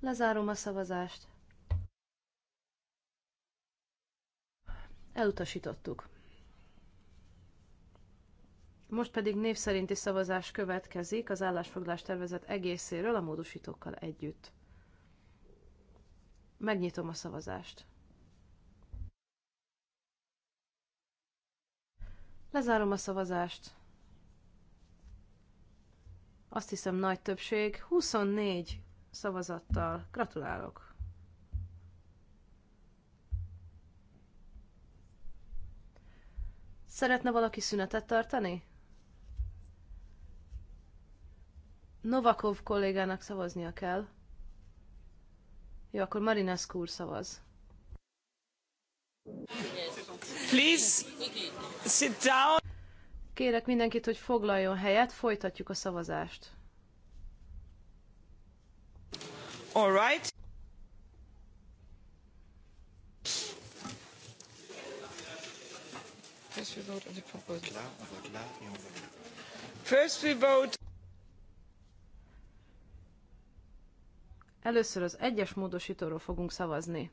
Lezárom a szavazást. Elutasítottuk. Most pedig név szerinti szavazás következik az állásfoglalás tervezet egészéről a módosítókkal együtt. Megnyitom a szavazást. Lezárom a szavazást. Azt hiszem nagy többség, 24 szavazattal. Gratulálok! Szeretne valaki szünetet tartani? Novakov kollégának szavaznia kell. Jó, akkor Marinescu úr szavaz. Please sit down. Kérek mindenkit, hogy foglaljon helyet, folytatjuk a szavazást. All right. là, on vote là et on vote là. First we vote. Először az egyes módosítóról fogunk szavazni.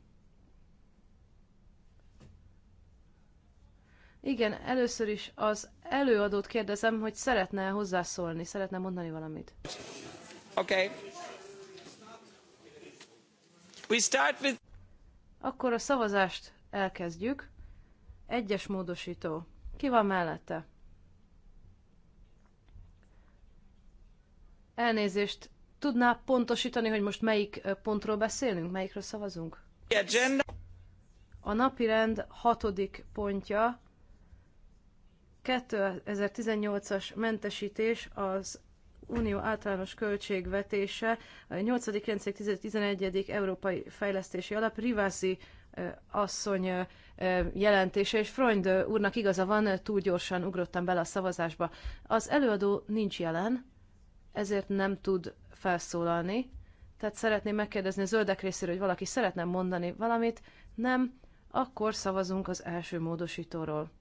Igen, először is az előadót kérdezem, hogy szeretne hozzászólni, szeretne mondani valamit. Oké. Okay. Akkor a szavazást elkezdjük. Egyes módosító. Ki van mellette? Elnézést, tudná pontosítani, hogy most melyik pontról beszélünk, melyikről szavazunk? A napirend hatodik pontja 2018-as mentesítés az Unió általános költségvetése 8. 9. Európai Fejlesztési Alap Rivászi asszony jelentése, és Freund úrnak igaza van, túl gyorsan ugrottam bele a szavazásba. Az előadó nincs jelen, ezért nem tud felszólalni, tehát szeretném megkérdezni a zöldek részéről, hogy valaki szeretne mondani valamit, nem, akkor szavazunk az első módosítóról.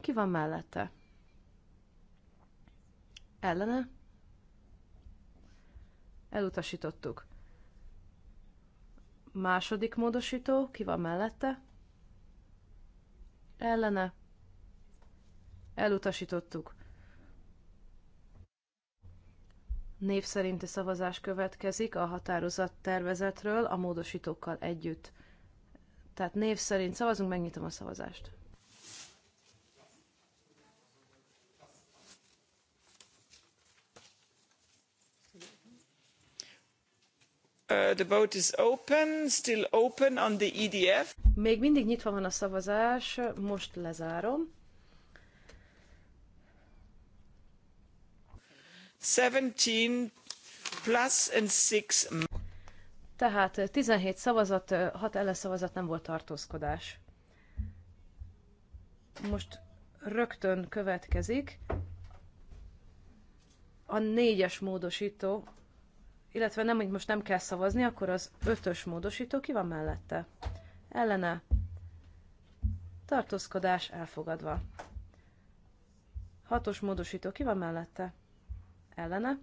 Ki van mellette? Ellene? Elutasítottuk. Második módosító, ki van mellette? Ellene. Elutasítottuk. Név szerinti szavazás következik a határozat tervezetről a módosítókkal együtt. Tehát név szerint szavazunk, megnyitom a szavazást. Még mindig nyitva van a szavazás, most lezárom. 17 plus and 6. Tehát 17 uh, szavazat, 6 uh, ellenszavazat nem volt tartózkodás. Most rögtön következik a négyes módosító illetve nem, hogy most nem kell szavazni, akkor az ötös módosító ki van mellette? Ellene. Tartózkodás elfogadva. Hatos módosító ki van mellette? Ellene.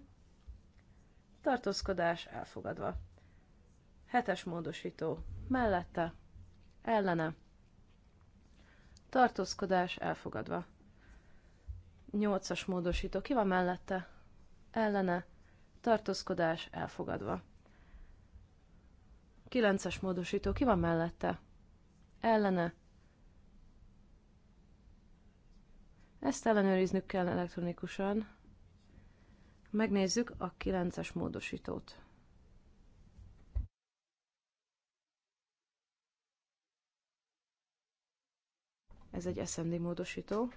Tartózkodás elfogadva. Hetes módosító. Mellette. Ellene. Tartózkodás elfogadva. Nyolcas módosító. Ki van mellette? Ellene tartózkodás elfogadva. 9-es módosító, ki van mellette? Ellene. Ezt ellenőriznünk kell elektronikusan. Megnézzük a 9-es módosítót. Ez egy SMD módosító.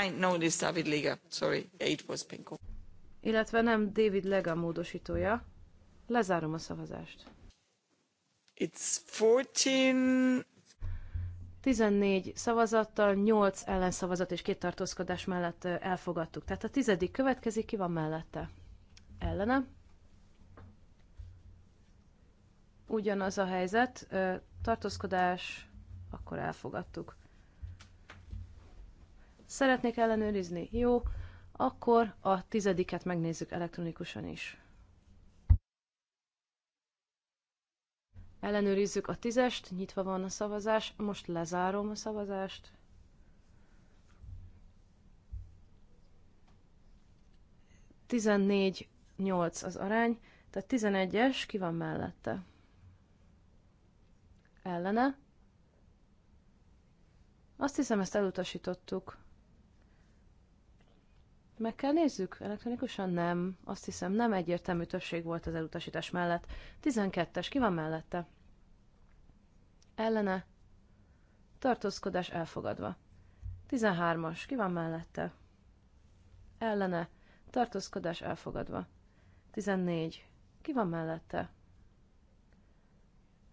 Nine, no, David Lega. Sorry, eight was Pinko. Illetve nem David Lega módosítója. Lezárom a szavazást. It's 14... 14 szavazattal, 8 ellenszavazat és két tartózkodás mellett elfogadtuk. Tehát a tizedik következik, ki van mellette? Ellene. Ugyanaz a helyzet, tartózkodás, akkor elfogadtuk. Szeretnék ellenőrizni? Jó. Akkor a tizediket megnézzük elektronikusan is. Ellenőrizzük a tízest, nyitva van a szavazás, most lezárom a szavazást. Tizennégy, nyolc az arány, tehát tizenegyes ki van mellette. Ellene. Azt hiszem, ezt elutasítottuk meg kell nézzük? Elektronikusan nem. Azt hiszem, nem egyértelmű többség volt az elutasítás mellett. 12-es, ki van mellette? Ellene. Tartózkodás elfogadva. 13-as, ki van mellette? Ellene. Tartózkodás elfogadva. 14. Ki van mellette?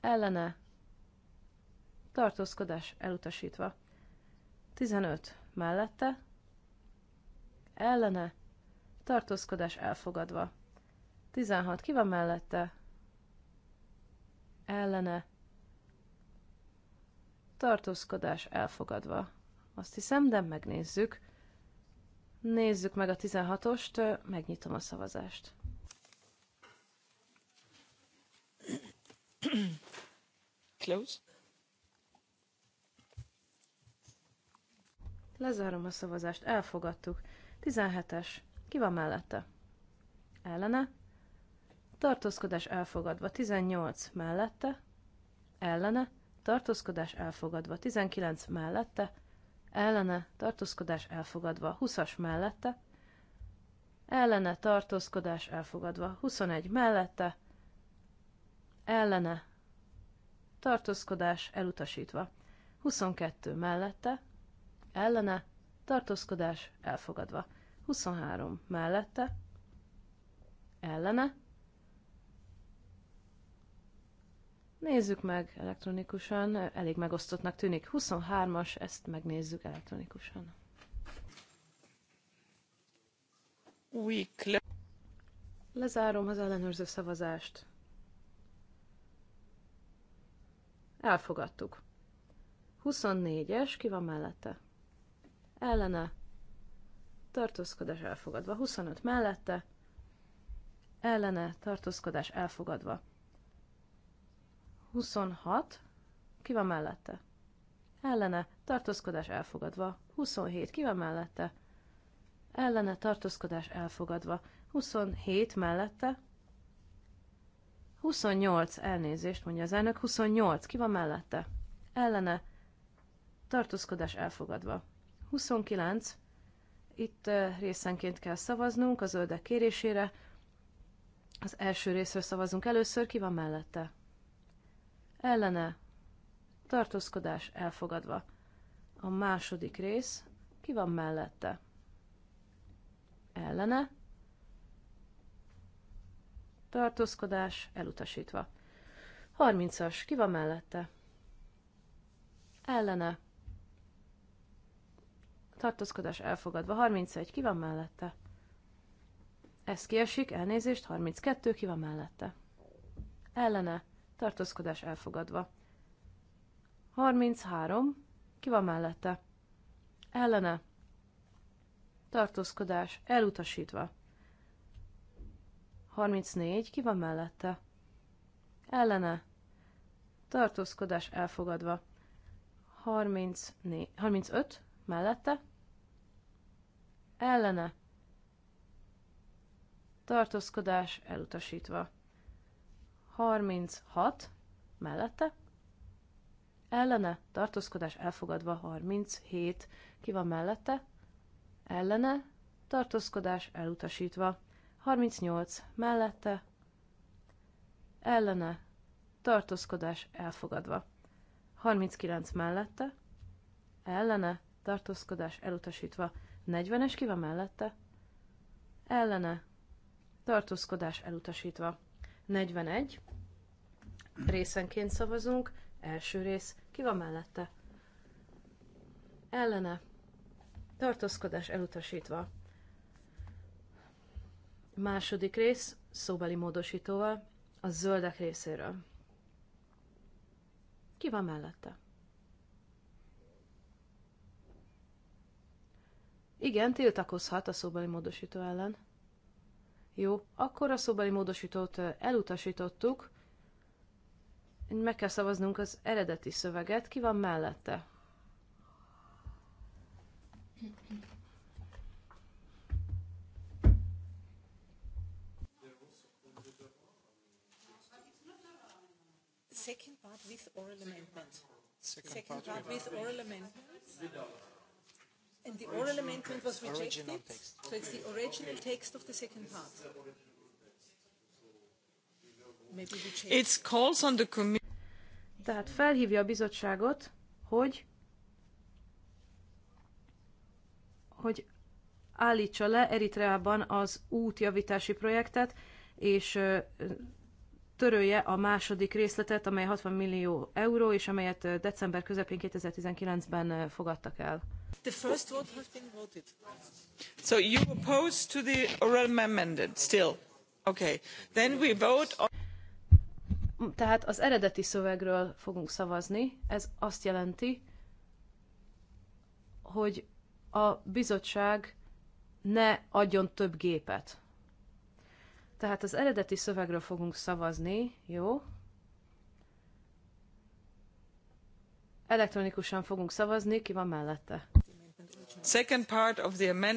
Ellene. Tartózkodás elutasítva. 15. Mellette ellene, tartózkodás elfogadva. 16 ki van mellette, ellene, tartózkodás elfogadva. Azt hiszem, de megnézzük. Nézzük meg a 16-ost, megnyitom a szavazást. Close. Lezárom a szavazást, elfogadtuk. 17-es. Ki van mellette? Ellene. Tartózkodás elfogadva. 18 mellette. Ellene. Tartózkodás elfogadva. 19 mellette. Ellene. Tartózkodás elfogadva. 20-as mellette. Ellene. Tartózkodás elfogadva. 21 mellette. Ellene. Tartózkodás elutasítva. 22 mellette. Ellene tartózkodás elfogadva. 23 mellette, ellene. Nézzük meg elektronikusan, elég megosztottnak tűnik. 23-as, ezt megnézzük elektronikusan. Lezárom az ellenőrző szavazást. Elfogadtuk. 24-es, ki van mellette? ellene, tartózkodás elfogadva. 25 mellette, ellene, tartózkodás elfogadva. 26, ki van mellette? Ellene, tartózkodás elfogadva. 27, ki van mellette? Ellene, tartózkodás elfogadva. 27 mellette. 28, elnézést mondja az elnök. 28, ki van mellette? Ellene, tartózkodás elfogadva. 29. Itt részenként kell szavaznunk a zöldek kérésére. Az első részről szavazunk először, ki van mellette? Ellene. Tartózkodás elfogadva. A második rész, ki van mellette? Ellene. Tartózkodás elutasítva. 30-as, ki van mellette? Ellene tartózkodás elfogadva. 31 ki van mellette? Ez kiesik, elnézést, 32 ki van mellette? Ellene, tartózkodás elfogadva. 33 ki van mellette? Ellene, tartózkodás elutasítva. 34 ki van mellette? Ellene, tartózkodás elfogadva. 34, 35 mellette, ellene, tartózkodás elutasítva. 36 mellette, ellene, tartózkodás elfogadva. 37 ki van mellette, ellene, tartózkodás elutasítva. 38 mellette, ellene, tartózkodás elfogadva. 39 mellette, ellene, tartózkodás elutasítva. 40-es ki van mellette? Ellene. Tartózkodás elutasítva. 41. Részenként szavazunk. Első rész. Ki van mellette? Ellene. Tartózkodás elutasítva. Második rész szóbeli módosítóval a zöldek részéről. Ki van mellette? Igen, tiltakozhat a szóbeli módosító ellen. Jó, akkor a szóbeli módosítót elutasítottuk. Meg kell szavaznunk az eredeti szöveget. Ki van mellette? Second part with oral amendment. Second part with oral amendment. And the oral amendment was rejected, so it's the original text of the second part. It's calls on the Tehát felhívja a bizottságot, hogy hogy állítsa le Eritreában az útjavítási projektet, és törölje a második részletet, amely 60 millió euró, és amelyet december közepén 2019-ben fogadtak el. The first vote has been voted. So you oppose to the oral amendment still? Okay. Then we vote on... Tehát az eredeti szövegről fogunk szavazni. Ez azt jelenti, hogy a bizottság ne adjon több gépet. Tehát az eredeti szövegről fogunk szavazni, jó? Elektronikusan fogunk szavazni, ki van mellette. Second part of the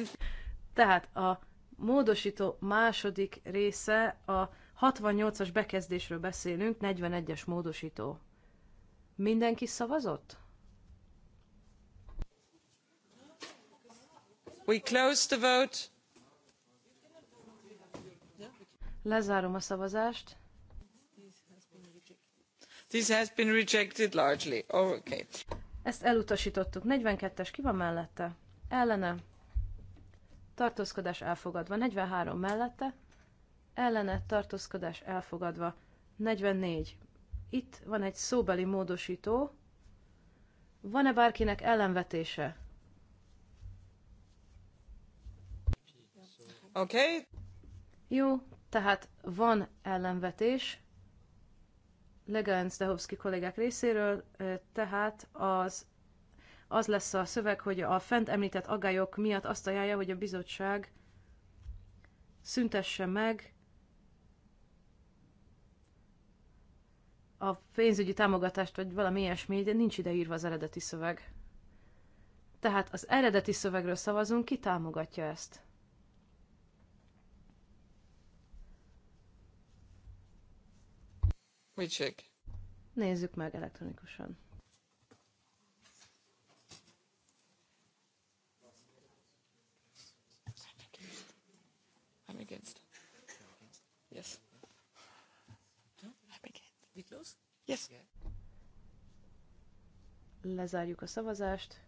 Tehát a módosító második része a 68-as bekezdésről beszélünk, 41-es módosító. Mindenki szavazott? We close the vote. Lezárom a szavazást. This has been rejected largely. okay. Ezt elutasítottuk. 42-es ki van mellette? Ellene. Tartózkodás elfogadva. 43 mellette. Ellene. Tartózkodás elfogadva. 44. Itt van egy szóbeli módosító. Van-e bárkinek ellenvetése? Oké. Okay. Jó, tehát van ellenvetés. Legánc Dehovszki kollégák részéről, tehát az, az lesz a szöveg, hogy a fent említett agályok miatt azt ajánlja, hogy a bizottság szüntesse meg a pénzügyi támogatást, vagy valami ilyesmi, de nincs ide írva az eredeti szöveg. Tehát az eredeti szövegről szavazunk, ki támogatja ezt? Micsik? Nézzük meg elektronikusan. I'm against. Yes. I'm against. close? Yes. Lezárjuk a szavazást.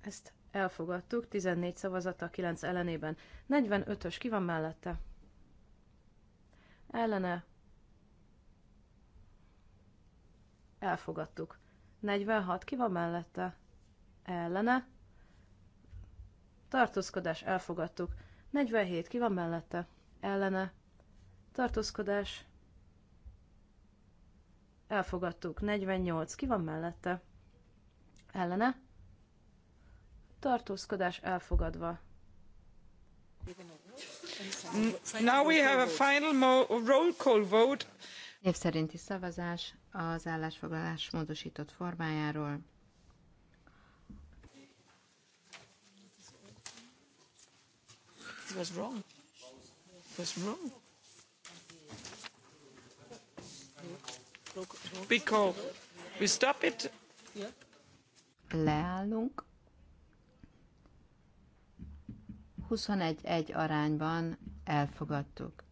Ezt elfogadtuk, 14 szavazata, 9 ellenében. 45-ös, ki van mellette? ellene elfogadtuk. 46 ki van mellette? Ellene. Tartózkodás elfogadtuk. 47 ki van mellette? Ellene. Tartózkodás elfogadtuk. 48 ki van mellette? Ellene. Tartózkodás elfogadva. Even Now we have a final roll call vote. Név szerinti szavazás az állásfoglalás módosított formájáról. It was wrong. It was wrong. Because we stop it. Leállunk. 21-1 arányban elfogadtuk.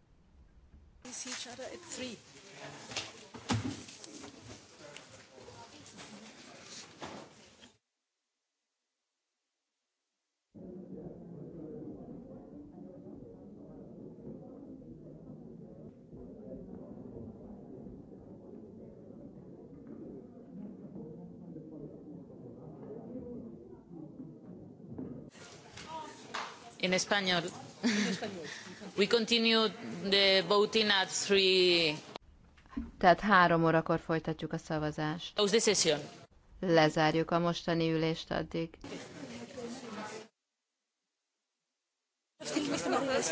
in español. We continue the voting at three. Tehát három órakor folytatjuk a szavazást. Lezárjuk a mostani ülést addig.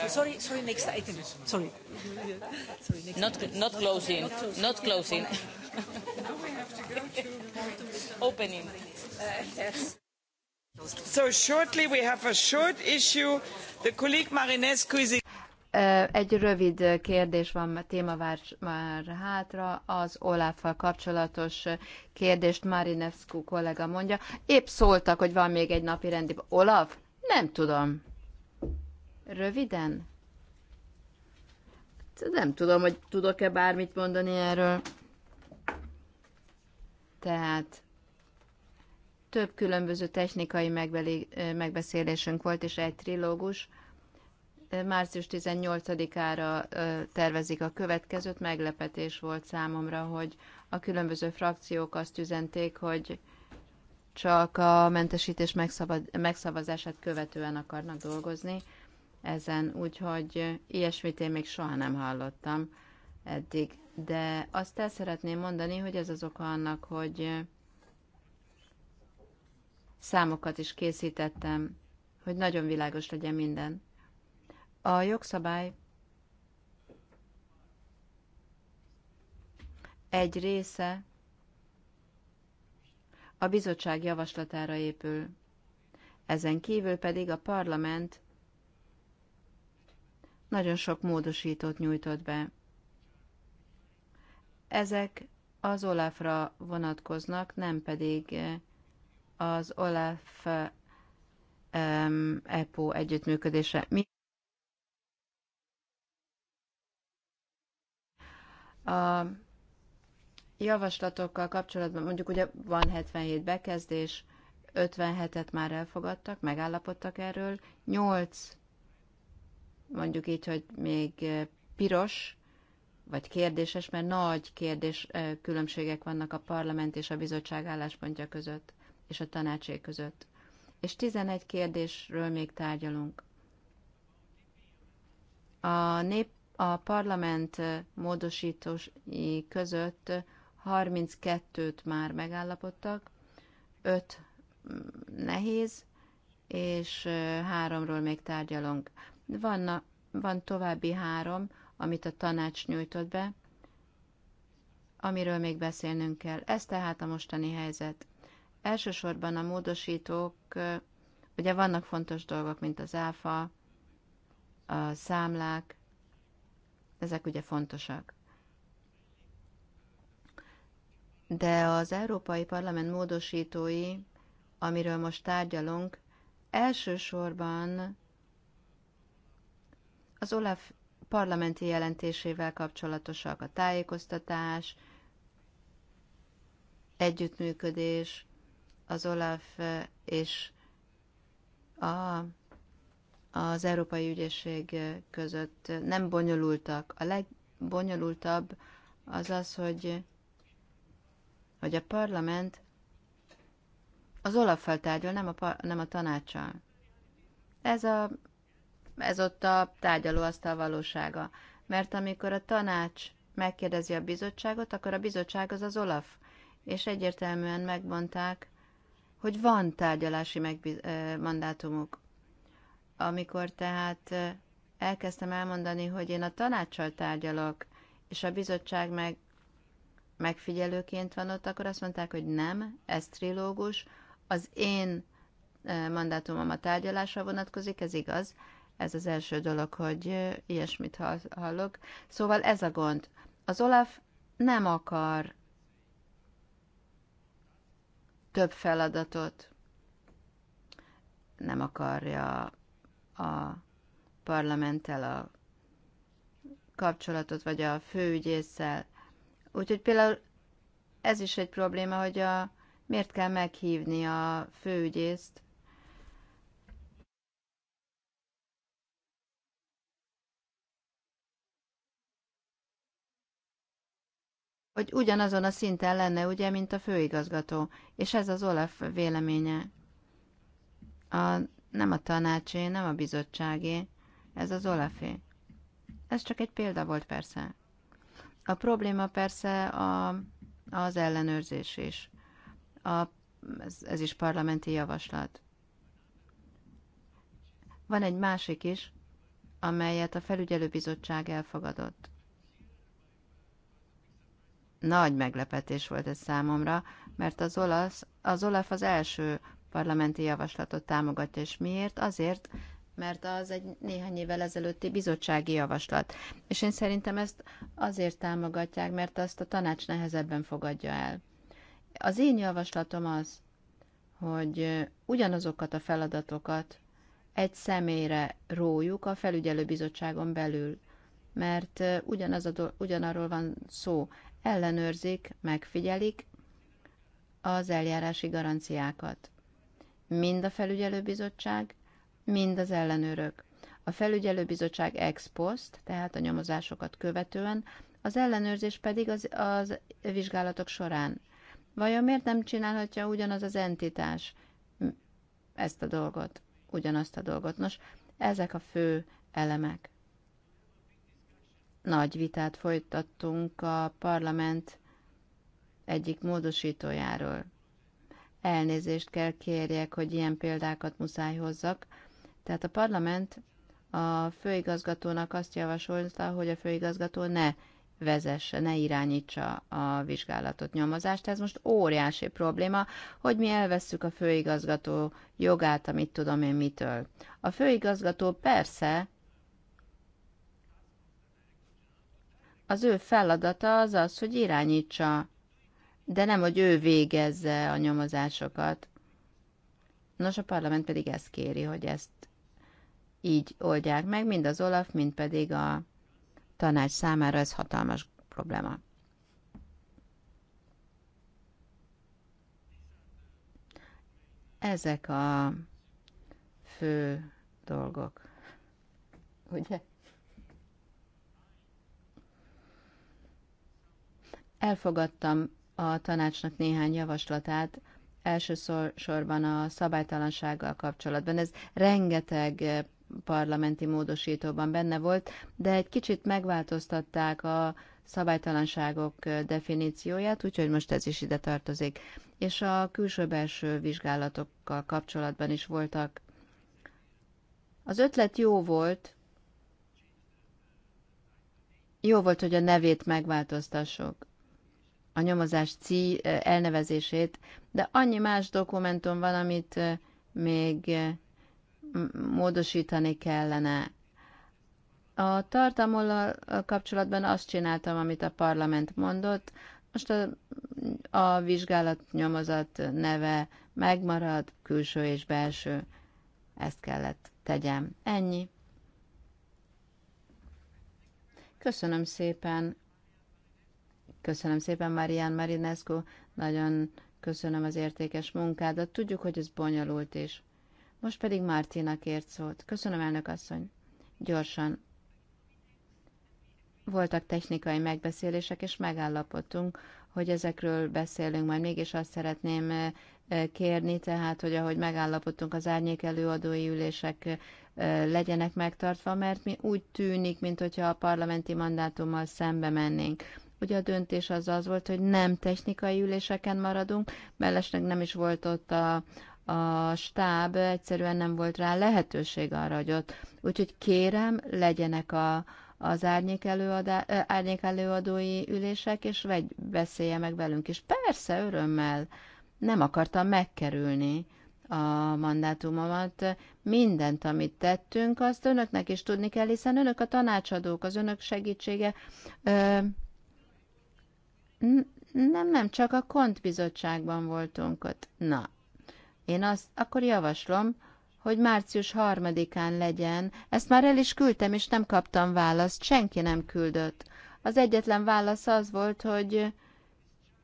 Sorry, sorry, next item. Sorry. not, not closing. Not closing. Opening. Uh, yes. Egy rövid kérdés van, téma vár már hátra, az Oláffal kapcsolatos kérdést Marinescu kollega mondja. Épp szóltak, hogy van még egy napi rendi... Olaf? Nem tudom. Röviden? Nem tudom, hogy tudok-e bármit mondani erről. Tehát több különböző technikai megbeszélésünk volt, és egy trilógus. Március 18-ára tervezik a következőt. Meglepetés volt számomra, hogy a különböző frakciók azt üzenték, hogy csak a mentesítés megszavazását követően akarnak dolgozni ezen, úgyhogy ilyesmit én még soha nem hallottam eddig. De azt el szeretném mondani, hogy ez az oka annak, hogy számokat is készítettem, hogy nagyon világos legyen minden. A jogszabály egy része a bizottság javaslatára épül. Ezen kívül pedig a parlament nagyon sok módosítót nyújtott be. Ezek az Olafra vonatkoznak, nem pedig az OLAF EPO e együttműködése. Mi a javaslatokkal kapcsolatban mondjuk ugye van 77 bekezdés, 57-et már elfogadtak, megállapodtak erről, 8 mondjuk így, hogy még eh, piros, vagy kérdéses, mert nagy kérdés eh, különbségek vannak a parlament és a bizottság álláspontja között és a tanácsé között. És 11 kérdésről még tárgyalunk. A, nép, a parlament módosítói között 32-t már megállapodtak, 5 nehéz, és háromról még tárgyalunk. Van, van további három, amit a tanács nyújtott be, amiről még beszélnünk kell. Ez tehát a mostani helyzet. Elsősorban a módosítók, ugye vannak fontos dolgok, mint az áfa, a számlák, ezek ugye fontosak. De az Európai Parlament módosítói, amiről most tárgyalunk, elsősorban az Olaf parlamenti jelentésével kapcsolatosak a tájékoztatás, együttműködés, az OLAF és a, az Európai Ügyészség között nem bonyolultak. A legbonyolultabb az az, hogy, hogy a parlament az olaf feltárgyal, nem a, nem a tanácsal. Ez, a, ez ott a a valósága. Mert amikor a tanács megkérdezi a bizottságot, akkor a bizottság az az Olaf. És egyértelműen megmondták, hogy van tárgyalási megbiz- mandátumuk. Amikor tehát elkezdtem elmondani, hogy én a tanácssal tárgyalok, és a bizottság meg megfigyelőként van ott, akkor azt mondták, hogy nem, ez trilógus, az én mandátumom a tárgyalásra vonatkozik, ez igaz, ez az első dolog, hogy ilyesmit hallok. Szóval ez a gond. Az Olaf nem akar több feladatot nem akarja a parlamenttel a kapcsolatot, vagy a főügyészsel. Úgyhogy például ez is egy probléma, hogy a, miért kell meghívni a főügyészt hogy ugyanazon a szinten lenne, ugye, mint a főigazgató. És ez az Olaf véleménye. A, nem a tanácsé, nem a bizottságé, ez az Olafé. Ez csak egy példa volt persze. A probléma persze a, az ellenőrzés is. A, ez, ez is parlamenti javaslat. Van egy másik is, amelyet a felügyelőbizottság elfogadott. Nagy meglepetés volt ez számomra, mert az, olasz, az Olaf az első parlamenti javaslatot támogatja, és miért? Azért, mert az egy néhány évvel ezelőtti bizottsági javaslat. És én szerintem ezt azért támogatják, mert azt a tanács nehezebben fogadja el. Az én javaslatom az, hogy ugyanazokat a feladatokat egy személyre rójuk a felügyelőbizottságon belül, mert ugyanaz a do- ugyanarról van szó ellenőrzik, megfigyelik az eljárási garanciákat. Mind a felügyelőbizottság, mind az ellenőrök. A felügyelőbizottság ex post, tehát a nyomozásokat követően, az ellenőrzés pedig az, az vizsgálatok során. Vajon miért nem csinálhatja ugyanaz az entitás ezt a dolgot, ugyanazt a dolgot? Nos, ezek a fő elemek. Nagy vitát folytattunk a parlament egyik módosítójáról. Elnézést kell kérjek, hogy ilyen példákat muszáj hozzak. Tehát a parlament a főigazgatónak azt javasolta, hogy a főigazgató ne vezesse, ne irányítsa a vizsgálatot, nyomozást. Ez most óriási probléma, hogy mi elvesszük a főigazgató jogát, amit tudom én mitől. A főigazgató persze az ő feladata az az, hogy irányítsa, de nem, hogy ő végezze a nyomozásokat. Nos, a parlament pedig ezt kéri, hogy ezt így oldják meg, mind az Olaf, mind pedig a tanács számára ez hatalmas probléma. Ezek a fő dolgok. Ugye? Elfogadtam a tanácsnak néhány javaslatát, elsősorban a szabálytalansággal kapcsolatban. Ez rengeteg eh, parlamenti módosítóban benne volt, de egy kicsit megváltoztatták a szabálytalanságok eh, definícióját, úgyhogy most ez is ide tartozik. És a külső-belső vizsgálatokkal kapcsolatban is voltak. Az ötlet jó volt, jó volt, hogy a nevét megváltoztassuk a nyomozás cí elnevezését, de annyi más dokumentum van, amit még módosítani kellene. A tartalmollal kapcsolatban azt csináltam, amit a parlament mondott, most a, a vizsgálat nyomozat neve megmarad, külső és belső. Ezt kellett tegyem. Ennyi. Köszönöm szépen Köszönöm szépen, Marian Marinescu, nagyon köszönöm az értékes munkádat, tudjuk, hogy ez bonyolult is. Most pedig Mártina kért szót. Köszönöm, elnök asszony. Gyorsan. Voltak technikai megbeszélések, és megállapodtunk, hogy ezekről beszélünk majd. Mégis azt szeretném eh, kérni, tehát, hogy ahogy megállapodtunk, az árnyék előadói ülések eh, legyenek megtartva, mert mi úgy tűnik, mint hogyha a parlamenti mandátummal szembe mennénk. Ugye a döntés az az volt, hogy nem technikai üléseken maradunk, mellesleg nem is volt ott a, a stáb, egyszerűen nem volt rá lehetőség arra, hogy ott. Úgyhogy kérem, legyenek a, az árnyék, előadá, árnyék előadói ülések, és vegy, beszélje meg velünk is. Persze, örömmel. Nem akartam megkerülni a mandátumomat. Mindent, amit tettünk, azt önöknek is tudni kell, hiszen önök a tanácsadók, az önök segítsége nem, nem, csak a kontbizottságban voltunk ott. Na, én azt akkor javaslom, hogy március harmadikán legyen. Ezt már el is küldtem, és nem kaptam választ. Senki nem küldött. Az egyetlen válasz az volt, hogy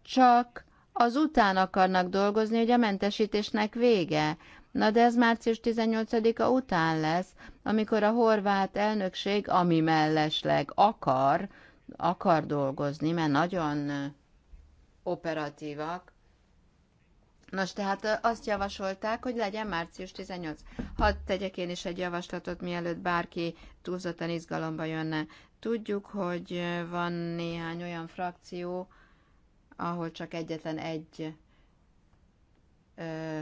csak az után akarnak dolgozni, hogy a mentesítésnek vége. Na de ez március 18-a után lesz, amikor a horvát elnökség, ami mellesleg akar, akar dolgozni, mert nagyon operatívak. Nos, tehát azt javasolták, hogy legyen március 18. Hadd tegyek én is egy javaslatot, mielőtt bárki túlzottan izgalomba jönne. Tudjuk, hogy van néhány olyan frakció, ahol csak egyetlen egy ö,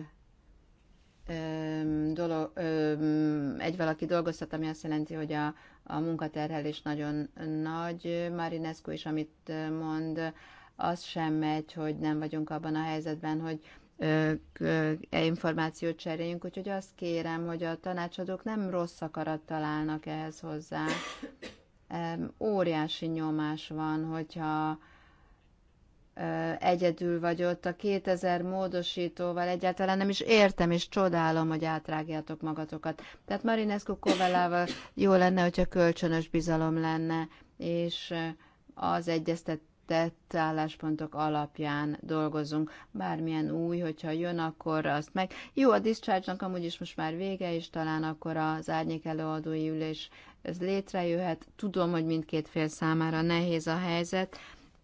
ö, dolog, ö, egy valaki dolgoztat, ami azt jelenti, hogy a, a munkaterhelés nagyon nagy. Marinescu is, amit mond, az sem megy, hogy nem vagyunk abban a helyzetben, hogy e információt cseréljünk, úgyhogy azt kérem, hogy a tanácsadók nem rossz akarat állnak ehhez hozzá. Óriási nyomás van, hogyha egyedül vagy ott a 2000 módosítóval egyáltalán nem is értem, és csodálom, hogy átrágjátok magatokat. Tehát Marinescu Kovellával jó lenne, hogyha kölcsönös bizalom lenne, és az egyeztetett álláspontok alapján dolgozunk. Bármilyen új, hogyha jön, akkor azt meg... Jó, a discharge amúgy is most már vége, és talán akkor az árnyék előadói ülés ez létrejöhet. Tudom, hogy mindkét fél számára nehéz a helyzet,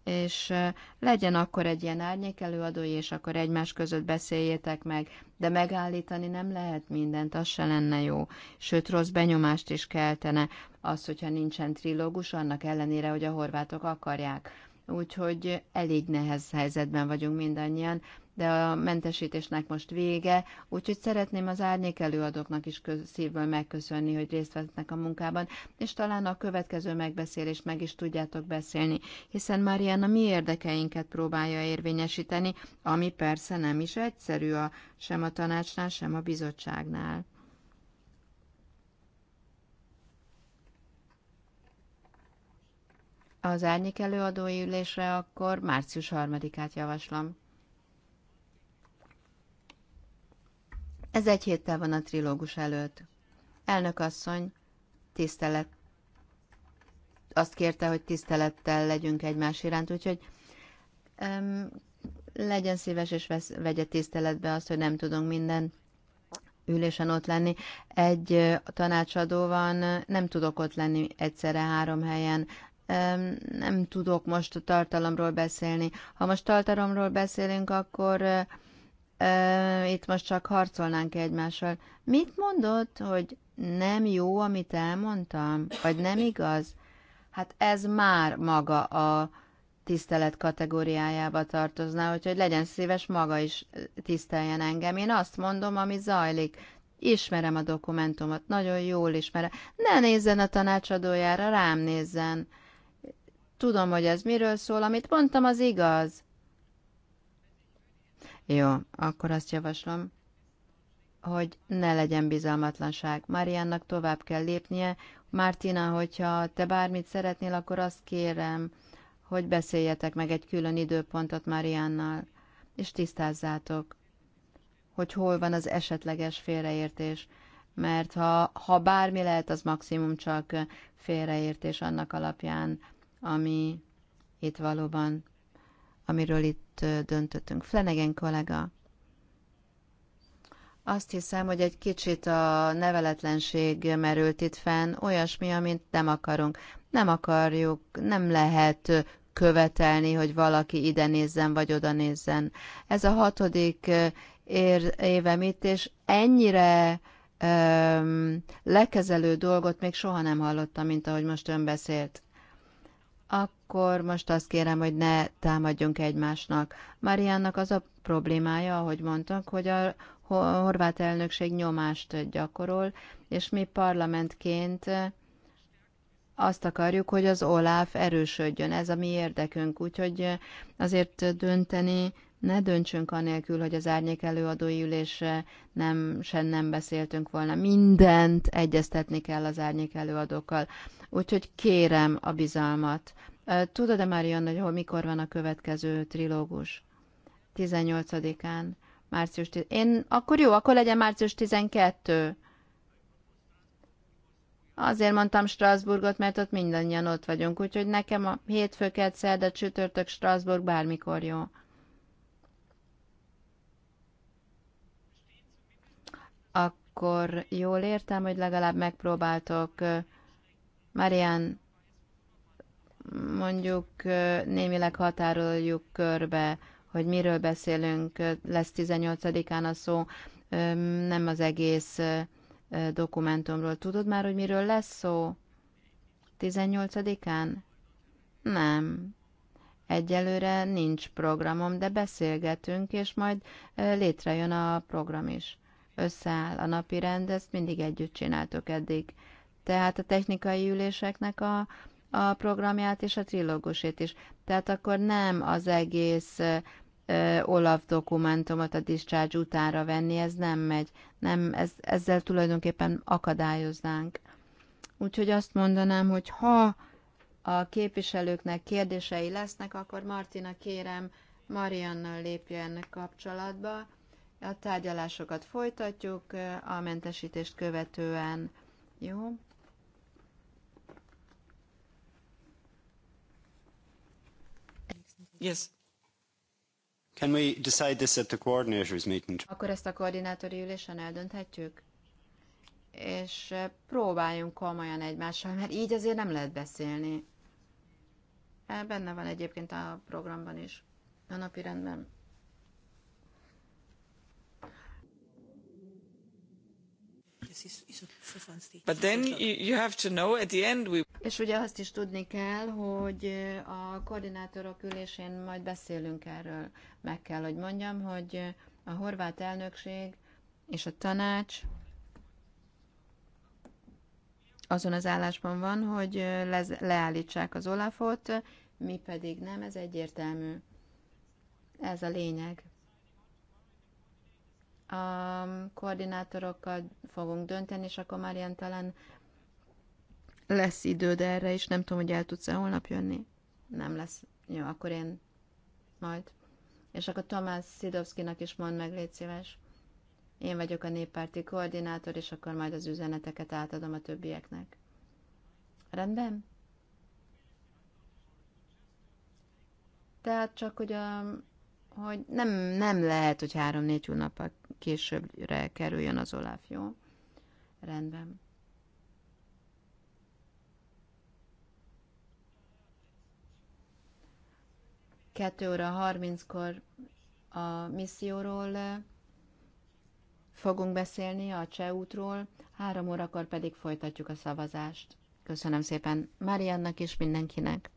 és legyen akkor egy ilyen árnyék előadó, és akkor egymás között beszéljétek meg, de megállítani nem lehet mindent, az se lenne jó. Sőt, rossz benyomást is keltene az, hogyha nincsen trilógus, annak ellenére, hogy a horvátok akarják úgyhogy elég nehéz helyzetben vagyunk mindannyian, de a mentesítésnek most vége, úgyhogy szeretném az árnyék előadóknak is köz, szívből megköszönni, hogy részt vesznek a munkában, és talán a következő megbeszélést meg is tudjátok beszélni, hiszen a mi érdekeinket próbálja érvényesíteni, ami persze nem is egyszerű a, sem a tanácsnál, sem a bizottságnál. az árnyék előadói ülésre, akkor március 3-át javaslom. Ez egy héttel van a trilógus előtt. Elnök asszony, tisztelet. Azt kérte, hogy tisztelettel legyünk egymás iránt, úgyhogy um, legyen szíves és vesz, vegye tiszteletbe azt, hogy nem tudunk minden ülésen ott lenni. Egy tanácsadó van, nem tudok ott lenni egyszerre három helyen nem tudok most a tartalomról beszélni. Ha most tartalomról beszélünk, akkor eh, eh, itt most csak harcolnánk egymással. Mit mondod, hogy nem jó, amit elmondtam? Vagy nem igaz? Hát ez már maga a tisztelet kategóriájába tartozna, úgyhogy legyen szíves, maga is tiszteljen engem. Én azt mondom, ami zajlik. Ismerem a dokumentumot, nagyon jól ismerem. Ne nézzen a tanácsadójára, rám nézzen. Tudom, hogy ez miről szól, amit mondtam, az igaz. Jó, akkor azt javaslom, hogy ne legyen bizalmatlanság. Mariannak tovább kell lépnie. Martina, hogyha te bármit szeretnél, akkor azt kérem, hogy beszéljetek meg egy külön időpontot Mariannal, és tisztázzátok, hogy hol van az esetleges félreértés. Mert ha, ha bármi lehet, az maximum csak félreértés annak alapján, ami itt valóban, amiről itt döntöttünk. Flanagan kollega, azt hiszem, hogy egy kicsit a neveletlenség merült itt fenn, olyasmi, amit nem akarunk. Nem akarjuk, nem lehet követelni, hogy valaki ide nézzen, vagy oda nézzen. Ez a hatodik ér, évem itt, és ennyire öm, lekezelő dolgot még soha nem hallottam, mint ahogy most ön beszélt. Akkor most azt kérem, hogy ne támadjunk egymásnak. Mariannak az a problémája, ahogy mondtak, hogy a horvát elnökség nyomást gyakorol, és mi parlamentként azt akarjuk, hogy az OLAF erősödjön. Ez a mi érdekünk, úgyhogy azért dönteni ne döntsünk anélkül, hogy az árnyék előadói ülésre nem, sen nem beszéltünk volna. Mindent egyeztetni kell az árnyék előadókkal. Úgyhogy kérem a bizalmat. Tudod-e, Marian, hogy hol, mikor van a következő trilógus? 18-án. Március 10. Én, akkor jó, akkor legyen március 12. Azért mondtam Strasbourgot, mert ott mindannyian ott vagyunk, úgyhogy nekem a hétfőket, szerda, csütörtök, Strasbourg bármikor jó. akkor jól értem, hogy legalább megpróbáltok Marian mondjuk némileg határoljuk körbe, hogy miről beszélünk, lesz 18-án a szó, nem az egész dokumentumról. Tudod már, hogy miről lesz szó? 18-án? Nem. Egyelőre nincs programom, de beszélgetünk, és majd létrejön a program is összeáll a napi rend, ezt mindig együtt csináltok eddig. Tehát a technikai üléseknek a, a programját és a trilógusét is. Tehát akkor nem az egész Olaf dokumentumot a discharge utára venni, ez nem megy. Nem, ez, ezzel tulajdonképpen akadályoznánk. Úgyhogy azt mondanám, hogy ha a képviselőknek kérdései lesznek, akkor Martina kérem, Mariannal lépjen kapcsolatba, a tárgyalásokat folytatjuk a mentesítést követően. Jó? Yes. Can we decide this at the coordinators meeting? Akkor ezt a koordinátori ülésen eldönthetjük? És próbáljunk komolyan egymással, mert így azért nem lehet beszélni. Benne van egyébként a programban is, a napi rendben. But then you have to know at the end we... És ugye azt is tudni kell, hogy eh, a koordinátorok ülésén majd beszélünk erről. Meg kell, hogy mondjam, hogy eh, a horvát elnökség és a tanács azon az állásban van, hogy eh, le- leállítsák az Olafot, mi pedig nem, ez egyértelmű. Ez a lényeg a koordinátorokkal fogunk dönteni, és akkor már ilyen talán lesz időd erre és Nem tudom, hogy el tudsz-e holnap jönni. Nem lesz. Jó, akkor én majd. És akkor Tomás Szidovszkinak is mond meg, légy szíves. Én vagyok a néppárti koordinátor, és akkor majd az üzeneteket átadom a többieknek. Rendben? Tehát csak, hogy a hogy nem, nem lehet, hogy három-négy hónap későbbre kerüljön az Olaf, jó? Rendben. Kettő óra harminckor a misszióról eh, fogunk beszélni, a cseh útról, három órakor pedig folytatjuk a szavazást. Köszönöm szépen Mariannak és mindenkinek.